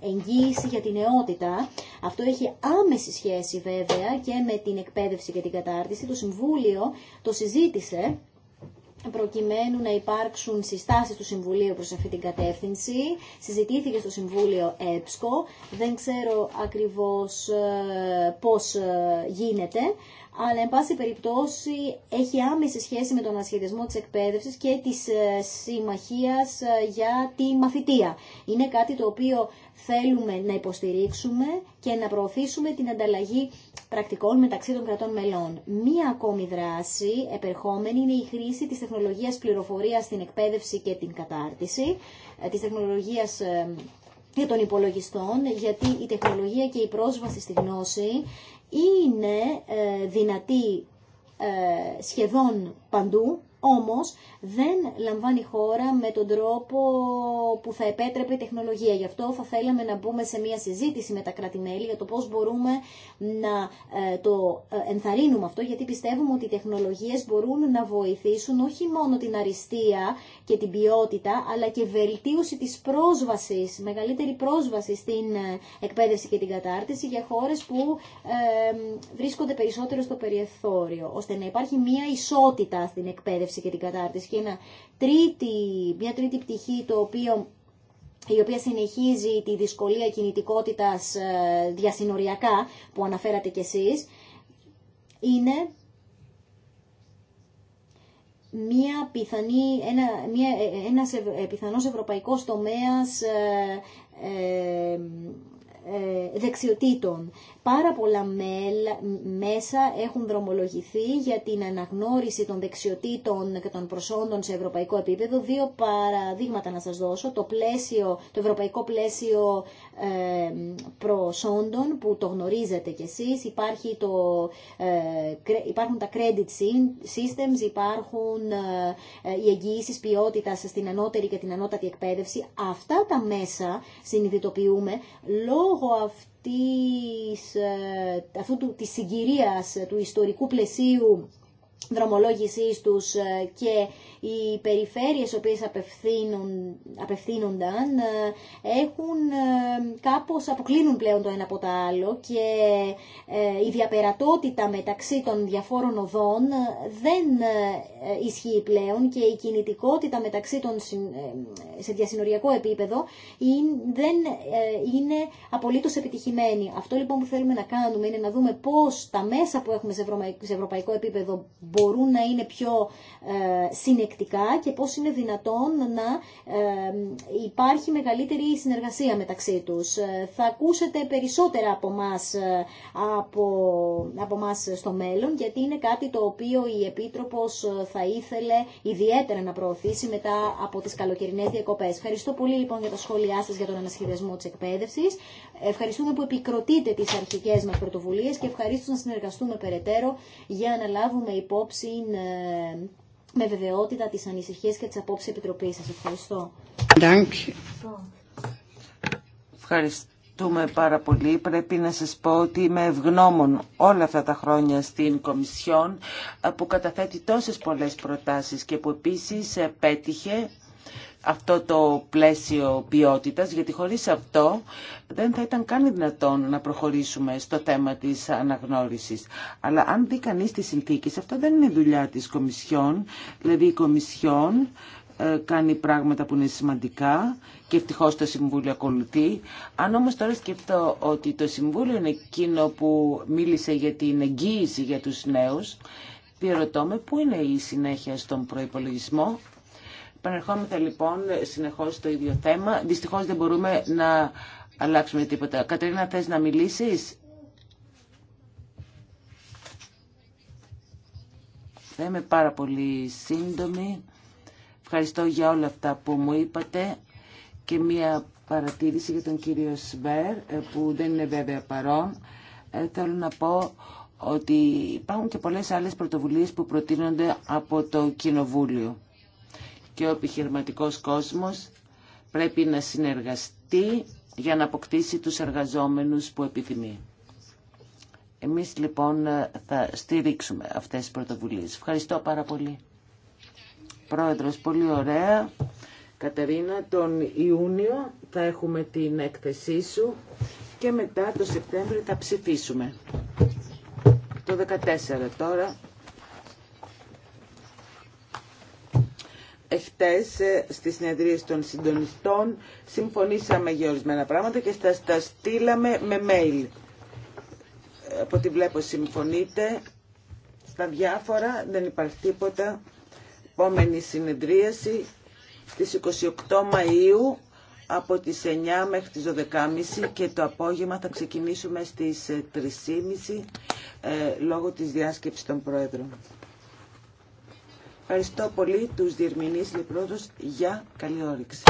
S4: εγγύηση για την νεότητα αυτό έχει άμεση σχέση βέβαια και με την εκπαίδευση και την κατάρτιση. Το Συμβούλιο το συζήτησε προκειμένου να υπάρξουν συστάσεις του Συμβουλίου προς αυτή την κατεύθυνση. Συζητήθηκε στο Συμβούλιο ΕΠΣΚΟ. Δεν ξέρω ακριβώς ε, πώς ε, γίνεται, αλλά εν πάση περιπτώσει έχει άμεση σχέση με τον ασχετισμό της εκπαίδευσης και της ε, συμμαχίας για τη μαθητεία. Είναι κάτι το οποίο θέλουμε να υποστηρίξουμε και να προωθήσουμε την ανταλλαγή πρακτικών μεταξύ των κρατών μελών. Μία ακόμη δράση επερχόμενη είναι η χρήση της τεχνολογίας πληροφορίας στην εκπαίδευση και την κατάρτιση, ε, της τεχνολογίας ε, και των υπολογιστών, γιατί η τεχνολογία και η πρόσβαση στη γνώση είναι ε, δυνατή σχεδόν παντού όμως δεν λαμβάνει χώρα με τον τρόπο που θα επέτρεπε η τεχνολογία. Γι' αυτό θα θέλαμε να μπούμε σε μια συζήτηση με τα κρατη για το πώς μπορούμε να ε, το ε, ενθαρρύνουμε αυτό, γιατί πιστεύουμε ότι οι τεχνολογίες μπορούν να βοηθήσουν όχι μόνο την αριστεία και την ποιότητα, αλλά και βελτίωση της πρόσβασης, μεγαλύτερη πρόσβαση στην ε, εκπαίδευση και την κατάρτιση για χώρες που βρίσκονται περισσότερο στο περιεθώριο, ώστε να υπάρχει μια ισότητα στην εκπαίδευση εκπαίδευση και την κατάρτιση και τρίτη, μια τρίτη πτυχή το οποίο η οποία συνεχίζει τη δυσκολία κινητικότητας ε, διασυνοριακά που αναφέρατε κι εσείς, είναι μια πιθανή, ένα, μια, ε, ε, ένας ευ, πιθανός ευρωπαϊκός τομέας ε, δεξιοτήτων. Πάρα πολλά μέσα έχουν δρομολογηθεί για την αναγνώριση των δεξιοτήτων και των προσόντων σε ευρωπαϊκό επίπεδο. Δύο παραδείγματα να σας δώσω. Το, πλαίσιο, το ευρωπαϊκό πλαίσιο προσόντων που το γνωρίζετε κι εσείς. Υπάρχει το, ε, υπάρχουν τα credit systems, υπάρχουν ε, ε, οι εγγυήσει ποιότητας στην ανώτερη και την ανώτατη εκπαίδευση. Αυτά τα μέσα συνειδητοποιούμε λόγω αυτής, αυτού του, της συγκυρίας του ιστορικού πλαισίου δρομολόγησής τους και οι περιφέρειες οι οποίες απευθύνονταν ε, έχουν ε, κάπως αποκλίνουν πλέον το ένα από το άλλο και ε, η διαπερατότητα μεταξύ των διαφόρων οδών δεν ισχύει πλέον και η κινητικότητα μεταξύ των σε διασυνοριακό επίπεδο δεν είναι απολύτως επιτυχημένη. Αυτό λοιπόν που θέλουμε να κάνουμε είναι να δούμε πώς τα μέσα που έχουμε σε ευρωπαϊκό επίπεδο μπορούν να είναι πιο συνεπή και πώς είναι δυνατόν να υπάρχει μεγαλύτερη συνεργασία μεταξύ τους. Ε, θα ακούσετε περισσότερα από μας ε, από, από στο μέλλον γιατί είναι κάτι το οποίο η Επίτροπος ε, θα ήθελε ιδιαίτερα να προωθήσει μετά από τις καλοκαιρινές διακοπές. Ευχαριστώ πολύ λοιπόν για τα σχόλιά σας για τον ανασχεδιασμό της εκπαίδευσης. Ευχαριστούμε που επικροτείτε τις αρχικές μας πρωτοβουλίες και ευχαρίστω να συνεργαστούμε περαιτέρω για να λάβουμε υπόψη με βεβαιότητα τις ανησυχίες και τις απόψεις Επιτροπής σας. Ευχαριστώ.
S2: Ευχαριστούμε πάρα πολύ. Πρέπει να σας πω ότι είμαι ευγνώμων όλα αυτά τα χρόνια στην Κομισιόν που καταθέτει τόσες πολλές προτάσεις και που επίσης πέτυχε αυτό το πλαίσιο ποιότητας, γιατί χωρίς αυτό δεν θα ήταν καν δυνατόν να προχωρήσουμε στο θέμα της αναγνώρισης. Αλλά αν δει κανείς τις συνθήκες, αυτό δεν είναι δουλειά της Κομισιόν, δηλαδή η Κομισιόν ε, κάνει πράγματα που είναι σημαντικά και ευτυχώ το Συμβούλιο ακολουθεί. Αν όμως τώρα σκεφτώ ότι το Συμβούλιο είναι εκείνο που μίλησε για την εγγύηση για τους νέους, διαρωτώ με πού είναι η συνέχεια στον προϋπολογισμό. Επανερχόμεθα λοιπόν συνεχώς στο ίδιο θέμα. Δυστυχώς δεν μπορούμε να αλλάξουμε τίποτα. Κατερίνα, θες να μιλήσεις? Θα είμαι πάρα πολύ σύντομη. Ευχαριστώ για όλα αυτά που μου είπατε και μία παρατήρηση για τον κύριο Σβέρ ε, που δεν είναι βέβαια παρόν. Ε, θέλω να πω ότι υπάρχουν και πολλές άλλες πρωτοβουλίες που προτείνονται από το Κοινοβούλιο και ο επιχειρηματικός κόσμος πρέπει να συνεργαστεί για να αποκτήσει τους εργαζόμενους που επιθυμεί. Εμείς λοιπόν θα στηρίξουμε αυτές τις πρωτοβουλίες. Ευχαριστώ πάρα πολύ. Πρόεδρος, πολύ ωραία. Κατερίνα, τον Ιούνιο θα έχουμε την έκθεσή σου και μετά το Σεπτέμβριο θα ψηφίσουμε. Το 14 τώρα Εχθές ε, στις συνεδρίες των συντονιστών συμφωνήσαμε για ορισμένα πράγματα και στα, τα στείλαμε με mail. Από ό,τι βλέπω συμφωνείτε. Στα διάφορα δεν υπάρχει τίποτα. Επόμενη συνεδρίαση στις 28 Μαΐου από τις 9 μέχρι τις 12.30 και το απόγευμα θα ξεκινήσουμε στις 3.30 ε, ε, λόγω της διάσκεψης των Πρόεδρων. Ευχαριστώ πολύ τους διερμηνείς, λέει για καλή όρεξη.